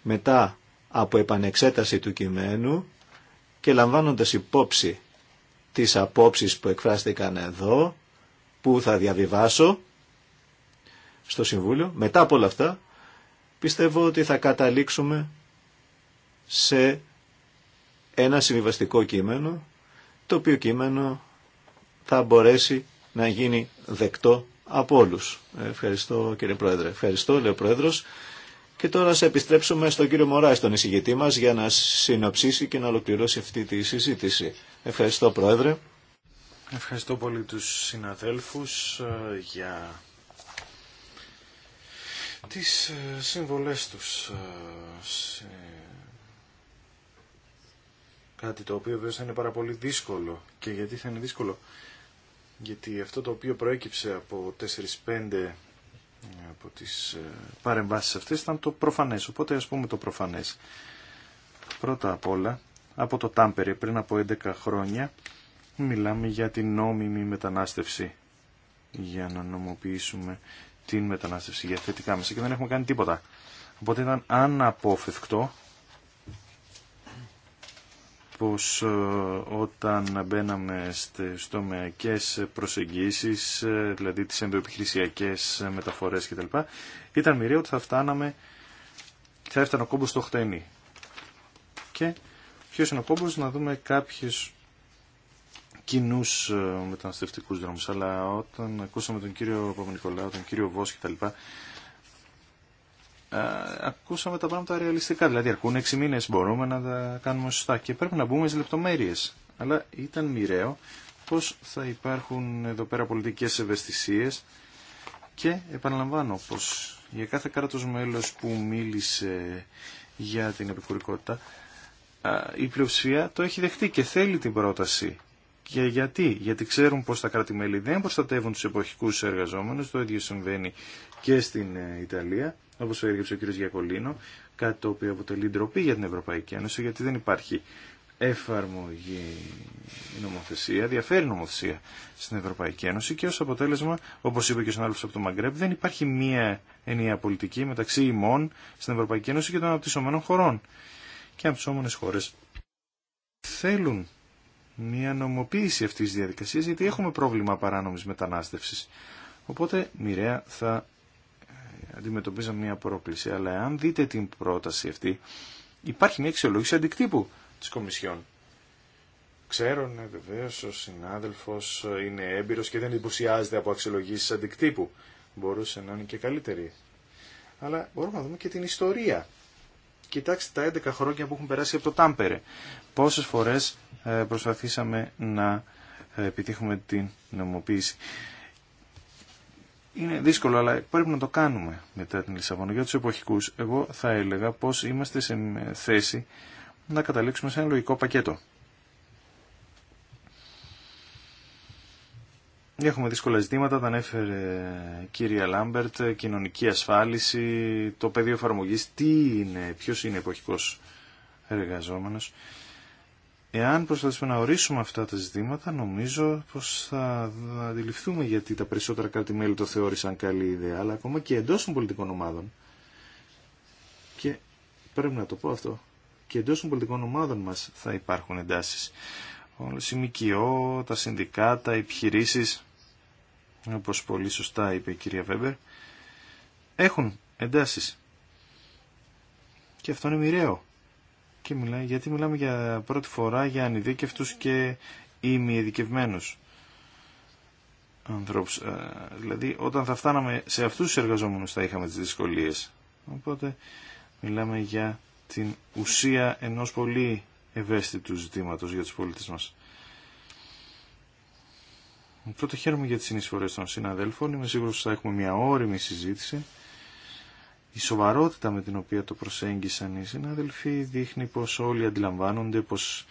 μετά από επανεξέταση του κειμένου και λαμβάνοντας υπόψη τις απόψεις που εκφράστηκαν εδώ που θα διαβιβάσω στο Συμβούλιο μετά από όλα αυτά πιστεύω ότι θα καταλήξουμε σε ένα συμβιβαστικό κείμενο το οποίο κείμενο θα μπορέσει να γίνει δεκτό από όλου. Ευχαριστώ κύριε Πρόεδρε. Ευχαριστώ, λέει ο Πρόεδρο. Και τώρα σε επιστρέψουμε στον κύριο Μωράη, τον εισηγητή μα, για να συνοψίσει και να ολοκληρώσει αυτή τη συζήτηση. Ευχαριστώ, Πρόεδρε. Ευχαριστώ πολύ του συναδέλφου ε, για τις ε, συμβολέ τους ε, σε... κάτι το οποίο βέβαια θα είναι πάρα πολύ δύσκολο και γιατί θα είναι δύσκολο γιατί αυτό το οποίο προέκυψε από 4-5 ε, από τις ε, παρεμβάσεις αυτές ήταν το προφανές. Οπότε ας πούμε το προφανές. Πρώτα απ' όλα, από το τάμπερι πριν από 11 χρόνια μιλάμε για την νόμιμη μετανάστευση για να νομοποιήσουμε την μετανάστευση για θετικά μέσα και δεν έχουμε κάνει τίποτα. Οπότε ήταν αναπόφευκτο πως ε, όταν μπαίναμε στις τομεακές προσεγγίσεις, ε, δηλαδή τις ενδοεπιχειρησιακές μεταφορές κτλ, ήταν μοιραίο ότι θα φτάναμε, θα έφτανε ο κόμπος στο χτενί. Και ποιος είναι ο κόμπος να δούμε κάποιους κοινού ε, μεταναστευτικούς δρόμους. Αλλά όταν ακούσαμε τον κύριο Παπα-Νικολάου, τον κύριο Βός κτλ, ακούσαμε τα πράγματα ρεαλιστικά. Δηλαδή, αρκούν έξι μήνε μπορούμε να τα κάνουμε σωστά και πρέπει να μπούμε στι λεπτομέρειε. Αλλά ήταν μοιραίο πώ θα υπάρχουν εδώ πέρα πολιτικέ ευαισθησίε και επαναλαμβάνω πω για κάθε κράτο μέλο που μίλησε για την επικουρικότητα η πλειοψηφία το έχει δεχτεί και θέλει την πρόταση. Και γιατί, γιατί ξέρουν πως τα κράτη-μέλη δεν προστατεύουν τους εποχικούς εργαζόμενους, το ίδιο συμβαίνει και στην ε, Ιταλία Όπω το ο κ. Γιακολίνο, κάτι το οποίο αποτελεί ντροπή για την Ευρωπαϊκή Ένωση, γιατί δεν υπάρχει εφαρμογή νομοθεσία, διαφέρει νομοθεσία στην Ευρωπαϊκή Ένωση και ω αποτέλεσμα, όπω είπε και ο συνάδελφος από το Μαγκρέπ, δεν υπάρχει μία ενιαία πολιτική μεταξύ ημών στην Ευρωπαϊκή Ένωση και των αναπτυσσόμενων χωρών. Και αναπτυσσόμενε χώρε θέλουν μία νομοποίηση αυτή τη διαδικασία γιατί έχουμε πρόβλημα παράνομη μετανάστευση. Οπότε μοιραία θα αντιμετωπίζαμε μια πρόκληση. Αλλά αν δείτε την πρόταση αυτή, υπάρχει μια αξιολόγηση αντικτύπου της Κομισιόν. Ξέρω, ναι, ε, βεβαίω ο συνάδελφο είναι έμπειρο και δεν εντυπωσιάζεται από αξιολογήσει αντικτύπου. Μπορούσε να είναι και καλύτερη. Αλλά μπορούμε να δούμε και την ιστορία. Κοιτάξτε τα 11 χρόνια που έχουν περάσει από το Τάμπερε. Πόσε φορέ ε, προσπαθήσαμε να ε, επιτύχουμε την νομοποίηση. Είναι δύσκολο, αλλά πρέπει να το κάνουμε μετά την Λισαβόνα. Για του εποχικού, εγώ θα έλεγα πω είμαστε σε θέση να καταλήξουμε σε ένα λογικό πακέτο. Έχουμε δύσκολα ζητήματα, τα ανέφερε κύρια Λάμπερτ, κοινωνική ασφάλιση, το πεδίο εφαρμογή, τι είναι, ποιο είναι εποχικός εργαζόμενος. Εάν προσπαθήσουμε να ορίσουμε αυτά τα ζητήματα, νομίζω πως θα αντιληφθούμε γιατί τα περισσότερα κράτη-μέλη το θεώρησαν καλή ιδέα, αλλά ακόμα και εντός των πολιτικών ομάδων. Και πρέπει να το πω αυτό. Και εντός των πολιτικών ομάδων μας θα υπάρχουν εντάσεις. Όλες οι ΜΚΟ, τα συνδικάτα, οι επιχειρήσεις, όπως πολύ σωστά είπε η κυρία Βέμπερ, έχουν εντάσεις. Και αυτό είναι μοιραίο. Και μιλάει, γιατί μιλάμε για πρώτη φορά για ανειδίκευτους και ημιεδικευμένους ανθρώπους. Ε, δηλαδή όταν θα φτάναμε σε αυτούς τους εργαζόμενους θα είχαμε τις δυσκολίες. Οπότε μιλάμε για την ουσία ενός πολύ ευαίσθητου ζητήματος για τους πολίτες μας. Πρώτα χαίρομαι για τις συνεισφορές των συναδέλφων. Είμαι σίγουρος ότι θα έχουμε μια όριμη συζήτηση. Η σοβαρότητα με την οποία το προσέγγισαν οι συνάδελφοι δείχνει πως όλοι αντιλαμβάνονται πως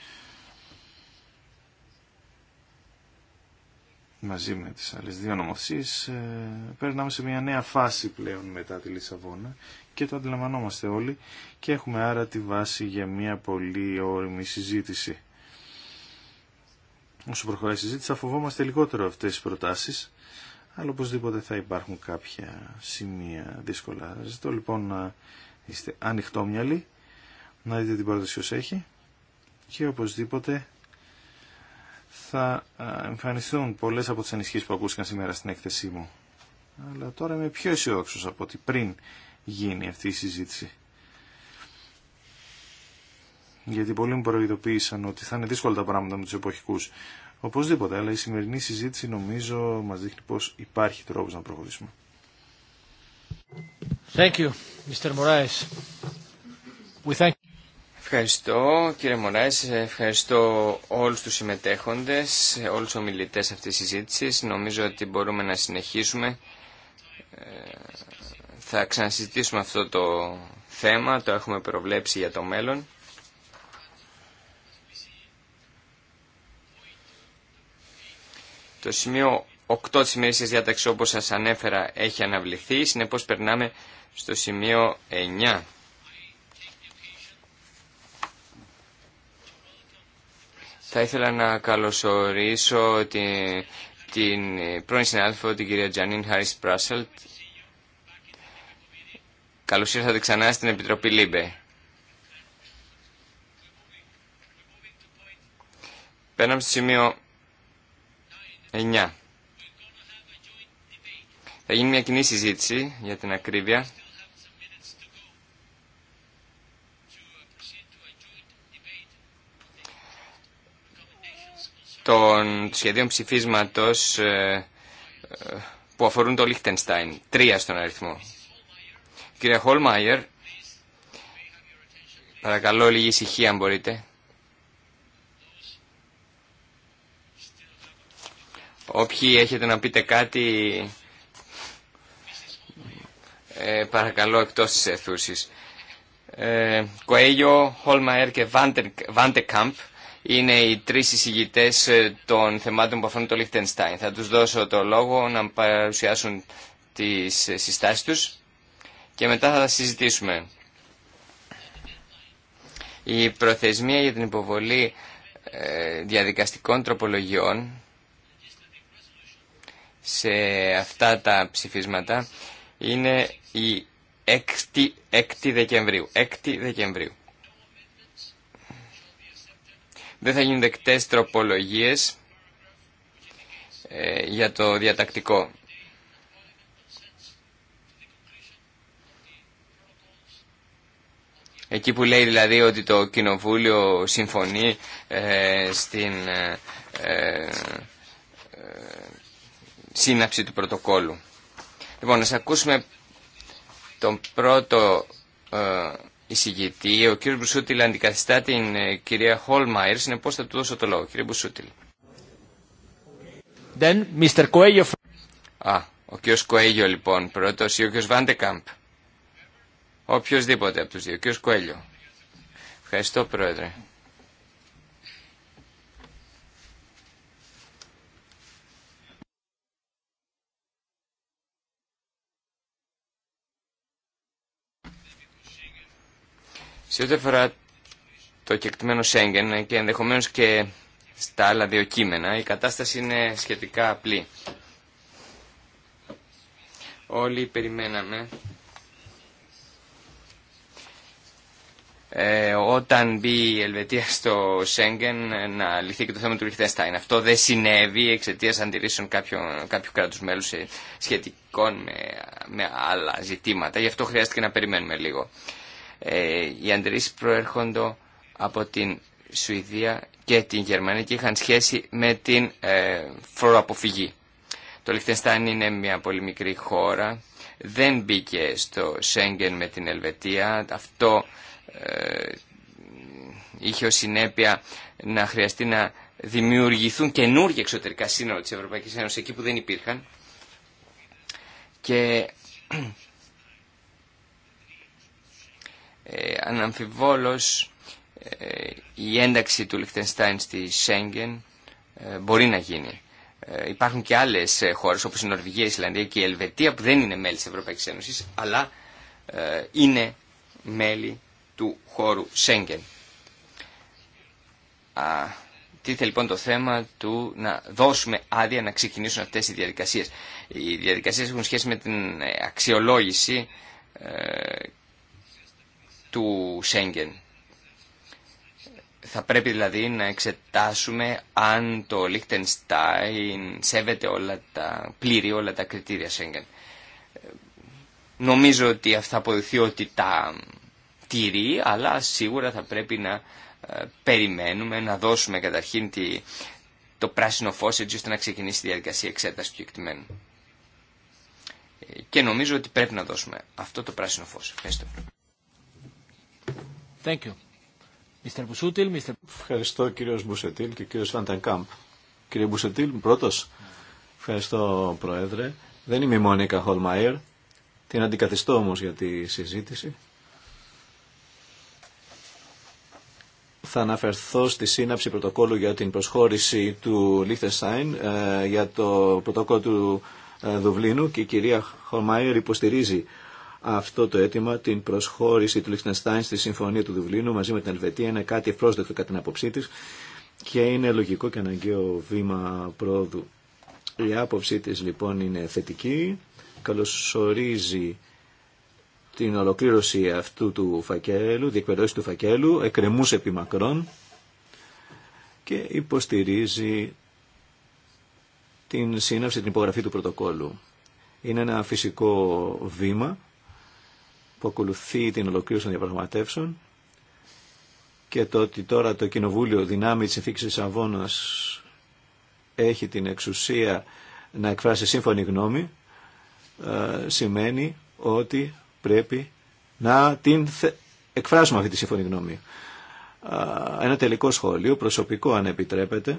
μαζί με τις άλλες δύο νομοθεσίες ε, περνάμε σε μια νέα φάση πλέον μετά τη Λισαβόνα και το αντιλαμβανόμαστε όλοι και έχουμε άρα τη βάση για μια πολύ όρημη συζήτηση. Όσο προχωράει η συζήτηση θα φοβόμαστε λιγότερο αυτές τις προτάσεις αλλά οπωσδήποτε θα υπάρχουν κάποια σημεία δύσκολα. Ζητώ λοιπόν να είστε ανοιχτόμυαλοι, να δείτε την πρόταση ως έχει και οπωσδήποτε θα εμφανιστούν πολλές από τις ανησυχίες που ακούστηκαν σήμερα στην έκθεσή μου. Αλλά τώρα είμαι πιο αισιόδοξο από ότι πριν γίνει αυτή η συζήτηση. Γιατί πολλοί μου προειδοποίησαν ότι θα είναι δύσκολα τα πράγματα με τους εποχικούς Οπωσδήποτε, αλλά η σημερινή συζήτηση νομίζω μας δείχνει πως υπάρχει τρόπος να προχωρήσουμε. Thank you, Mr. Moraes. We thank Ευχαριστώ κύριε Μωράης, ευχαριστώ όλους τους συμμετέχοντες, όλους τους ομιλητές αυτής της συζήτησης. Νομίζω ότι μπορούμε να συνεχίσουμε. Ε, θα ξανασυζητήσουμε αυτό το θέμα, το έχουμε προβλέψει για το μέλλον. Το σημείο 8 της ημερήσιας διάταξης όπως σας ανέφερα έχει αναβληθεί, συνεπώς περνάμε στο σημείο 9. Θα ήθελα να καλωσορίσω την, την πρώην συνάδελφο, την κυρία Τζανίν Χάρις Πράσελτ. Καλώς ήρθατε ξανά στην Επιτροπή Λίμπε. Παίρναμε στο σημείο 9. Θα γίνει μια κοινή συζήτηση για την ακρίβεια. των σχεδίων ψηφίσματος ε, ε, που αφορούν το Λίχτενστάιν. Τρία στον αριθμό. Κύριε Χολμάιερ, παρακαλώ λίγη ησυχία αν μπορείτε. Όποιοι έχετε να πείτε κάτι, ε, παρακαλώ εκτός της αιθούσης. Ε, Χολμαέρ και Βάντεκαμπ είναι οι τρεις εισηγητές ε, των θεμάτων που αφορούν το Λιχτενστάιν. Θα τους δώσω το λόγο να παρουσιάσουν τις συστάσεις τους και μετά θα τα συζητήσουμε. Η προθεσμία για την υποβολή ε, διαδικαστικών τροπολογιών σε αυτά τα ψηφίσματα είναι η 6η, 6η Δεκεμβρίου. 6η Δεκεμβρίου. Δεν θα γίνουν δεκτές τροπολογίες ε, για το διατακτικό. Εκεί που λέει δηλαδή ότι το Κοινοβούλιο συμφωνεί ε, στην... Ε, σύναψη του πρωτοκόλου. Λοιπόν, να ακούσουμε τον πρώτο ε, εισηγητή. Ο κύριος Μπουσούτιλ αντικαθιστά την ε, κυρία Χολμάιρ. Συνεπώς θα του δώσω το λόγο. Κύριε Μπουσούτιλ. Then, Mr. Coelho... Α, ο κύριος Κοέγιο λοιπόν πρώτος ή ο κύριος Βάντεκαμπ. Οποιοςδήποτε από τους δύο. Ο κύριος Κοέλιο. Ευχαριστώ πρόεδρε. Σε ό,τι αφορά το κεκτημένο Σέγγεν και ενδεχομένως και στα άλλα δύο κείμενα, η κατάσταση είναι σχετικά απλή. Όλοι περιμέναμε ε, όταν μπει η Ελβετία στο Σέγγεν να λυθεί και το θέμα του Λιχτενστάιν. Αυτό δεν συνέβη εξαιτία αντιρρήσεων κάποιου, κάποιου κράτου μέλου σχετικών με, με άλλα ζητήματα. Γι' αυτό χρειάστηκε να περιμένουμε λίγο. Ε, οι αντιρρήσεις προέρχονται από την Σουηδία και την Γερμανία και είχαν σχέση με την ε, φοροαποφυγή. Το Λιχτενστάν είναι μια πολύ μικρή χώρα, δεν μπήκε στο Σέγγεν με την Ελβετία. Αυτό ε, είχε ως συνέπεια να χρειαστεί να δημιουργηθούν καινούργια εξωτερικά σύνορα της Ευρωπαϊκής Ένωσης εκεί που δεν υπήρχαν. Και ε, αναμφιβόλως ε, η ένταξη του Λιχτενστάιν στη Σέγγεν ε, μπορεί να γίνει. Ε, υπάρχουν και άλλες χώρες όπως η Νορβηγία, η Ισλανδία και η Ελβετία που δεν είναι μέλη της Ευρωπαϊκής Ένωσης αλλά είναι μέλη του χώρου Σέγγεν. Τίθε λοιπόν το θέμα του να δώσουμε άδεια να ξεκινήσουν αυτές οι διαδικασίες. Οι διαδικασίες έχουν σχέση με την αξιολόγηση του Σέγγεν. Θα πρέπει δηλαδή να εξετάσουμε αν το Λίχτενστάιν σέβεται όλα τα, πλήρη όλα τα κριτήρια Σέγγεν. Νομίζω ότι αυτά αποδειχθεί ότι τα τηρεί, αλλά σίγουρα θα πρέπει να ε, περιμένουμε, να δώσουμε καταρχήν τη, το πράσινο φως έτσι ώστε να ξεκινήσει τη διαδικασία εξέταση του κεκτημένου. Ε, και νομίζω ότι πρέπει να δώσουμε αυτό το πράσινο φως. Ευχαριστώ. Thank you. Ευχαριστώ κύριος Μπουσετήλ και κύριος Φαντανκάμπ. Κύριε Μπουσετήλ, πρώτος. Ευχαριστώ Πρόεδρε. Δεν είμαι η Μονίκα Χολμαϊρ. Την αντικαθιστώ όμω για τη συζήτηση. θα αναφερθώ στη σύναψη πρωτοκόλλου για την προσχώρηση του Λίχτενστάιν ε, για το πρωτοκόλλο του ε, Δουβλίνου και η κυρία Χολμάιερ υποστηρίζει αυτό το αίτημα, την προσχώρηση του Λιχτενστάιν στη Συμφωνία του Δουβλίνου μαζί με την Ελβετία είναι κάτι ευπρόσδεκτο κατά την άποψή τη και είναι λογικό και αναγκαίο βήμα πρόοδου. Η άποψή της λοιπόν είναι θετική, καλωσορίζει την ολοκλήρωση αυτού του φακέλου, διεκπαιδεύση του φακέλου, εκκρεμούς επιμακρών και υποστηρίζει την σύναψη, την υπογραφή του πρωτοκόλου. Είναι ένα φυσικό βήμα που ακολουθεί την ολοκλήρωση των διαπραγματεύσεων και το ότι τώρα το Κοινοβούλιο δυνάμει της Εθήκης της Αβώνας έχει την εξουσία να εκφράσει σύμφωνη γνώμη ε, σημαίνει ότι πρέπει να την εκφράσουμε αυτή τη σύμφωνη γνώμη. Ένα τελικό σχόλιο, προσωπικό αν επιτρέπετε,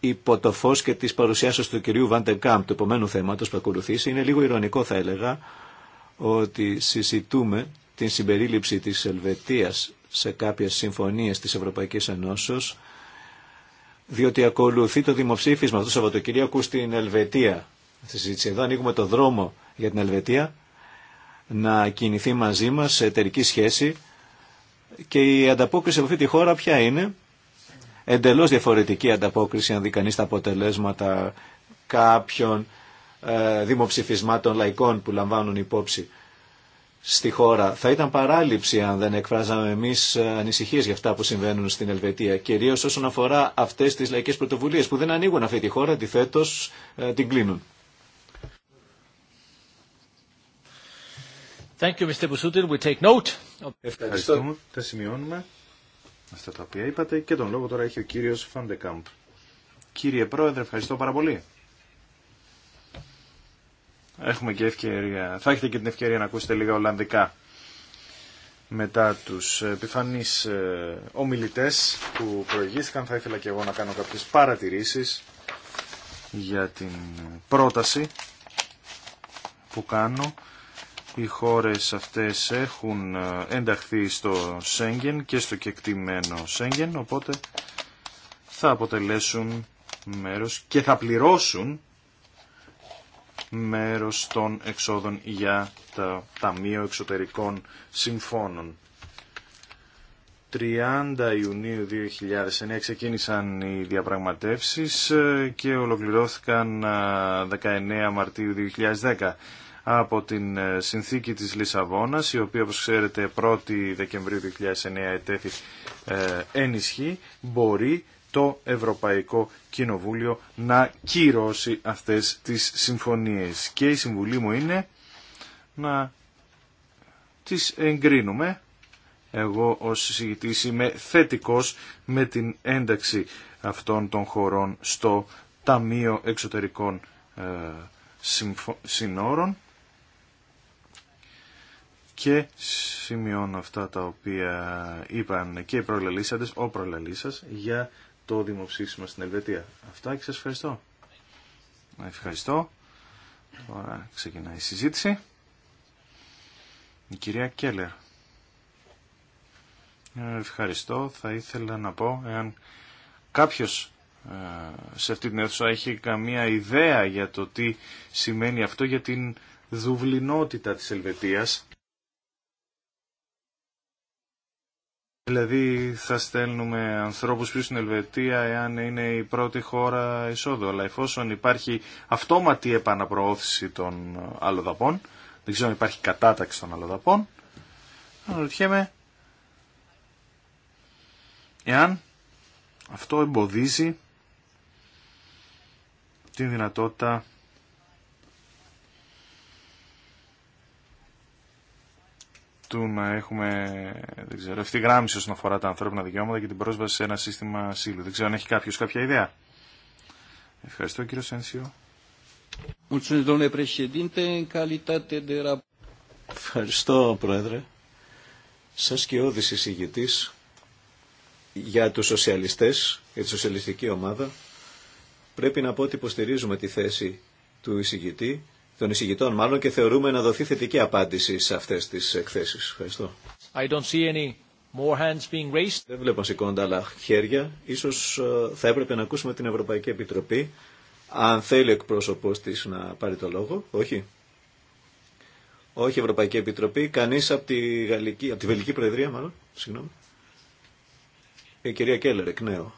υπό το φως και της παρουσιάσεως του κυρίου Βαντεκάμπ του επομένου θέματος που ακολουθήσει, είναι λίγο ηρωνικό θα έλεγα, ότι συζητούμε την συμπερίληψη της Ελβετίας σε κάποιες συμφωνίες της Ευρωπαϊκής Ενώσεως, διότι ακολουθεί το δημοψήφισμα αυτό το Σαββατοκυριακού στην Ελβετία. εδώ ανοίγουμε το δρόμο για την Ελβετία να κινηθεί μαζί μας σε εταιρική σχέση και η ανταπόκριση από αυτή τη χώρα ποια είναι. Εντελώς διαφορετική ανταπόκριση αν δει κανείς τα αποτελέσματα κάποιων ε, δημοψηφισμάτων λαϊκών που λαμβάνουν υπόψη στη χώρα. Θα ήταν παράληψη αν δεν εκφράζαμε εμεί ε, ανησυχίε για αυτά που συμβαίνουν στην Ελβετία. Κυρίω όσον αφορά αυτέ τι λαϊκές πρωτοβουλίε που δεν ανοίγουν αυτή τη χώρα, αντιθέτω ε, την κλείνουν. Thank you, Mr. We take note. Ευχαριστούμε. Τα σημειώνουμε αυτά τα οποία είπατε και τον λόγο τώρα έχει ο κύριος Φαντεκάμπ. Κύριε Πρόεδρε, ευχαριστώ πάρα πολύ. Έχουμε και ευκαιρία. Θα έχετε και την ευκαιρία να ακούσετε λίγα Ολλανδικά μετά τους ε, επιφανείς ε, ομιλητές που προηγήθηκαν. Θα ήθελα και εγώ να κάνω κάποιες παρατηρήσεις για την πρόταση που κάνω. Οι χώρες αυτές έχουν ε, ενταχθεί στο Σέγγεν και στο κεκτημένο Σέγγεν, οπότε θα αποτελέσουν μέρος και θα πληρώσουν μέρος των εξόδων για τα Ταμείο Εξωτερικών Συμφώνων. 30 Ιουνίου 2009 ξεκίνησαν οι διαπραγματεύσεις ε, και ολοκληρώθηκαν 19 ε, Μαρτίου 2010 από την ε, συνθήκη της Λισαβόνας, η οποία όπως ξέρετε 1η Δεκεμβρίου 2009 ετέθη ενισχύ, μπορεί το Ευρωπαϊκό Κοινοβούλιο να κυρώσει αυτές τις συμφωνίες. Και η συμβουλή μου είναι να τις εγκρίνουμε. Εγώ ως συζητητής είμαι θετικός με την ένταξη αυτών των χωρών στο Ταμείο Εξωτερικών ε, Συνόρων και σημειώνω αυτά τα οποία είπαν και οι προλαλήσαντες, ο προλαλήσας για το δημοψήφισμα στην Ελβετία. Αυτά και σας ευχαριστώ. Ευχαριστώ. Τώρα ξεκινάει η συζήτηση. Η κυρία Κέλλερ. Ευχαριστώ. Θα ήθελα να πω, εάν κάποιος ε, σε αυτή την αίθουσα έχει καμία ιδέα για το τι σημαίνει αυτό για την δουβλινότητα της Ελβετίας. Δηλαδή θα στέλνουμε ανθρώπους πίσω στην Ελβετία εάν είναι η πρώτη χώρα εισόδου. Αλλά εφόσον υπάρχει αυτόματη επαναπροώθηση των αλλοδαπών, δεν ξέρω αν υπάρχει κατάταξη των αλλοδαπών, αναρωτιέμαι εάν αυτό εμποδίζει την δυνατότητα του να έχουμε δεν ξέρω, ευθυγράμμιση όσον αφορά τα ανθρώπινα δικαιώματα και την πρόσβαση σε ένα σύστημα ασύλου. Δεν ξέρω αν έχει κάποιο κάποια ιδέα. Ευχαριστώ κύριο Σένσιο. Ευχαριστώ Πρόεδρε. Σας και όδης εισηγητής για τους σοσιαλιστές, για τη σοσιαλιστική ομάδα, πρέπει να πω ότι υποστηρίζουμε τη θέση του εισηγητή των εισηγητών μάλλον και θεωρούμε να δοθεί θετική απάντηση σε αυτές τις εκθέσεις. Ευχαριστώ. I don't see any more hands being raised. Δεν βλέπω σηκώντα άλλα χέρια. Ίσως ε, θα έπρεπε να ακούσουμε την Ευρωπαϊκή Επιτροπή αν θέλει ο εκπρόσωπος της να πάρει το λόγο. Όχι. Όχι Ευρωπαϊκή Επιτροπή. Κανείς από τη, Γαλλική, από τη Βελική Προεδρία μάλλον. Συγγνώμη. Η κυρία Κέλλερ εκ νέου.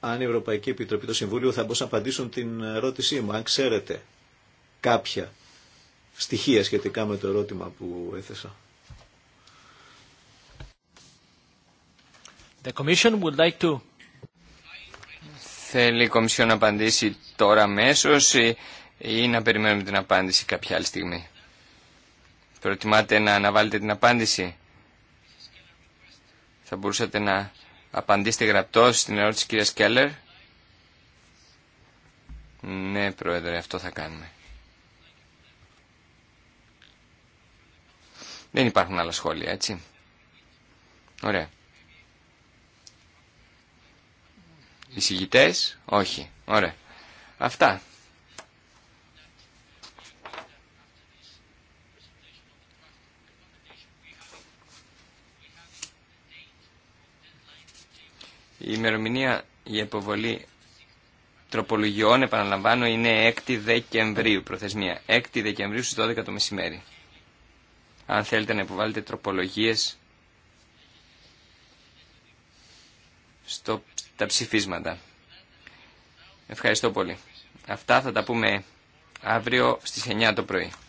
Αν η Ευρωπαϊκή Επιτροπή, το Συμβούλιο θα μπορούσαν να απαντήσουν την ερώτησή μου, αν ξέρετε κάποια στοιχεία σχετικά με το ερώτημα που έθεσα. The Commission would like Θέλει η Κομισιόν να απαντήσει τώρα μέσω ή, να περιμένουμε την απάντηση κάποια άλλη στιγμή. Προτιμάτε να αναβάλλετε την απάντηση. Θα μπορούσατε να απαντήσετε γραπτό στην ερώτηση της κυρίας Κέλλερ. Ναι, Πρόεδρε, αυτό θα κάνουμε. Δεν υπάρχουν άλλα σχόλια, έτσι. Ωραία. Εισηγητές, όχι. Ωραία. Αυτά. Η ημερομηνία για υποβολή τροπολογιών, επαναλαμβάνω, είναι 6 Δεκεμβρίου, προθεσμία. 6 Δεκεμβρίου στις 12 το μεσημέρι αν θέλετε να υποβάλλετε τροπολογίες στα ψηφίσματα. Ευχαριστώ πολύ. Αυτά θα τα πούμε αύριο στις 9 το πρωί.